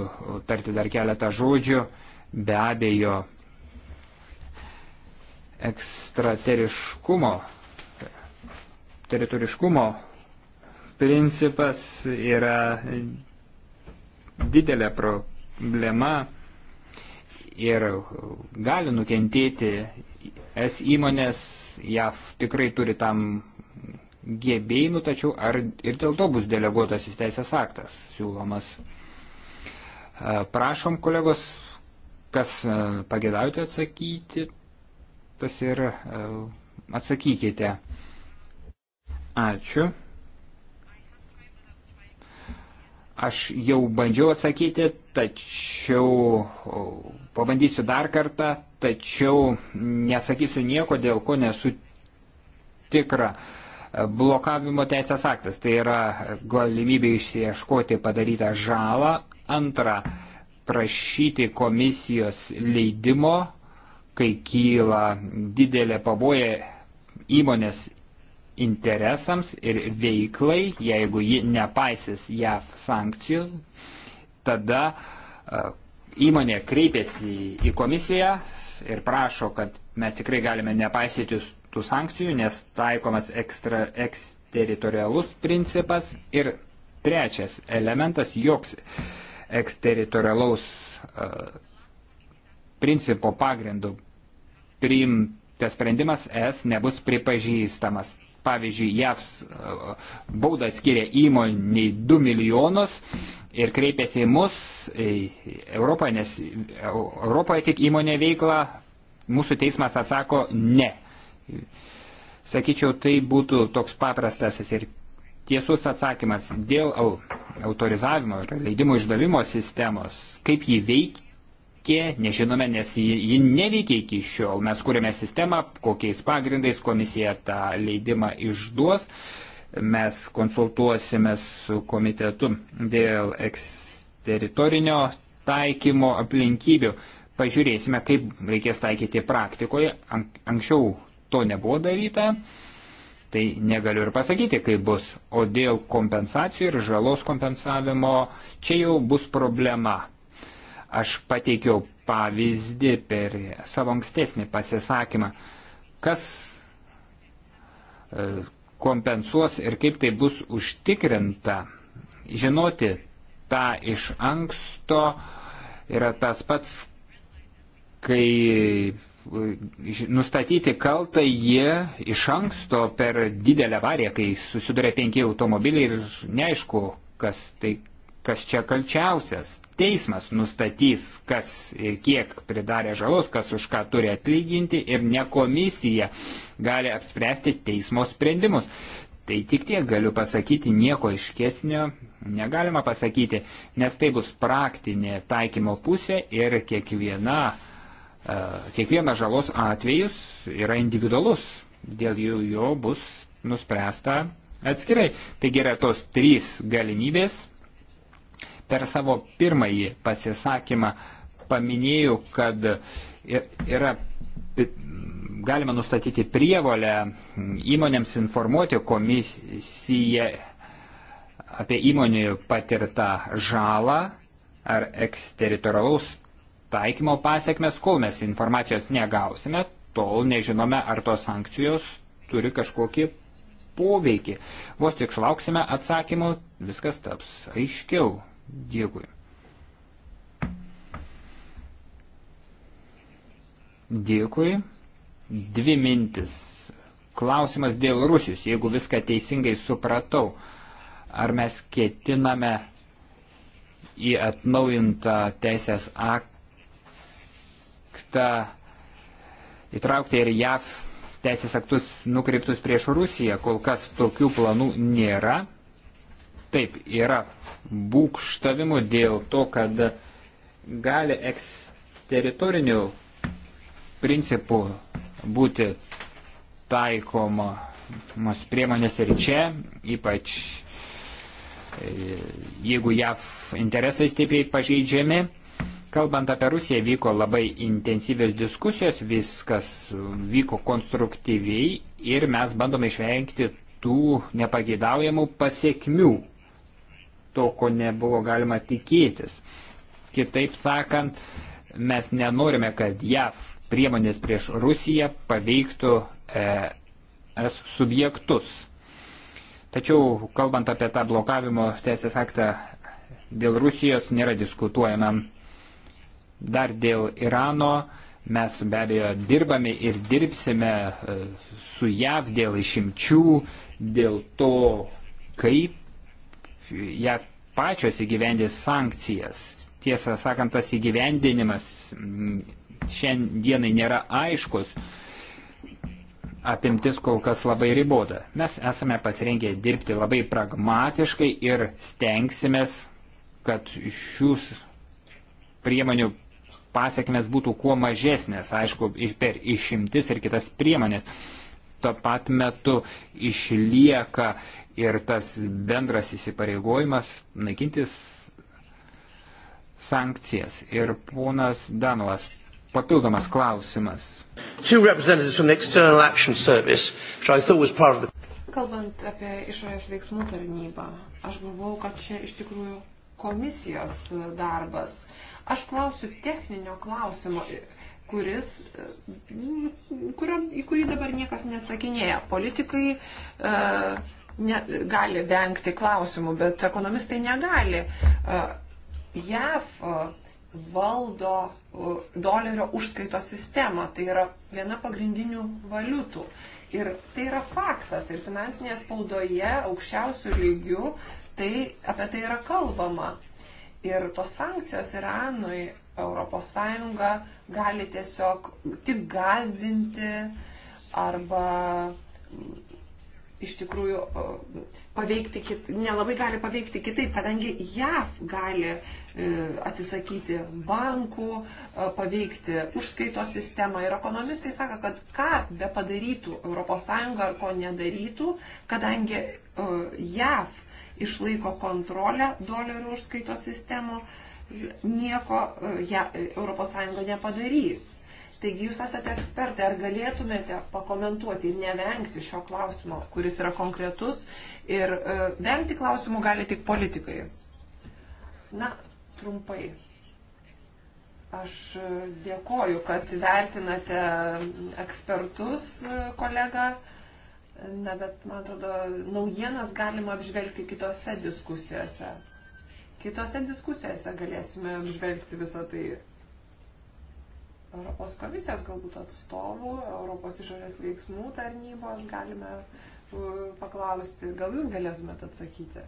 tarti dar keletą žodžių. Be abejo, ekstrateriškumo, teritoriškumo principas yra didelė problema ir gali nukentėti es įmonės JAV tikrai turi tam gebėjimų, tačiau ar ir dėl to bus deleguotas į teisės aktas siūlomas. E, prašom, kolegos, kas e, pagėdaujate atsakyti, tas ir e, atsakykite. Ačiū. Aš jau bandžiau atsakyti, tačiau pabandysiu dar kartą tačiau nesakysiu nieko, dėl ko nesu tikra. Blokavimo teisės aktas tai yra galimybė išsieškoti padarytą žalą. Antra, prašyti komisijos leidimo, kai kyla didelė pavoja įmonės interesams ir veiklai, jeigu ji nepaisys JAV sankcijų, tada e, įmonė kreipėsi į komisiją ir prašo, kad mes tikrai galime nepaisyti tų sankcijų, nes taikomas ekstra, eksteritorialus principas. Ir trečias elementas, joks eksteritorialaus uh, principo pagrindų priimtas sprendimas S nebus pripažįstamas. Pavyzdžiui, JAV e, baudą skiria įmoniai 2 milijonus, ir kreipėsi į mus, į Europą, nes Europoje tik įmonė veikla, mūsų teismas atsako ne. Sakyčiau, tai būtų toks paprastas ir tiesus atsakymas dėl autorizavimo ir leidimų išdavimo sistemos, kaip jį veikia, nežinome, nes ji, ji neveikia iki šiol. Mes kūrėme sistemą, kokiais pagrindais komisija tą leidimą išduos. Uh, Mes konsultuosime su komitetu dėl eksteritorinio taikymo aplinkybių. Pažiūrėsime, kaip reikės taikyti praktikoje. Anksčiau to nebuvo daryta. Tai negaliu ir pasakyti, kaip bus. O dėl kompensacijų ir žalos kompensavimo čia jau bus problema. Aš pateikiau pavyzdį per savo ankstesnį pasisakymą, kas e, kompensuos ir kaip tai bus užtikrinta. Žinoti tą iš anksto yra tas pats, kai nustatyti kaltą jie iš anksto per didelę avariją, kai susiduria penki automobiliai ir neaišku, kas, tai, kas čia kalčiausias teismas nustatys, kas ir kiek pridarė žalos, kas už ką turi atlyginti ir ne komisija gali apspręsti teismo sprendimus. Tai tik tiek galiu pasakyti, nieko iškesnio negalima pasakyti, nes tai bus praktinė taikymo pusė ir kiekviena, e, kiekvienas žalos atvejus yra individualus, dėl jų jo bus nuspręsta atskirai. Taigi yra tos trys galimybės per savo pirmąjį pasisakymą paminėjau, kad yra galima nustatyti prievolę įmonėms informuoti komisiją apie įmonių patirtą žalą ar eksteritorialaus taikymo pasiekmes, kol mes informacijos negausime, tol nežinome, ar tos sankcijos turi kažkokį poveikį. Vos tik sulauksime atsakymų, viskas taps aiškiau. Dėkui. Dėkui. Dvi mintis. Klausimas dėl Rusijos, jeigu viską teisingai supratau. Ar mes ketiname į atnaujintą teisės aktą įtraukti ir JAV teisės aktus nukreiptus prieš Rusiją. Kol kas tokių planų nėra. Taip, yra būkštavimų dėl to, kad gali eksteritorinių principų būti taikoma mus priemonės ir čia, ypač e, jeigu JAV interesai stipriai pažeidžiami. Kalbant apie Rusiją, vyko labai intensyvios diskusijos, viskas vyko konstruktyviai ir mes bandome išvengti tų nepageidaujamų pasiekmių to, ko nebuvo galima tikėtis. Kitaip sakant, mes nenorime, kad JAV priemonės prieš Rusiją paveiktų e, ES subjektus. Tačiau, kalbant apie tą blokavimo teisės aktą dėl Rusijos, nėra diskutuojama. Dar dėl Irano mes be abejo dirbame ir dirbsime e, su JAV dėl išimčių, dėl to, kaip ją pačios įgyvendys sankcijas. Tiesą sakant, tas įgyvendinimas mm, šiandienai nėra aiškus, apimtis kol kas labai riboda. Mes esame pasirengę dirbti labai pragmatiškai ir stengsimės, kad šius priemonių pasiekmes būtų kuo mažesnės, aišku, per išimtis ir kitas priemonės tą pat metu išlieka ir tas bendras įsipareigojimas naikintis sankcijas. Ir ponas Danovas, papildomas klausimas. Kalbant apie išorės veiksmų tarnybą, aš galvau, kad čia iš tikrųjų komisijos darbas. Aš klausiu techninio klausimo kuris, e, kurio, į kurį dabar niekas neatsakinėja. Politikai uh, ne, gali vengti klausimų, bet ekonomistai negali. Uh, JAV valdo dolerio užskaitos sistemą, tai yra viena pagrindinių valiutų. Ir tai yra faktas. Ir finansinėje spaudoje aukščiausių lygių tai, apie tai yra kalbama. Ir tos sankcijos Iranui ES gali tiesiog tik gazdinti arba iš tikrųjų paveikti, kit, nelabai gali paveikti kitaip, kadangi JAV gali e, atsisakyti bankų, e, paveikti užskaitos sistemą. Ir ekonomistai sako, kad ką be padarytų ES ar ko nedarytų, kadangi e, JAV išlaiko kontrolę dolerių užskaitos sistemų, nieko e, ja, ES nepadarys. Taigi jūs esate ekspertai, ar galėtumėte pakomentuoti ir nevengti šio klausimo, kuris yra konkretus ir uh, vengti klausimų gali tik politikai? Na, trumpai. Aš e, dėkoju, kad vertinate ekspertus, kolega. Na, bet, man atrodo, naujienas galima apžvelgti kitose diskusijose. Kitose diskusijose galėsime žvelgti visą tai Europos komisijos galbūt atstovų, Europos išorės veiksmų tarnybos galime paklausti. Gal jūs galėtumėte atsakyti?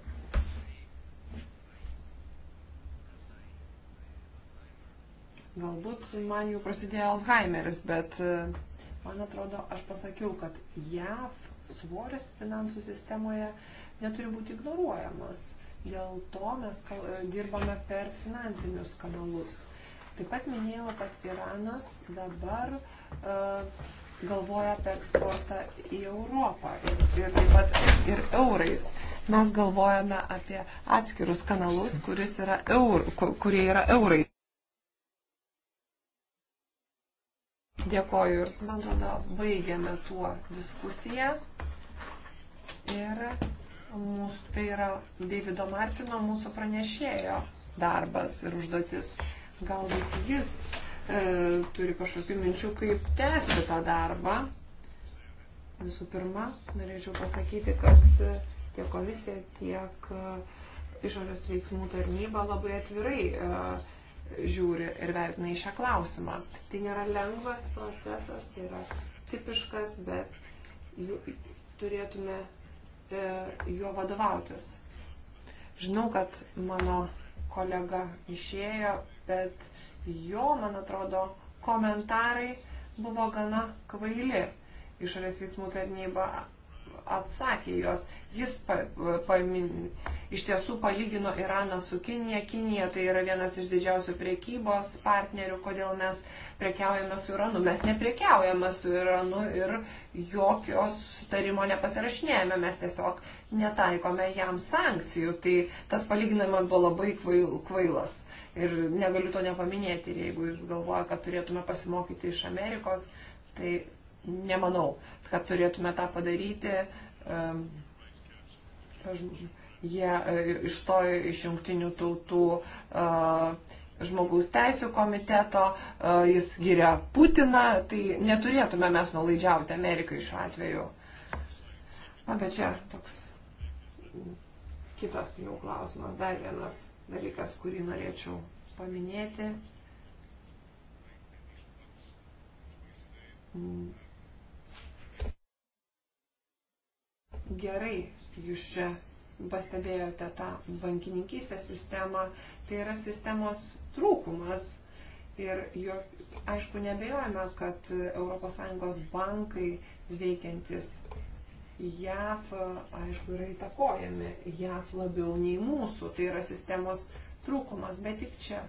Galbūt man jau prasidėjo Alzheimeris, bet e, man atrodo, aš pasakiau, kad JAV svoris finansų sistemoje neturi būti ignoruojamas. Dėl to mes e, dirbame per finansinius kanalus. Taip pat minėjau, kad Iranas dabar uh, galvoja apie eksportą į Europą ir, ir taip pat ir eurais. Mes galvojame apie atskirus kanalus, yra eur, kurie yra eurais. Dėkoju ir, man atrodo, baigiame tuo diskusiją. Ir mūsų, tai yra Davido Martino, mūsų pranešėjo darbas ir užduotis. Galbūt jis e, turi kažkokių minčių, kaip tęsti tą darbą. Visų pirma, norėčiau pasakyti, kad tiek komisija, tiek e, išorės veiksmų tarnyba labai atvirai e, žiūri ir vertina į šią klausimą. Tai nėra lengvas procesas, tai yra tipiškas, bet jų, turėtume juo vadovautis. Žinau, kad mano kolega išėjo, bet jo, man atrodo, komentarai buvo gana kvaili. Išorės veiksmų tarnyba atsakė juos. Jis pa, pa, iš tiesų palygino Iraną su Kinija. Kinija tai yra vienas iš didžiausių priekybos partnerių, kodėl mes prekiaujame su Iranu. Mes neprekiaujame su Iranu ir jokio sustarimo nepasirašinėjame, mes tiesiog netaikome jam sankcijų. Tai tas palyginimas buvo labai kvail, kvailas. Ir negaliu to nepaminėti. Ir jeigu jūs galvoja, kad turėtume pasimokyti iš Amerikos, tai nemanau kad turėtume tą padaryti. Jie e, išstojo iš jungtinių tautų e, žmogaus teisų komiteto, e, jis giria Putiną, tai neturėtume mes nulaidžiauti Amerikai šiuo atveju. Na, bet čia toks kitas jau klausimas, dar vienas dalykas, kurį norėčiau paminėti. gerai jūs čia pastebėjote tą bankininkystės sistemą. Tai yra sistemos trūkumas. Ir jo, aišku, nebejojame, kad ES bankai veikiantis JAF, aišku, yra įtakojami JAF labiau nei mūsų. Tai yra sistemos trūkumas, bet tik čia,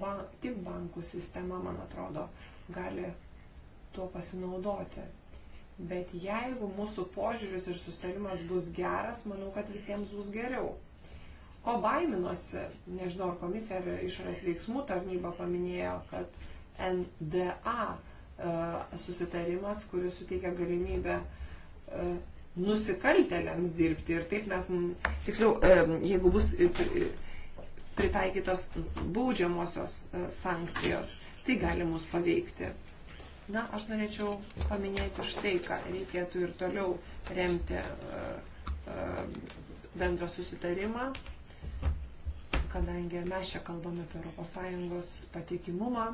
ban, tik bankų sistema, man atrodo, gali tuo pasinaudoti. Bet jeigu mūsų požiūris ir sustarimas bus geras, manau, kad visiems bus geriau. Ko baiminosi, nežinau, ar komisija ar išorės veiksmų tarnyba paminėjo, kad NDA e, susitarimas, kuris suteikia galimybę e, nusikaltelėms dirbti. Ir taip mes, tiksliau, e, jeigu bus pritaikytos baudžiamosios sankcijos, tai gali mus paveikti. Na, aš norėčiau paminėti štai, ką reikėtų ir toliau remti e, e, bendrą susitarimą, kadangi mes čia kalbame apie ES patikimumą,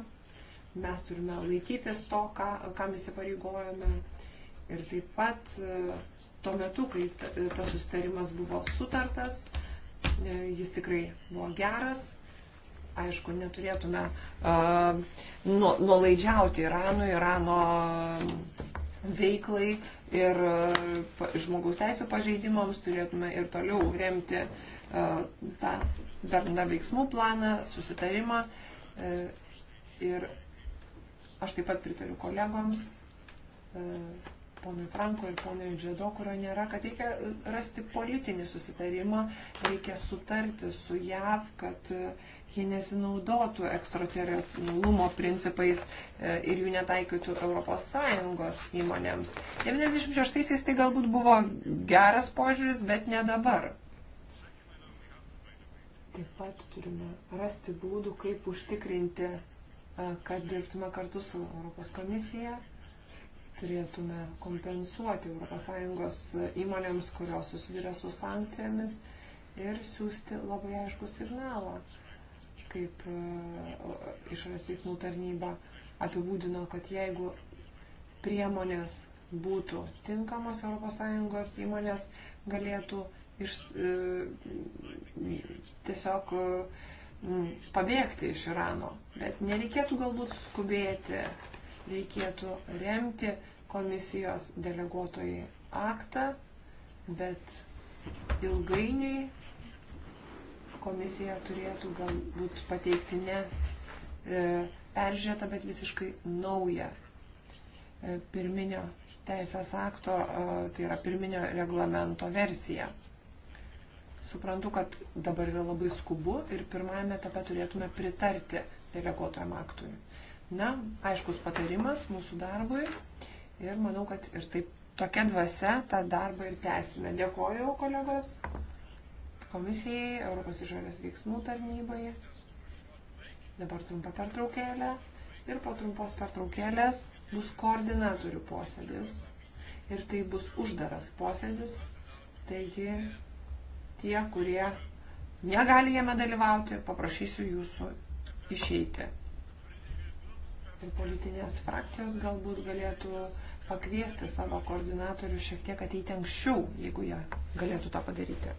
mes turime laikytis to, ką, kam įsipareigojame. Ir taip pat e, tuo metu, kai tas susitarimas buvo sutartas, jis tikrai buvo geras, aišku, neturėtume uh, nuolaidžiauti Iranui, Irano veiklai ir uh, žmogaus teisų pažeidimams, turėtume ir toliau remti uh, tą darną veiksmų planą, susitarimą. Uh, ir aš taip pat pritariu kolegoms. Uh, ponui Franko ir ponui Džedo, kurio nėra, kad reikia rasti politinį susitarimą, reikia sutarti su JAV, kad ji nesinaudotų ekstraterritorialumo principais e, ir jų netaikytų ES įmonėms. 96-aisiais tai galbūt buvo geras požiūris, bet ne dabar. Taip pat turime rasti būdų, kaip užtikrinti, e, kad dirbtume kartu su Europos komisija, turėtume kompensuoti ES įmonėms, kurios susiduria su sankcijomis ir siūsti labai aišku signalą kaip e, išorės veiksmų tarnyba apibūdino, kad jeigu priemonės būtų tinkamos ES įmonės, galėtų iš, e, tiesiog e, pabėgti iš Irano. Bet nereikėtų galbūt skubėti, reikėtų remti komisijos deleguotojai aktą, bet ilgainiui komisija turėtų galbūt pateikti ne e, peržiūrėtą, bet visiškai naują e, pirminio teisės akto, e, tai yra pirminio reglamento versiją. Suprantu, kad dabar yra labai skubu ir pirmajame etape turėtume pritarti deleguotojam aktui. Na, aiškus patarimas mūsų darbui ir manau, kad ir taip tokia dvasia tą darbą ir tęsime. Dėkoju, kolegos komisijai, Europos išorės veiksmų tarnybai. Dabar trumpa pertraukėlė ir po trumpos pertraukėlės bus koordinatorių posėdis ir tai bus uždaras posėdis. Taigi tie, kurie negali jame dalyvauti, paprašysiu jūsų išeiti. Ir politinės frakcijos galbūt galėtų pakviesti savo koordinatorių šiek tiek ateiti anksčiau, jeigu jie galėtų tą padaryti.